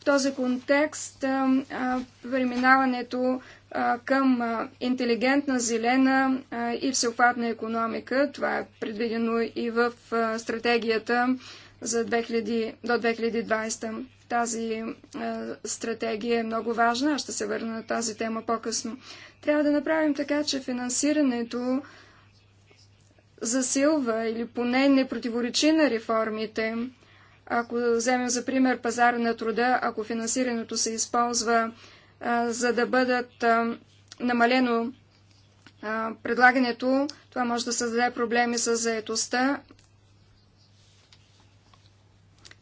В този контекст преминаването към интелигентна, зелена и всеобхватна економика, това е предвидено и в стратегията за 2000, до 2020. Тази стратегия е много важна, аз ще се върна на тази тема по-късно. Трябва да направим така, че финансирането засилва или поне не противоречи на реформите. Ако вземем за пример пазар на труда, ако финансирането се използва а, за да бъдат а, намалено а, предлагането, това може да създаде проблеми с заетостта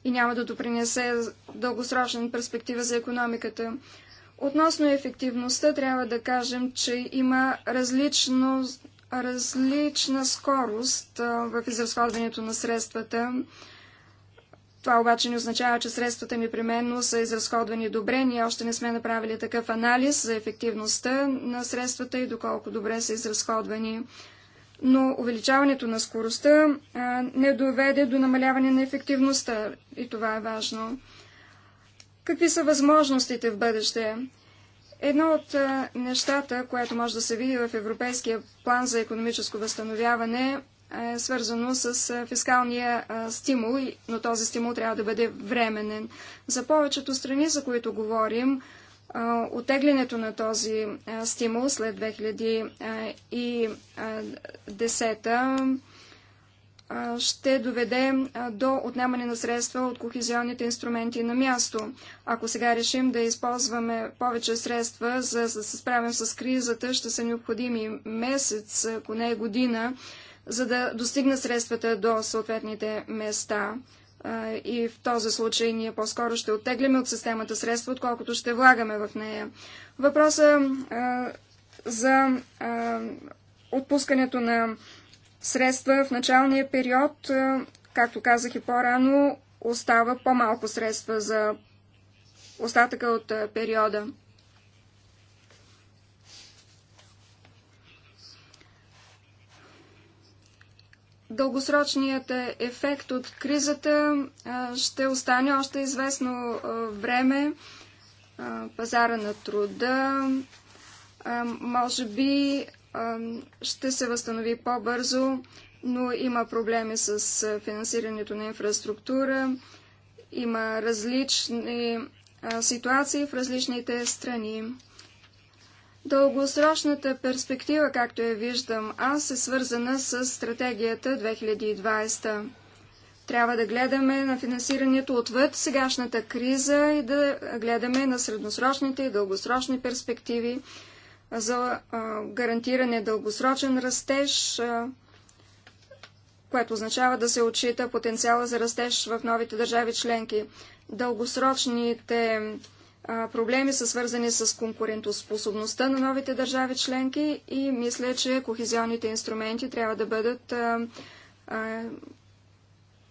и няма да допринесе дългосрочна перспектива за економиката. Относно ефективността, трябва да кажем, че има различно различна скорост в изразходването на средствата. Това обаче не означава, че средствата ми примерно са изразходвани добре. Ние още не сме направили такъв анализ за ефективността на средствата и доколко добре са изразходвани. Но увеличаването на скоростта не доведе до намаляване на ефективността и това е важно. Какви са възможностите в бъдеще? Едно от нещата, което може да се види в Европейския план за економическо възстановяване, е свързано с фискалния стимул, но този стимул трябва да бъде временен. За повечето страни, за които говорим, отеглянето на този стимул след 2010 ще доведе до отнемане на средства от кохезионните инструменти на място. Ако сега решим да използваме повече средства, за да се справим с кризата, ще са необходими месец, ако не година, за да достигна средствата до съответните места. И в този случай ние по-скоро ще оттегляме от системата средства, отколкото ще влагаме в нея. Въпроса за отпускането на средства в началния период, е, както казах и по-рано, остава по-малко средства за остатъка от е, периода. Дългосрочният е, ефект от кризата ще остане още известно време. Пазара на труда, може би ще се възстанови по-бързо, но има проблеми с финансирането на инфраструктура, има различни ситуации в различните страни. Дългосрочната перспектива, както я виждам аз, е свързана с стратегията 2020. Трябва да гледаме на финансирането отвъд сегашната криза и да гледаме на средносрочните и дългосрочни перспективи за гарантиране дългосрочен растеж, което означава да се отчита потенциала за растеж в новите държави членки. Дългосрочните проблеми са свързани с конкурентоспособността на новите държави членки и мисля, че кохезионните инструменти трябва да бъдат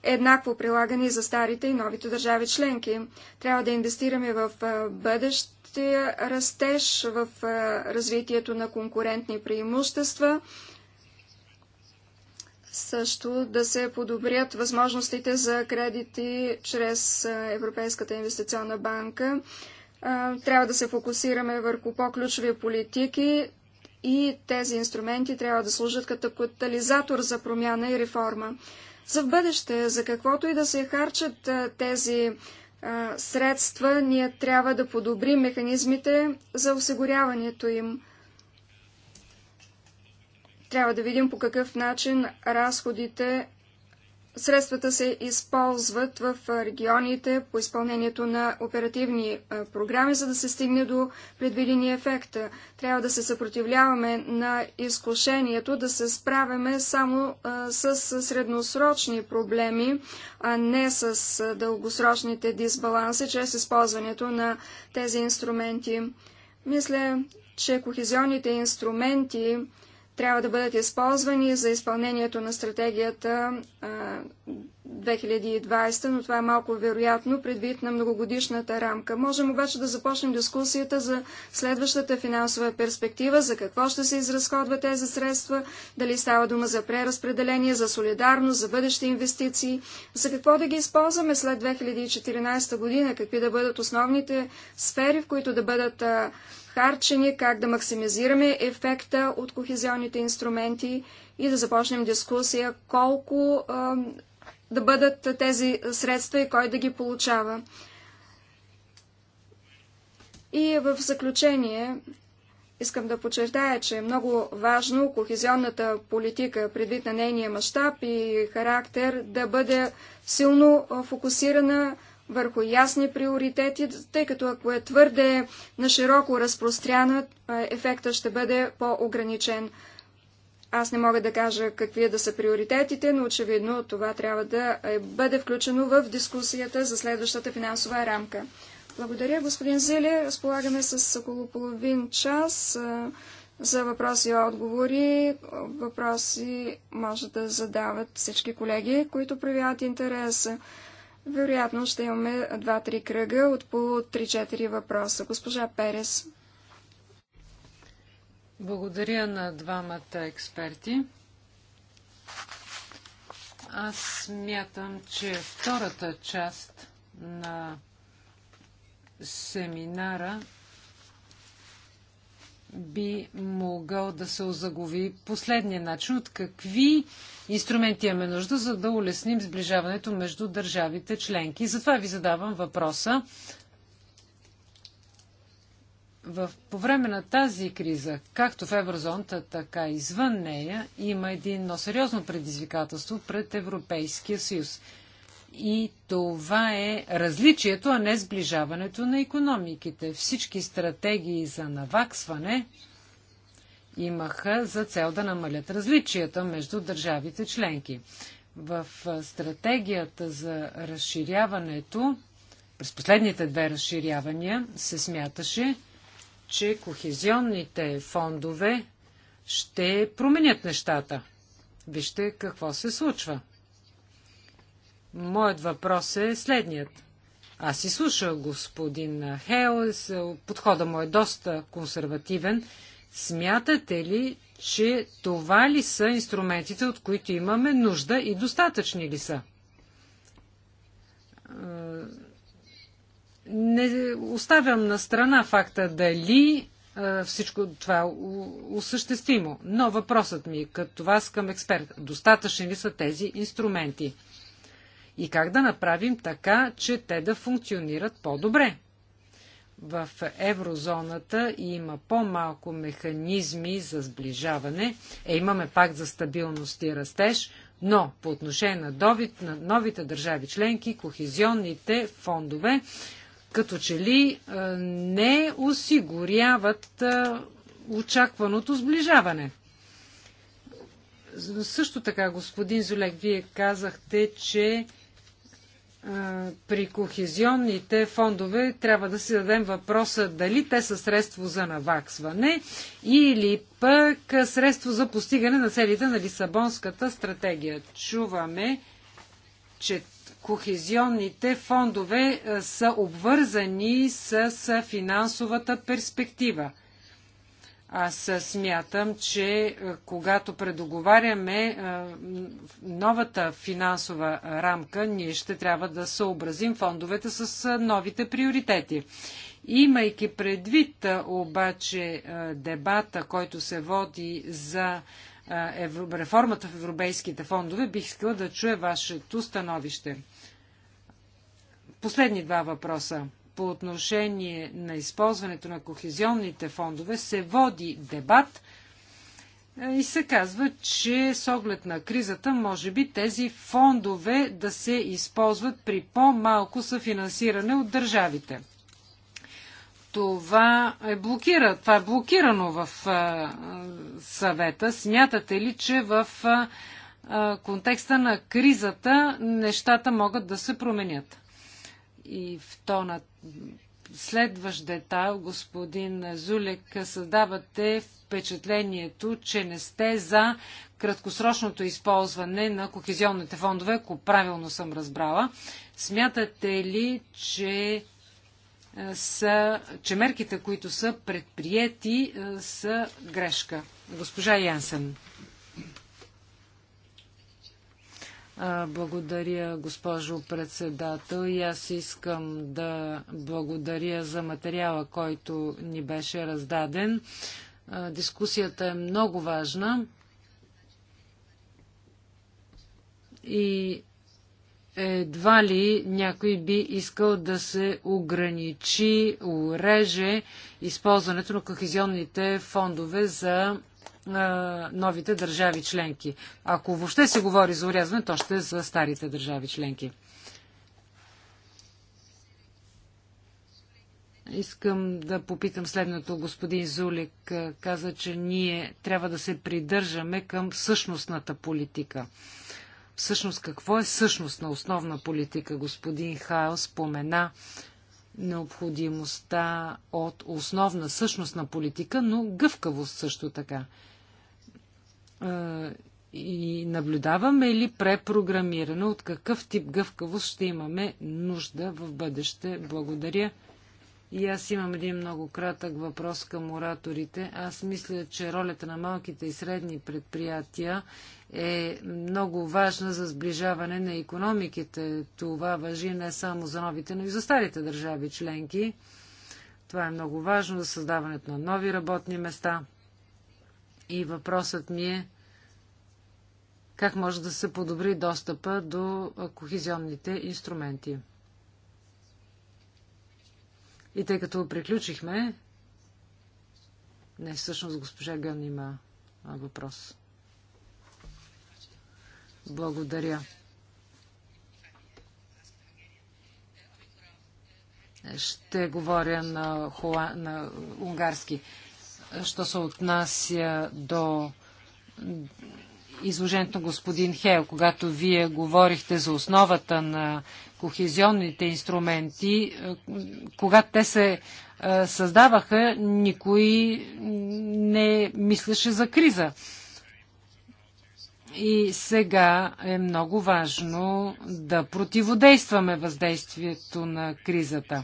еднакво прилагани за старите и новите държави членки. Трябва да инвестираме в бъдещ ще растеж в развитието на конкурентни преимущества, също да се подобрят възможностите за кредити чрез Европейската инвестиционна банка. Трябва да се фокусираме върху по-ключови политики и тези инструменти трябва да служат като катализатор за промяна и реформа. За в бъдеще, за каквото и да се харчат тези средства, ние трябва да подобрим механизмите за осигуряването им. Трябва да видим по какъв начин разходите Средствата се използват в регионите по изпълнението на оперативни програми, за да се стигне до предвидения ефект. Трябва да се съпротивляваме на изкушението да се справяме само с средносрочни проблеми, а не с дългосрочните дисбаланси, чрез използването на тези инструменти. Мисля, че кохезионните инструменти трябва да бъдат използвани за изпълнението на стратегията 2020, но това е малко вероятно предвид на многогодишната рамка. Можем обаче да започнем дискусията за следващата финансова перспектива, за какво ще се изразходва тези средства, дали става дума за преразпределение, за солидарност, за бъдещи инвестиции, за какво да ги използваме след 2014 година, какви да бъдат основните сфери, в които да бъдат харчене, как да максимизираме ефекта от кохезионните инструменти и да започнем дискусия колко а, да бъдат тези средства и кой да ги получава. И в заключение искам да подчертая, че е много важно кохезионната политика, предвид на нейния мащаб и характер, да бъде силно фокусирана върху ясни приоритети, тъй като ако е твърде на широко разпростряна, ефекта ще бъде по-ограничен. Аз не мога да кажа какви да са приоритетите, но очевидно това трябва да е, бъде включено в дискусията за следващата финансова рамка. Благодаря, господин Зиле. Разполагаме с около половин час за въпроси и отговори. Въпроси може да задават всички колеги, които проявяват интереса. Вероятно ще имаме 2-3 кръга от по 3-4 въпроса. Госпожа Перес. Благодаря на двамата експерти. Аз смятам, че втората част на семинара би могъл да се озагови последния начин? От какви инструменти имаме нужда, за да улесним сближаването между държавите членки? Затова ви задавам въпроса. В, по време на тази криза, както в еврозоната, така и извън нея, има едно сериозно предизвикателство пред Европейския съюз – и това е различието, а не сближаването на економиките. Всички стратегии за наваксване имаха за цел да намалят различията между държавите членки. В стратегията за разширяването, през последните две разширявания, се смяташе, че кохезионните фондове ще променят нещата. Вижте какво се случва. Моят въпрос е следният. Аз си слушал господин Хейл, е, подхода му е доста консервативен. Смятате ли, че това ли са инструментите, от които имаме нужда и достатъчни ли са? Е, не оставям на страна факта дали е, всичко това е осъществимо. Но въпросът ми, е като вас към експерт, достатъчни ли са тези инструменти? и как да направим така, че те да функционират по-добре. В еврозоната има по-малко механизми за сближаване. Е, имаме пакт за стабилност и растеж, но по отношение на, довид, на новите държави членки, кохезионните фондове, като че ли е, не осигуряват е, очакваното сближаване. Също така, господин Золек, вие казахте, че при кохезионните фондове трябва да си дадем въпроса дали те са средство за наваксване или пък средство за постигане на целите на Лисабонската стратегия. Чуваме, че кохезионните фондове са обвързани с финансовата перспектива. Аз смятам, че е, когато предоговаряме е, новата финансова рамка, ние ще трябва да съобразим фондовете с е, новите приоритети. Имайки предвид обаче дебата, който се води за реформата в европейските фондове, бих искала да чуя вашето становище. Последни два въпроса по отношение на използването на кохезионните фондове се води дебат и се казва, че с оглед на кризата, може би тези фондове да се използват при по-малко съфинансиране от държавите. Това е, блокира, това е блокирано в а, съвета. Смятате ли, че в а, контекста на кризата нещата могат да се променят? и в тона следващ детайл, господин Зулек, създавате впечатлението, че не сте за краткосрочното използване на кохезионните фондове, ако правилно съм разбрала. Смятате ли, че, е, са, че мерките, които са предприяти, е, са грешка? Госпожа Янсен. Благодаря, госпожо председател. И аз искам да благодаря за материала, който ни беше раздаден. Дискусията е много важна и едва ли някой би искал да се ограничи, уреже използването на кохезионните фондове за на новите държави членки. Ако въобще се говори за урязване, то ще е за старите държави членки. Искам да попитам следното. Господин Зулик каза, че ние трябва да се придържаме към същностната политика. Всъщност, какво е същност на основна политика? Господин Хайл спомена необходимостта от основна същност на политика, но гъвкавост също така. Е, и наблюдаваме ли препрограмиране, от какъв тип гъвкавост ще имаме нужда в бъдеще? Благодаря. И аз имам един много кратък въпрос към ораторите. Аз мисля, че ролята на малките и средни предприятия е много важна за сближаване на економиките. Това въжи не само за новите, но и за старите държави членки. Това е много важно за създаването на нови работни места. И въпросът ми е как може да се подобри достъпа до кохезионните инструменти. И тъй като приключихме, не, всъщност госпожа Гън има въпрос. Благодаря. Ще говоря на, хуа... на унгарски. Що се отнася до изложението на господин Хел. когато вие говорихте за основата на кохезионните инструменти, е, когато те се е, създаваха, никой не мислеше за криза. И сега е много важно да противодействаме въздействието на кризата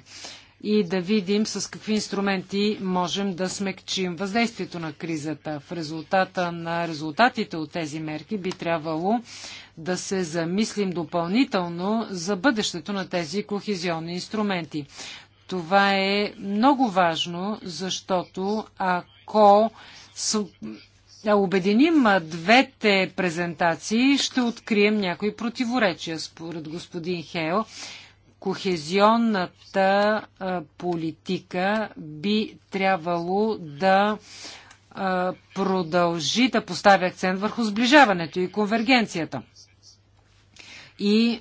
и да видим с какви инструменти можем да смекчим въздействието на кризата. В резултата на резултатите от тези мерки би трябвало да се замислим допълнително за бъдещето на тези кохезионни инструменти. Това е много важно, защото ако да обединим двете презентации, ще открием някои противоречия, според господин Хейл. Кохезионната политика би трябвало да продължи да поставя акцент върху сближаването и конвергенцията. И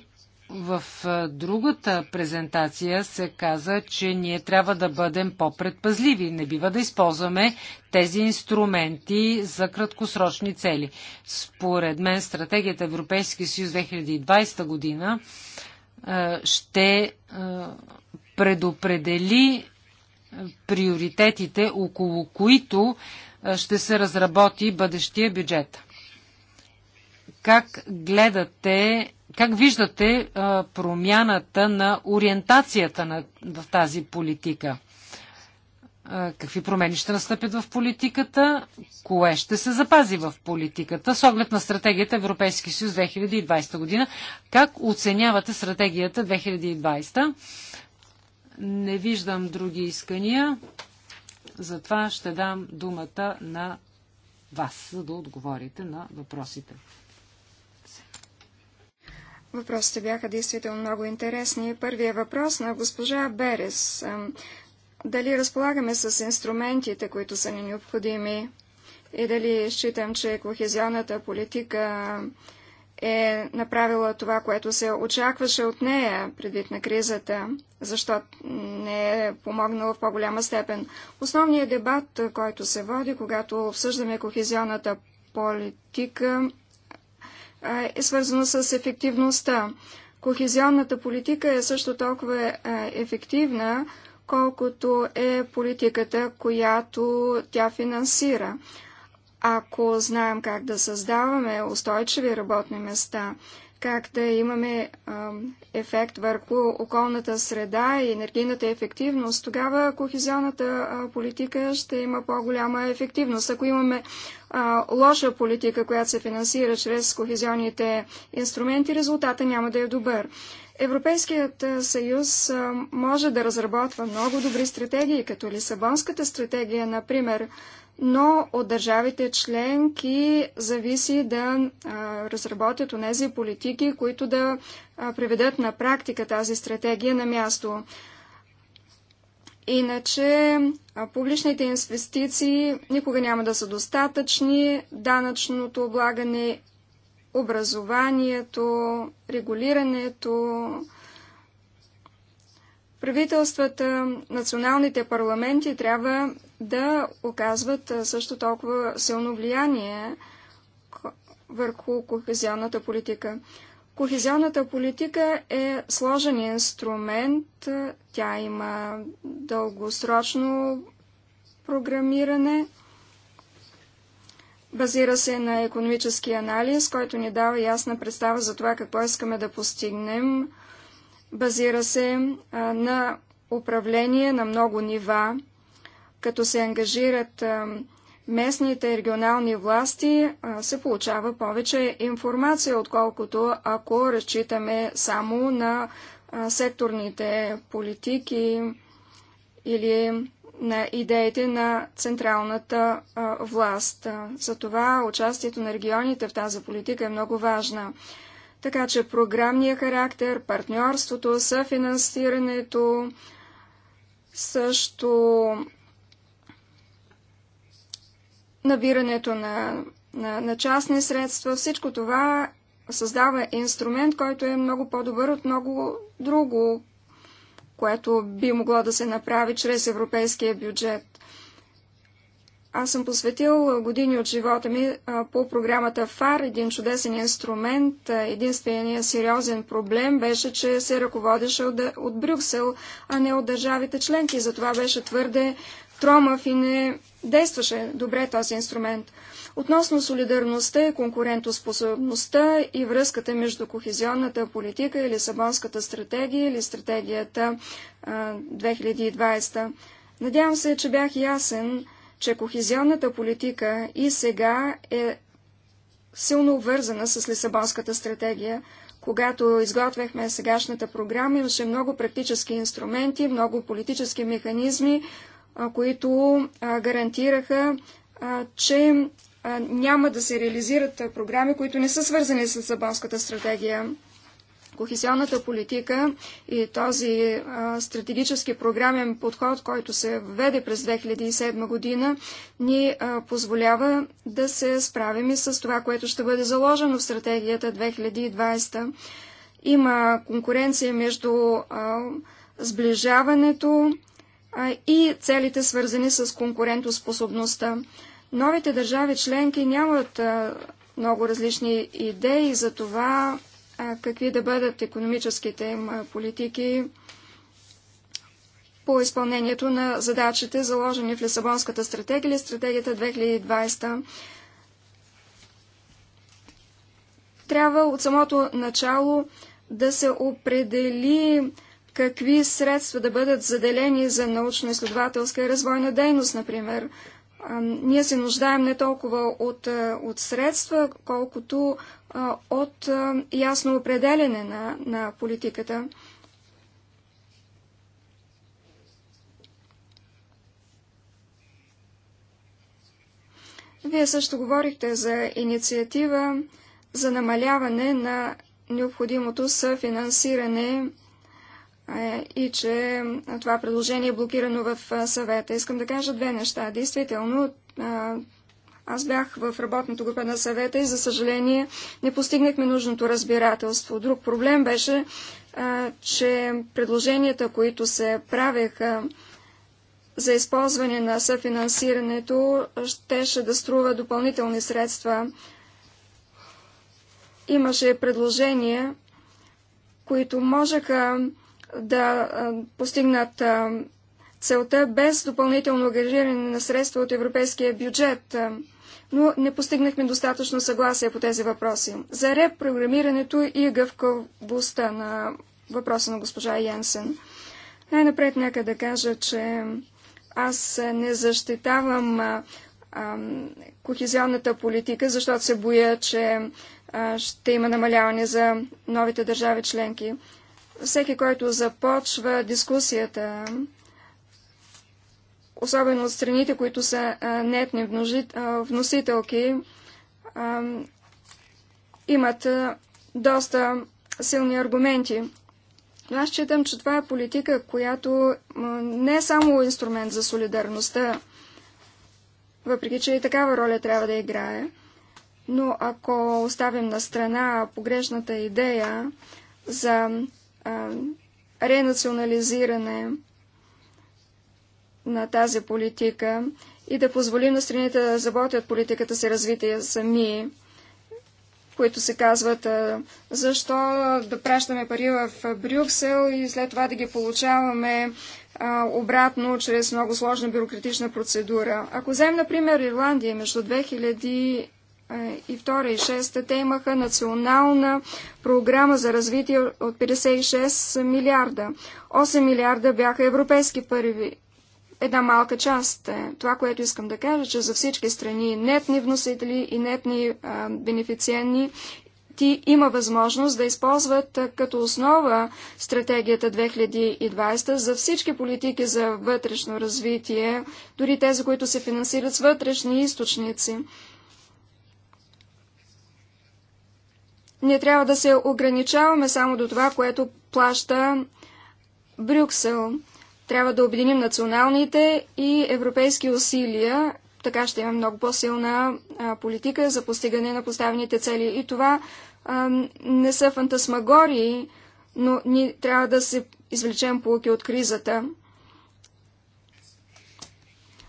в другата презентация се каза, че ние трябва да бъдем по-предпазливи. Не бива да използваме тези инструменти за краткосрочни цели. Според мен стратегията Европейски съюз 2020 година ще предопредели приоритетите, около които ще се разработи бъдещия бюджет. Как гледате как виждате промяната на ориентацията на, в тази политика? какви промени ще настъпят в политиката? Кое ще се запази в политиката с оглед на стратегията Европейски съюз 2020 година? Как оценявате стратегията 2020? Не виждам други искания. Затова ще дам думата на вас, за да отговорите на въпросите. Въпросите бяха действително много интересни. Първият въпрос на госпожа Берес. Дали разполагаме с инструментите, които са ни необходими? И дали считам, че кохезионната политика е направила това, което се очакваше от нея предвид на кризата, защото не е помогнала в по-голяма степен. Основният дебат, който се води, когато обсъждаме кохезионната политика, е свързано с ефективността. Кохезионната политика е също толкова е, ефективна, колкото е политиката, която тя финансира. Ако знаем как да създаваме устойчиви работни места как да имаме а, ефект върху околната среда и енергийната ефективност, тогава кохезионната политика ще има по-голяма ефективност. Ако имаме а, лоша политика, която се финансира чрез кохезионните инструменти, резултата няма да е добър. Европейският съюз а, може да разработва много добри стратегии, като Лисабонската стратегия, например, но от държавите членки зависи да разработят онези политики, които да приведат на практика тази стратегия на място. Иначе публичните инвестиции никога няма да са достатъчни, данъчното облагане, образованието, регулирането, Правителствата, националните парламенти трябва да оказват също толкова силно влияние върху кохезионната политика. Кохезионната политика е сложен инструмент. Тя има дългосрочно програмиране. Базира се на економически анализ, който ни дава ясна представа за това какво искаме да постигнем Базира се на управление на много нива, като се ангажират местните и регионални власти, се получава повече информация, отколкото ако разчитаме само на секторните политики или на идеите на централната власт. Затова участието на регионите в тази политика е много важна. Така че програмния характер, партньорството, съфинансирането, също набирането на, на, на частни средства, всичко това създава инструмент, който е много по-добър от много друго, което би могло да се направи чрез европейския бюджет. Аз съм посветил години от живота ми по програмата ФАР, един чудесен инструмент. Единственият сериозен проблем беше, че се ръководеше от, от Брюксел, а не от държавите членки. Затова беше твърде тромав и не действаше добре този инструмент. Относно солидарността и конкурентоспособността и връзката между кохезионната политика и Лисабонската стратегия или стратегията 2020. Надявам се, че бях ясен че кохезионната политика и сега е силно обвързана с Лисабонската стратегия. Когато изготвяхме сегашната програма, имаше много практически инструменти, много политически механизми, които гарантираха, че няма да се реализират програми, които не са свързани с Лисабонската стратегия. Кохесионната политика и този а, стратегически програмен подход, който се введе през 2007 година, ни а, позволява да се справим и с това, което ще бъде заложено в стратегията 2020. Има конкуренция между а, сближаването и целите свързани с конкурентоспособността. Новите държави членки нямат много различни идеи за това какви да бъдат економическите им политики по изпълнението на задачите, заложени в Лисабонската стратегия или стратегията 2020. Трябва от самото начало да се определи какви средства да бъдат заделени за научно-изследователска и развойна дейност, например. Ние се нуждаем не толкова от, от средства, колкото от ясно определене на, на политиката. Вие също говорихте за инициатива за намаляване на необходимото съфинансиране и че това предложение е блокирано в съвета. Искам да кажа две неща. Действително, аз бях в работната група на съвета и, за съжаление, не постигнахме нужното разбирателство. Друг проблем беше, че предложенията, които се правеха за използване на съфинансирането, щеше да струва допълнителни средства. Имаше предложения, които можеха да постигнат целта без допълнително агрегиране на средства от европейския бюджет но не постигнахме достатъчно съгласие по тези въпроси. За репрограмирането и гъвкавостта на въпроса на госпожа Янсен. Най-напред нека да кажа, че аз не защитавам а, а, кохезионната политика, защото се боя, че а, ще има намаляване за новите държави членки. Всеки, който започва дискусията особено от страните, които са нетни вносителки, имат доста силни аргументи. Но аз считам, че това е политика, която не е само инструмент за солидарността, въпреки че и такава роля трябва да играе. Но ако оставим на страна погрешната идея за а, ренационализиране на тази политика и да позволим на страните да заботят политиката си развитие сами, които се казват защо да пращаме пари в Брюксел и след това да ги получаваме обратно чрез много сложна бюрократична процедура. Ако вземем, например, Ирландия между 2000 и втора и шеста, те имаха национална програма за развитие от 56 милиарда. 8 милиарда бяха европейски пари, една малка част. Е, това, което искам да кажа, че за всички страни нетни вносители и нетни а, бенефициенни ти има възможност да използват като основа стратегията 2020 за всички политики за вътрешно развитие, дори тези, които се финансират с вътрешни източници. Не трябва да се ограничаваме само до това, което плаща Брюксел. Трябва да обединим националните и европейски усилия, така ще имаме много по-силна политика за постигане на поставените цели. И това а, не са фантасмагории, но ние трябва да се извлечем полки от кризата.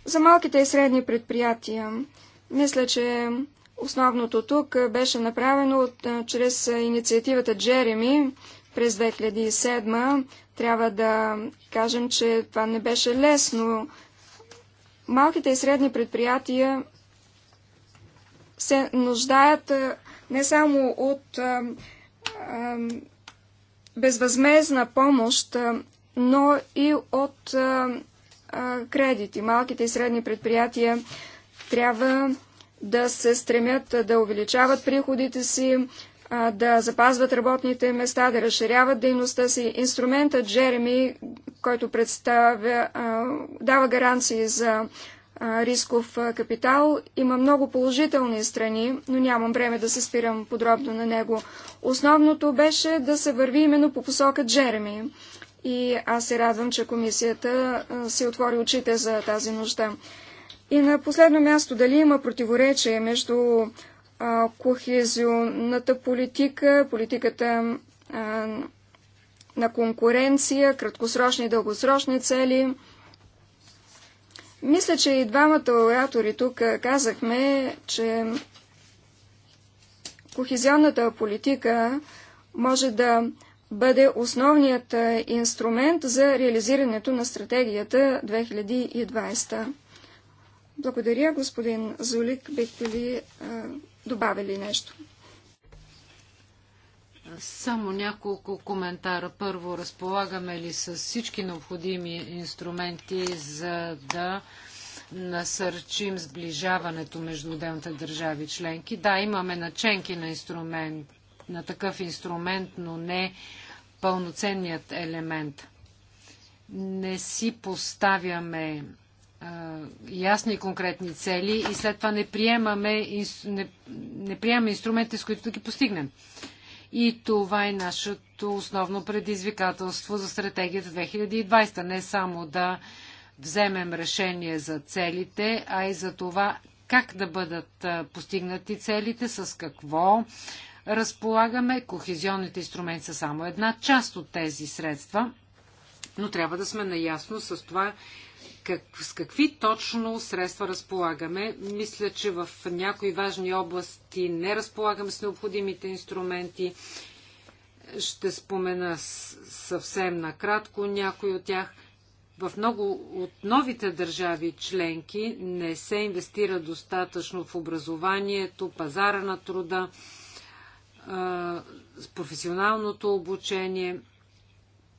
За малките и средни предприятия, мисля, че основното тук беше направено от, чрез инициативата Джереми през 2007 трябва да кажем, че това не беше лесно. Малките и средни предприятия се нуждаят не само от а, а, безвъзмезна помощ, но и от а, кредити. Малките и средни предприятия трябва да се стремят да увеличават приходите си, да запазват работните места, да разширяват дейността си. Инструментът Джереми, който представя, дава гаранции за рисков капитал, има много положителни страни, но нямам време да се спирам подробно на него. Основното беше да се върви именно по посока Джереми. И аз се радвам, че комисията си отвори очите за тази нужда. И на последно място, дали има противоречие между кохезионната политика, политиката а, на конкуренция, краткосрочни и дългосрочни цели. Мисля, че и двамата оратори тук казахме, че кохезионната политика може да бъде основният инструмент за реализирането на стратегията 2020. Благодаря, господин Зулик. Бихте ли ли нещо. Само няколко коментара. Първо, разполагаме ли с всички необходими инструменти, за да насърчим сближаването между отделните държави членки? Да, имаме наченки на, инструмент, на такъв инструмент, но не пълноценният елемент. Не си поставяме ясни и конкретни цели и след това не приемаме, не, не приемаме инструментите, с които да ги постигнем. И това е нашето основно предизвикателство за стратегията 2020. Не само да вземем решение за целите, а и за това как да бъдат постигнати целите, с какво разполагаме. Кохезионните инструменти са само една част от тези средства, но трябва да сме наясно с това, как, с какви точно средства разполагаме. Мисля, че в някои важни области не разполагаме с необходимите инструменти. Ще спомена съвсем накратко някои от тях. В много от новите държави членки не се инвестира достатъчно в образованието, пазара на труда, професионалното обучение –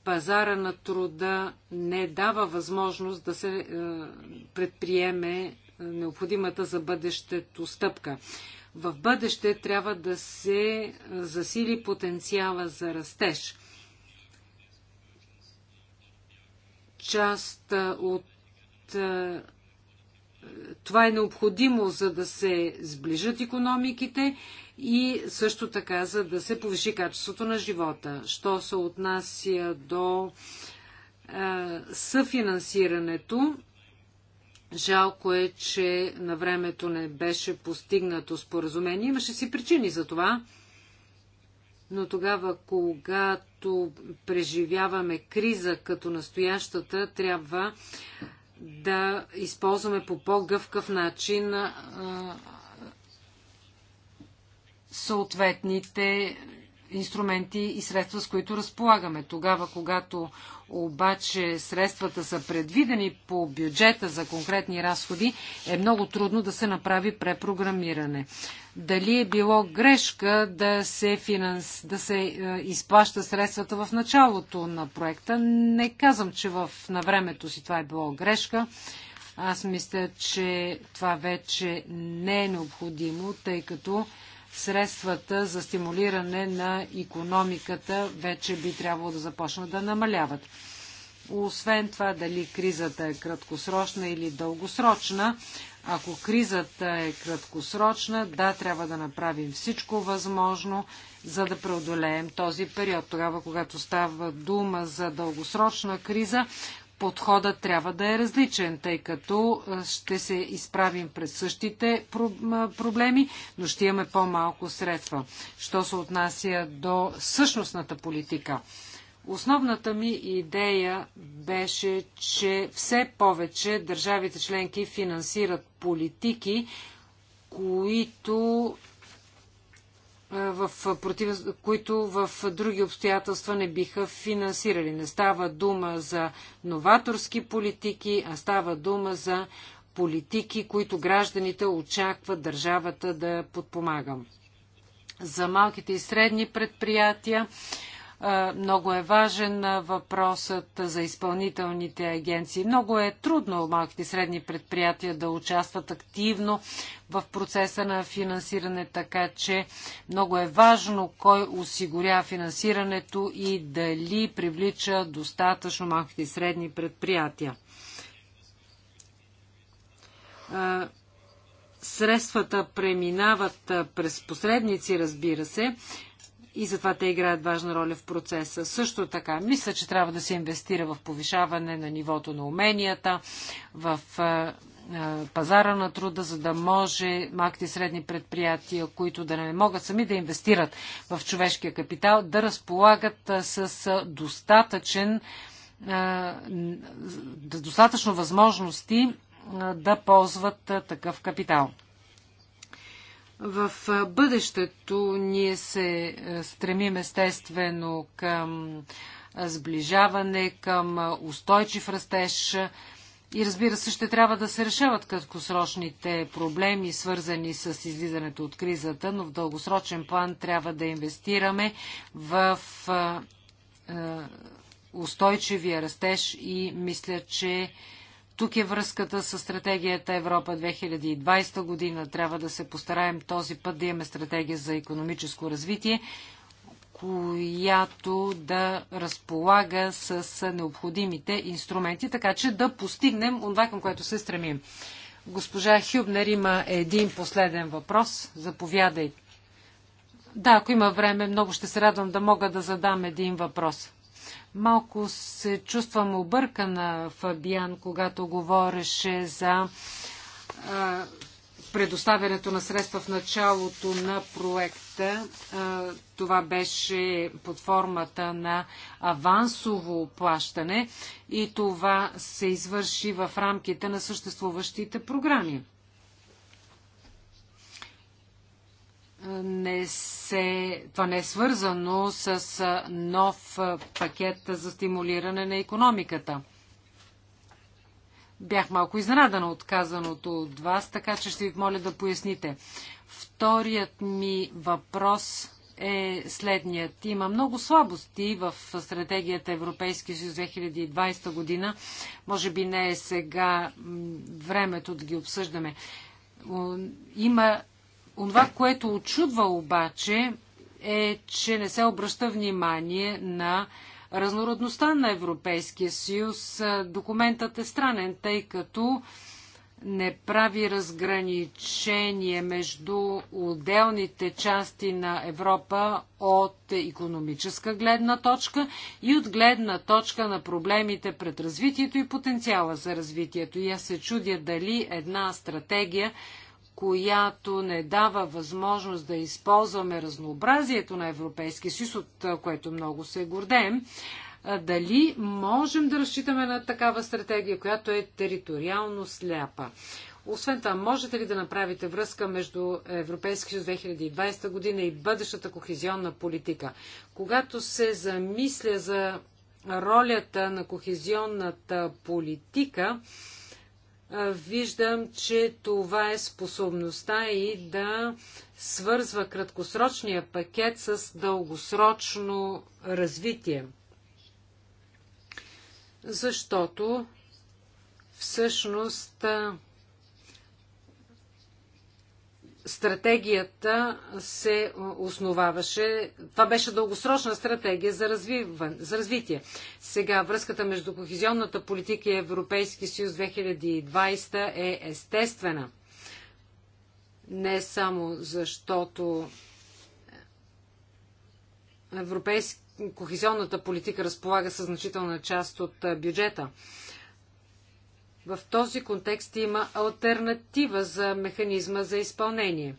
пазара на труда не дава възможност да се е, предприеме е, необходимата за бъдещето стъпка. В бъдеще трябва да се е, засили потенциала за растеж. Част от това е необходимо, за да се сближат економиките и също така, за да се повиши качеството на живота. Що се отнася до съфинансирането, жалко е, че на времето не беше постигнато споразумение. Имаше си причини за това. Но тогава, когато преживяваме криза като настоящата, трябва да използваме по по-гъвкав начин съответните инструменти и средства, с които разполагаме. Тогава, когато обаче средствата са предвидени по бюджета за конкретни разходи, е много трудно да се направи препрограмиране. Дали е било грешка да се, финанс... да се е, изплаща средствата в началото на проекта? Не казвам, че в... навремето времето си това е било грешка. Аз мисля, че това вече не е необходимо, тъй като средствата за стимулиране на економиката вече би трябвало да започнат да намаляват. Освен това, дали кризата е краткосрочна или дългосрочна, ако кризата е краткосрочна, да, трябва да направим всичко възможно, за да преодолеем този период. Тогава, когато става дума за дългосрочна криза, подходът трябва да е различен, тъй като ще се изправим пред същите проблеми, но ще имаме по-малко средства. Що се отнася до същностната политика? Основната ми идея беше, че все повече държавите членки финансират политики, които в против... които в други обстоятелства не биха финансирали. Не става дума за новаторски политики, а става дума за политики, които гражданите очакват държавата да подпомага. За малките и средни предприятия много е важен въпросът за изпълнителните агенции. Много е трудно малките и средни предприятия да участват активно в процеса на финансиране, така че много е важно кой осигурява финансирането и дали привлича достатъчно малките и средни предприятия средствата преминават през посредници, разбира се, и затова те играят важна роля в процеса. Също така, мисля, че трябва да се инвестира в повишаване на нивото на уменията, в пазара на труда, за да може макти и средни предприятия, които да не могат сами да инвестират в човешкия капитал, да разполагат с достатъчен достатъчно възможности да ползват такъв капитал. В бъдещето ние се стремим естествено към сближаване, към устойчив растеж и разбира се ще трябва да се решават краткосрочните проблеми, свързани с излизането от кризата, но в дългосрочен план трябва да инвестираме в устойчивия растеж и мисля, че тук е връзката с стратегията Европа 2020 година. Трябва да се постараем този път да имаме стратегия за економическо развитие, която да разполага с необходимите инструменти, така че да постигнем това, към което се стремим. Госпожа Хюбнер има един последен въпрос. Заповядай. Да, ако има време, много ще се радвам да мога да задам един въпрос. Малко се чувствам объркана, Фабиан, когато говореше за а, предоставянето на средства в началото на проекта. А, това беше под формата на авансово плащане и това се извърши в рамките на съществуващите програми. не се, това не е свързано с нов пакет за стимулиране на економиката. Бях малко изненадана от казаното от вас, така че ще ви моля да поясните. Вторият ми въпрос е следният. Има много слабости в стратегията Европейски съюз 2020 година. Може би не е сега времето да ги обсъждаме. Има Онова, което очудва обаче е, че не се обръща внимание на разнородността на Европейския съюз. Документът е странен, тъй като не прави разграничение между отделните части на Европа от економическа гледна точка и от гледна точка на проблемите пред развитието и потенциала за развитието. И аз се чудя дали една стратегия която не дава възможност да използваме разнообразието на Европейския съюз, от което много се гордеем, дали можем да разчитаме на такава стратегия, която е териториално сляпа. Освен това, можете ли да направите връзка между Европейски съюз 2020 година и бъдещата кохезионна политика? Когато се замисля за ролята на кохезионната политика, виждам, че това е способността и да свързва краткосрочния пакет с дългосрочно развитие. Защото всъщност стратегията се основаваше, това беше дългосрочна стратегия за, развиван, за развитие. Сега връзката между кохезионната политика и Европейски съюз 2020 е естествена. Не само защото европейски, кохезионната политика разполага със значителна част от бюджета. В този контекст има альтернатива за механизма за изпълнение.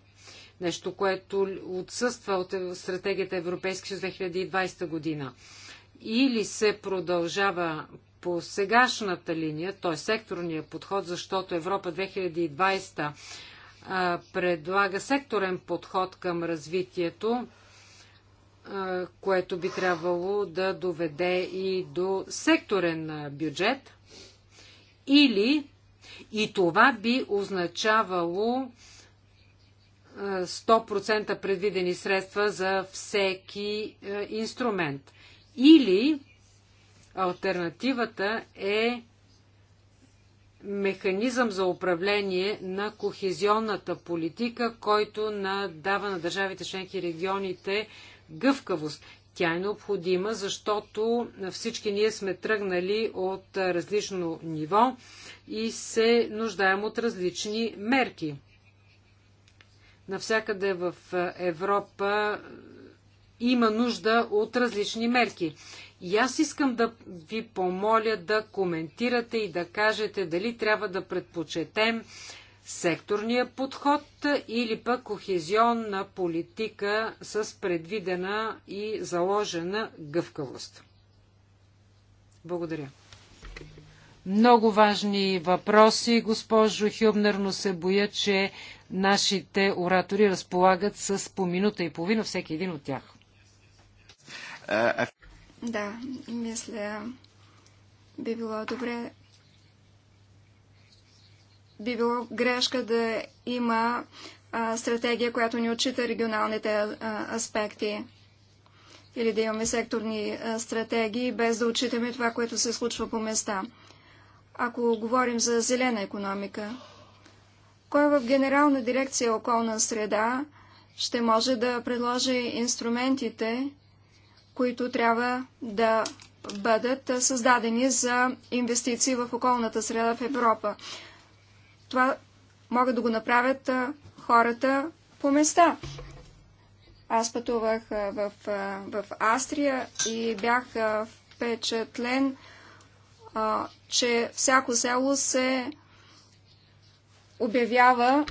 Нещо, което отсъства от стратегията Европейски съюз 2020 година. Или се продължава по сегашната линия, т.е. секторния подход, защото Европа 2020 предлага секторен подход към развитието, което би трябвало да доведе и до секторен бюджет. Или и това би означавало 100% предвидени средства за всеки инструмент. Или альтернативата е механизъм за управление на кохезионната политика, който на дава на държавите членки и регионите гъвкавост. Тя е необходима, защото всички ние сме тръгнали от различно ниво и се нуждаем от различни мерки. Навсякъде в Европа има нужда от различни мерки. И аз искам да ви помоля да коментирате и да кажете дали трябва да предпочетем секторния подход или пък кохезионна политика с предвидена и заложена гъвкавост. Благодаря. Много важни въпроси, госпожо Хюбнер, но се боя, че нашите оратори разполагат с по минута и половина всеки един от тях. Е, е. Да, мисля, би било добре би било грешка да има а, стратегия, която ни отчита регионалните а, аспекти. Или да имаме секторни а, стратегии, без да отчитаме това, което се случва по места. Ако говорим за зелена економика, кой в Генерална дирекция околна среда ще може да предложи инструментите, които трябва да бъдат създадени за инвестиции в околната среда в Европа това могат да го направят а, хората по места. Аз пътувах а, в, а, в Астрия и бях а, впечатлен, а, че всяко село се обявява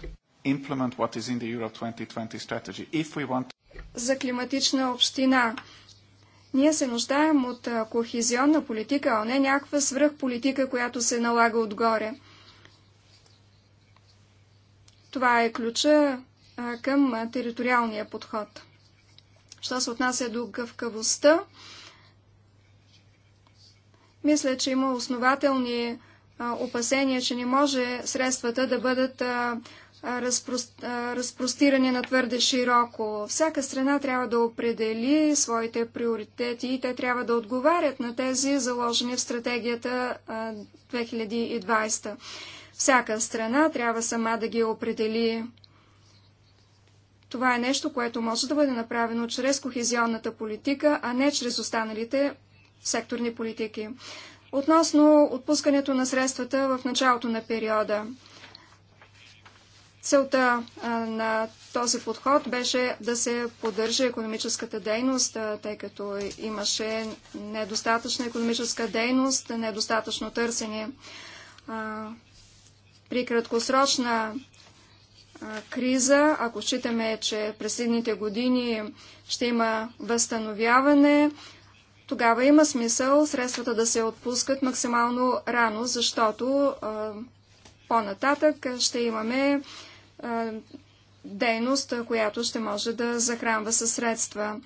what is in the 2020 strategy if we want за климатична община. Ние се нуждаем от а, кохезионна политика, а не някаква свръхполитика, която се налага отгоре. Това е ключа към териториалния подход. Що се отнася до гъвкавостта, мисля, че има основателни опасения, че не може средствата да бъдат разпростирани на твърде широко. Всяка страна трябва да определи своите приоритети и те трябва да отговарят на тези заложени в стратегията 2020. Всяка страна трябва сама да ги определи. Това е нещо, което може да бъде направено чрез кохезионната политика, а не чрез останалите секторни политики. Относно отпускането на средствата в началото на периода. Целта на този подход беше да се поддържа економическата дейност, тъй като имаше недостатъчна економическа дейност, недостатъчно търсене. При краткосрочна криза, ако считаме, че през следните години ще има възстановяване, тогава има смисъл средствата да се отпускат максимално рано, защото по-нататък ще имаме дейност, която ще може да захранва със средства.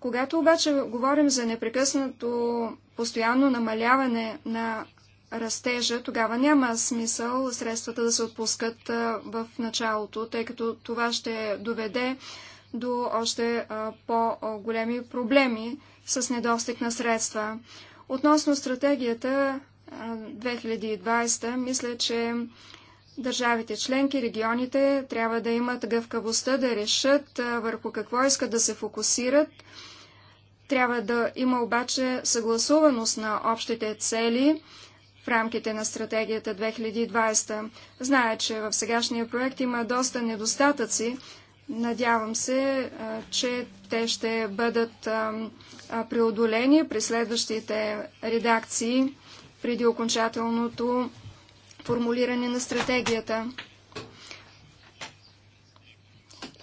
Когато обаче говорим за непрекъснато постоянно намаляване на растежа, тогава няма смисъл средствата да се отпускат в началото, тъй като това ще доведе до още по-големи проблеми с недостиг на средства. Относно стратегията 2020, мисля, че държавите членки, регионите трябва да имат гъвкавостта да решат върху какво искат да се фокусират. Трябва да има обаче съгласуваност на общите цели – в рамките на стратегията 2020. Зная, че в сегашния проект има доста недостатъци. Надявам се, че те ще бъдат преодолени при следващите редакции преди окончателното формулиране на стратегията.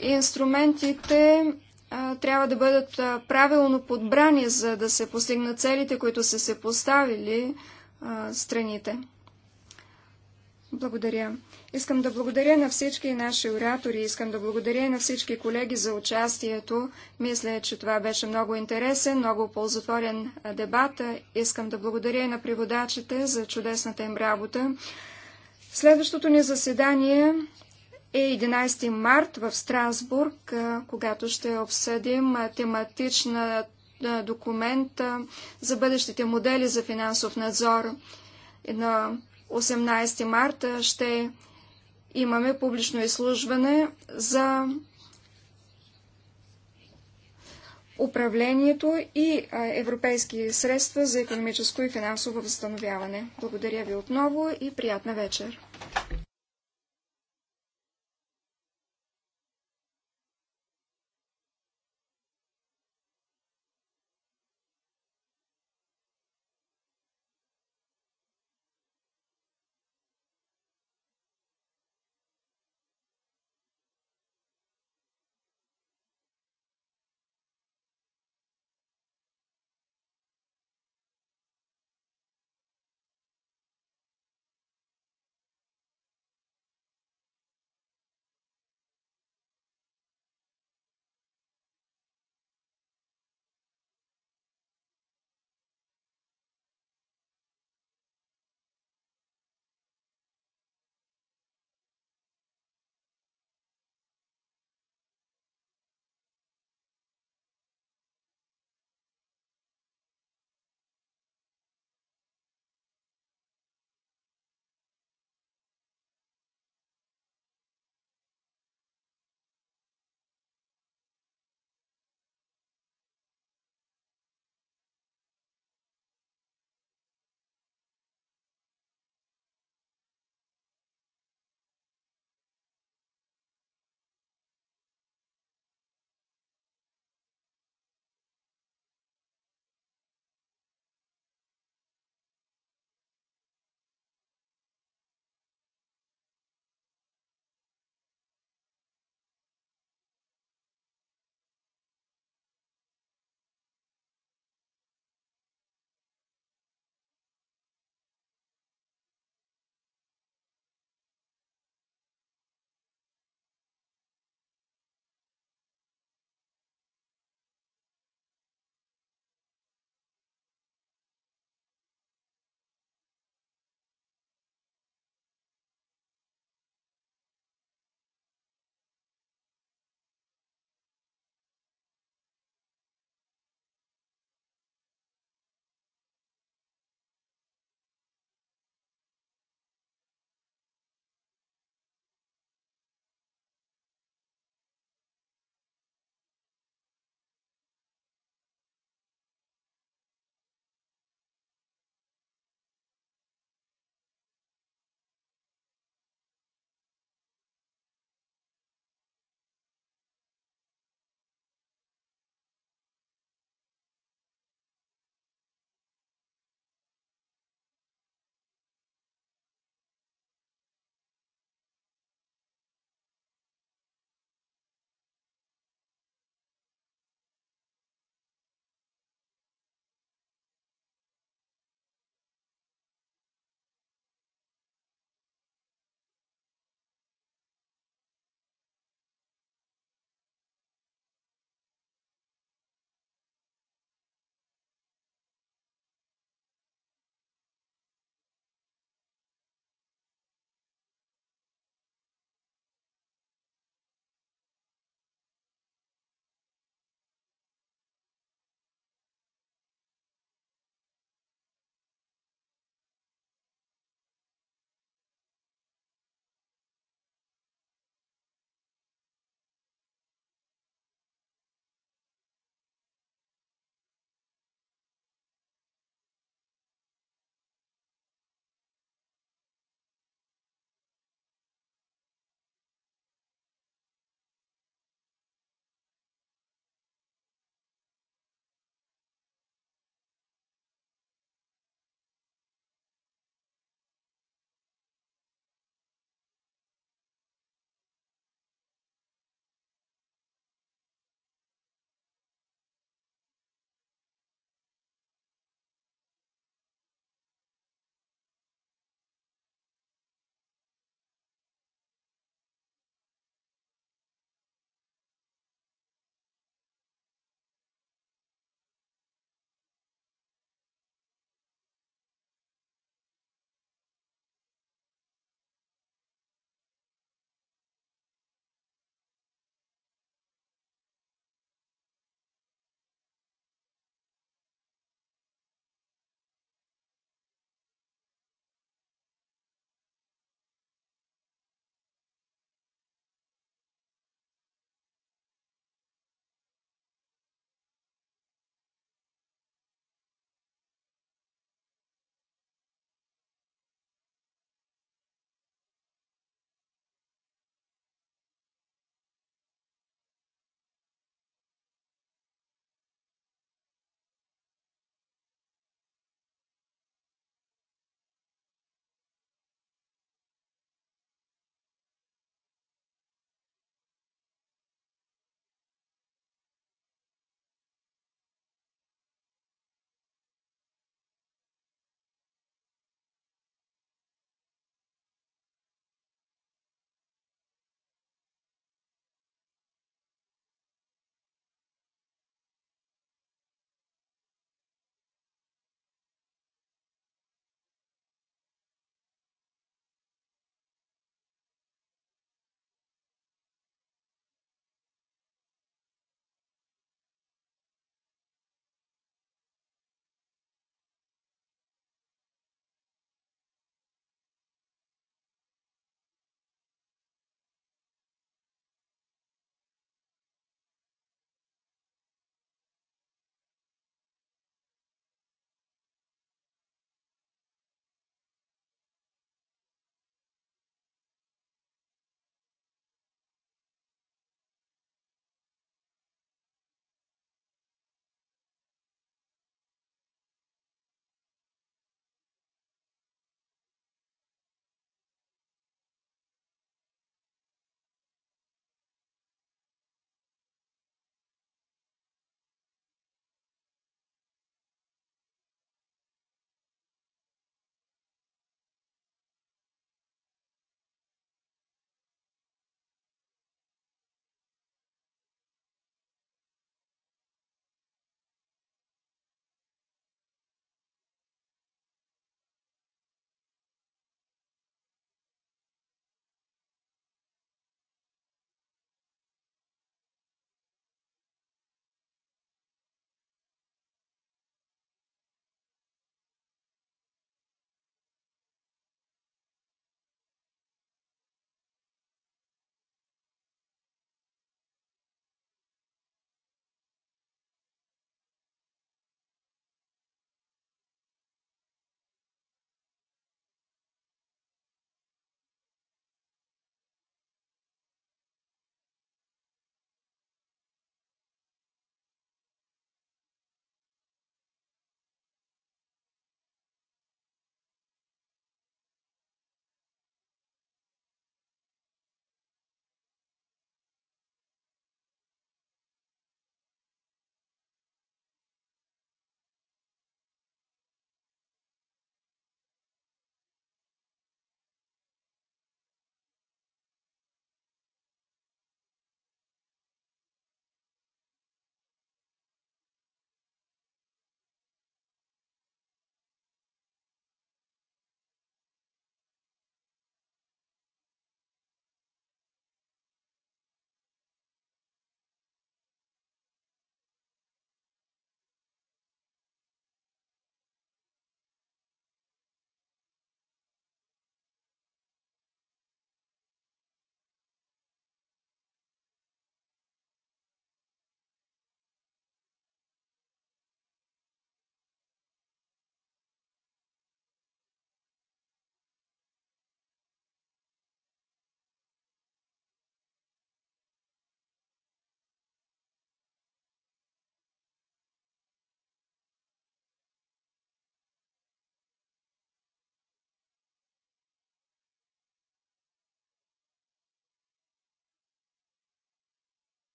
Инструментите трябва да бъдат правилно подбрани, за да се постигнат целите, които са се поставили а, страните. Благодаря. Искам да благодаря на всички наши оратори, искам да благодаря на всички колеги за участието. Мисля, че това беше много интересен, много ползотворен дебат. Искам да благодаря на преводачите за чудесната им работа. Следващото ни заседание е 11 март в Страсбург, когато ще обсъдим тематичната е, документ за бъдещите модели за финансов надзор. На 18 марта ще имаме публично изслужване за управлението и европейски средства за економическо и финансово възстановяване. Благодаря ви отново и приятна вечер!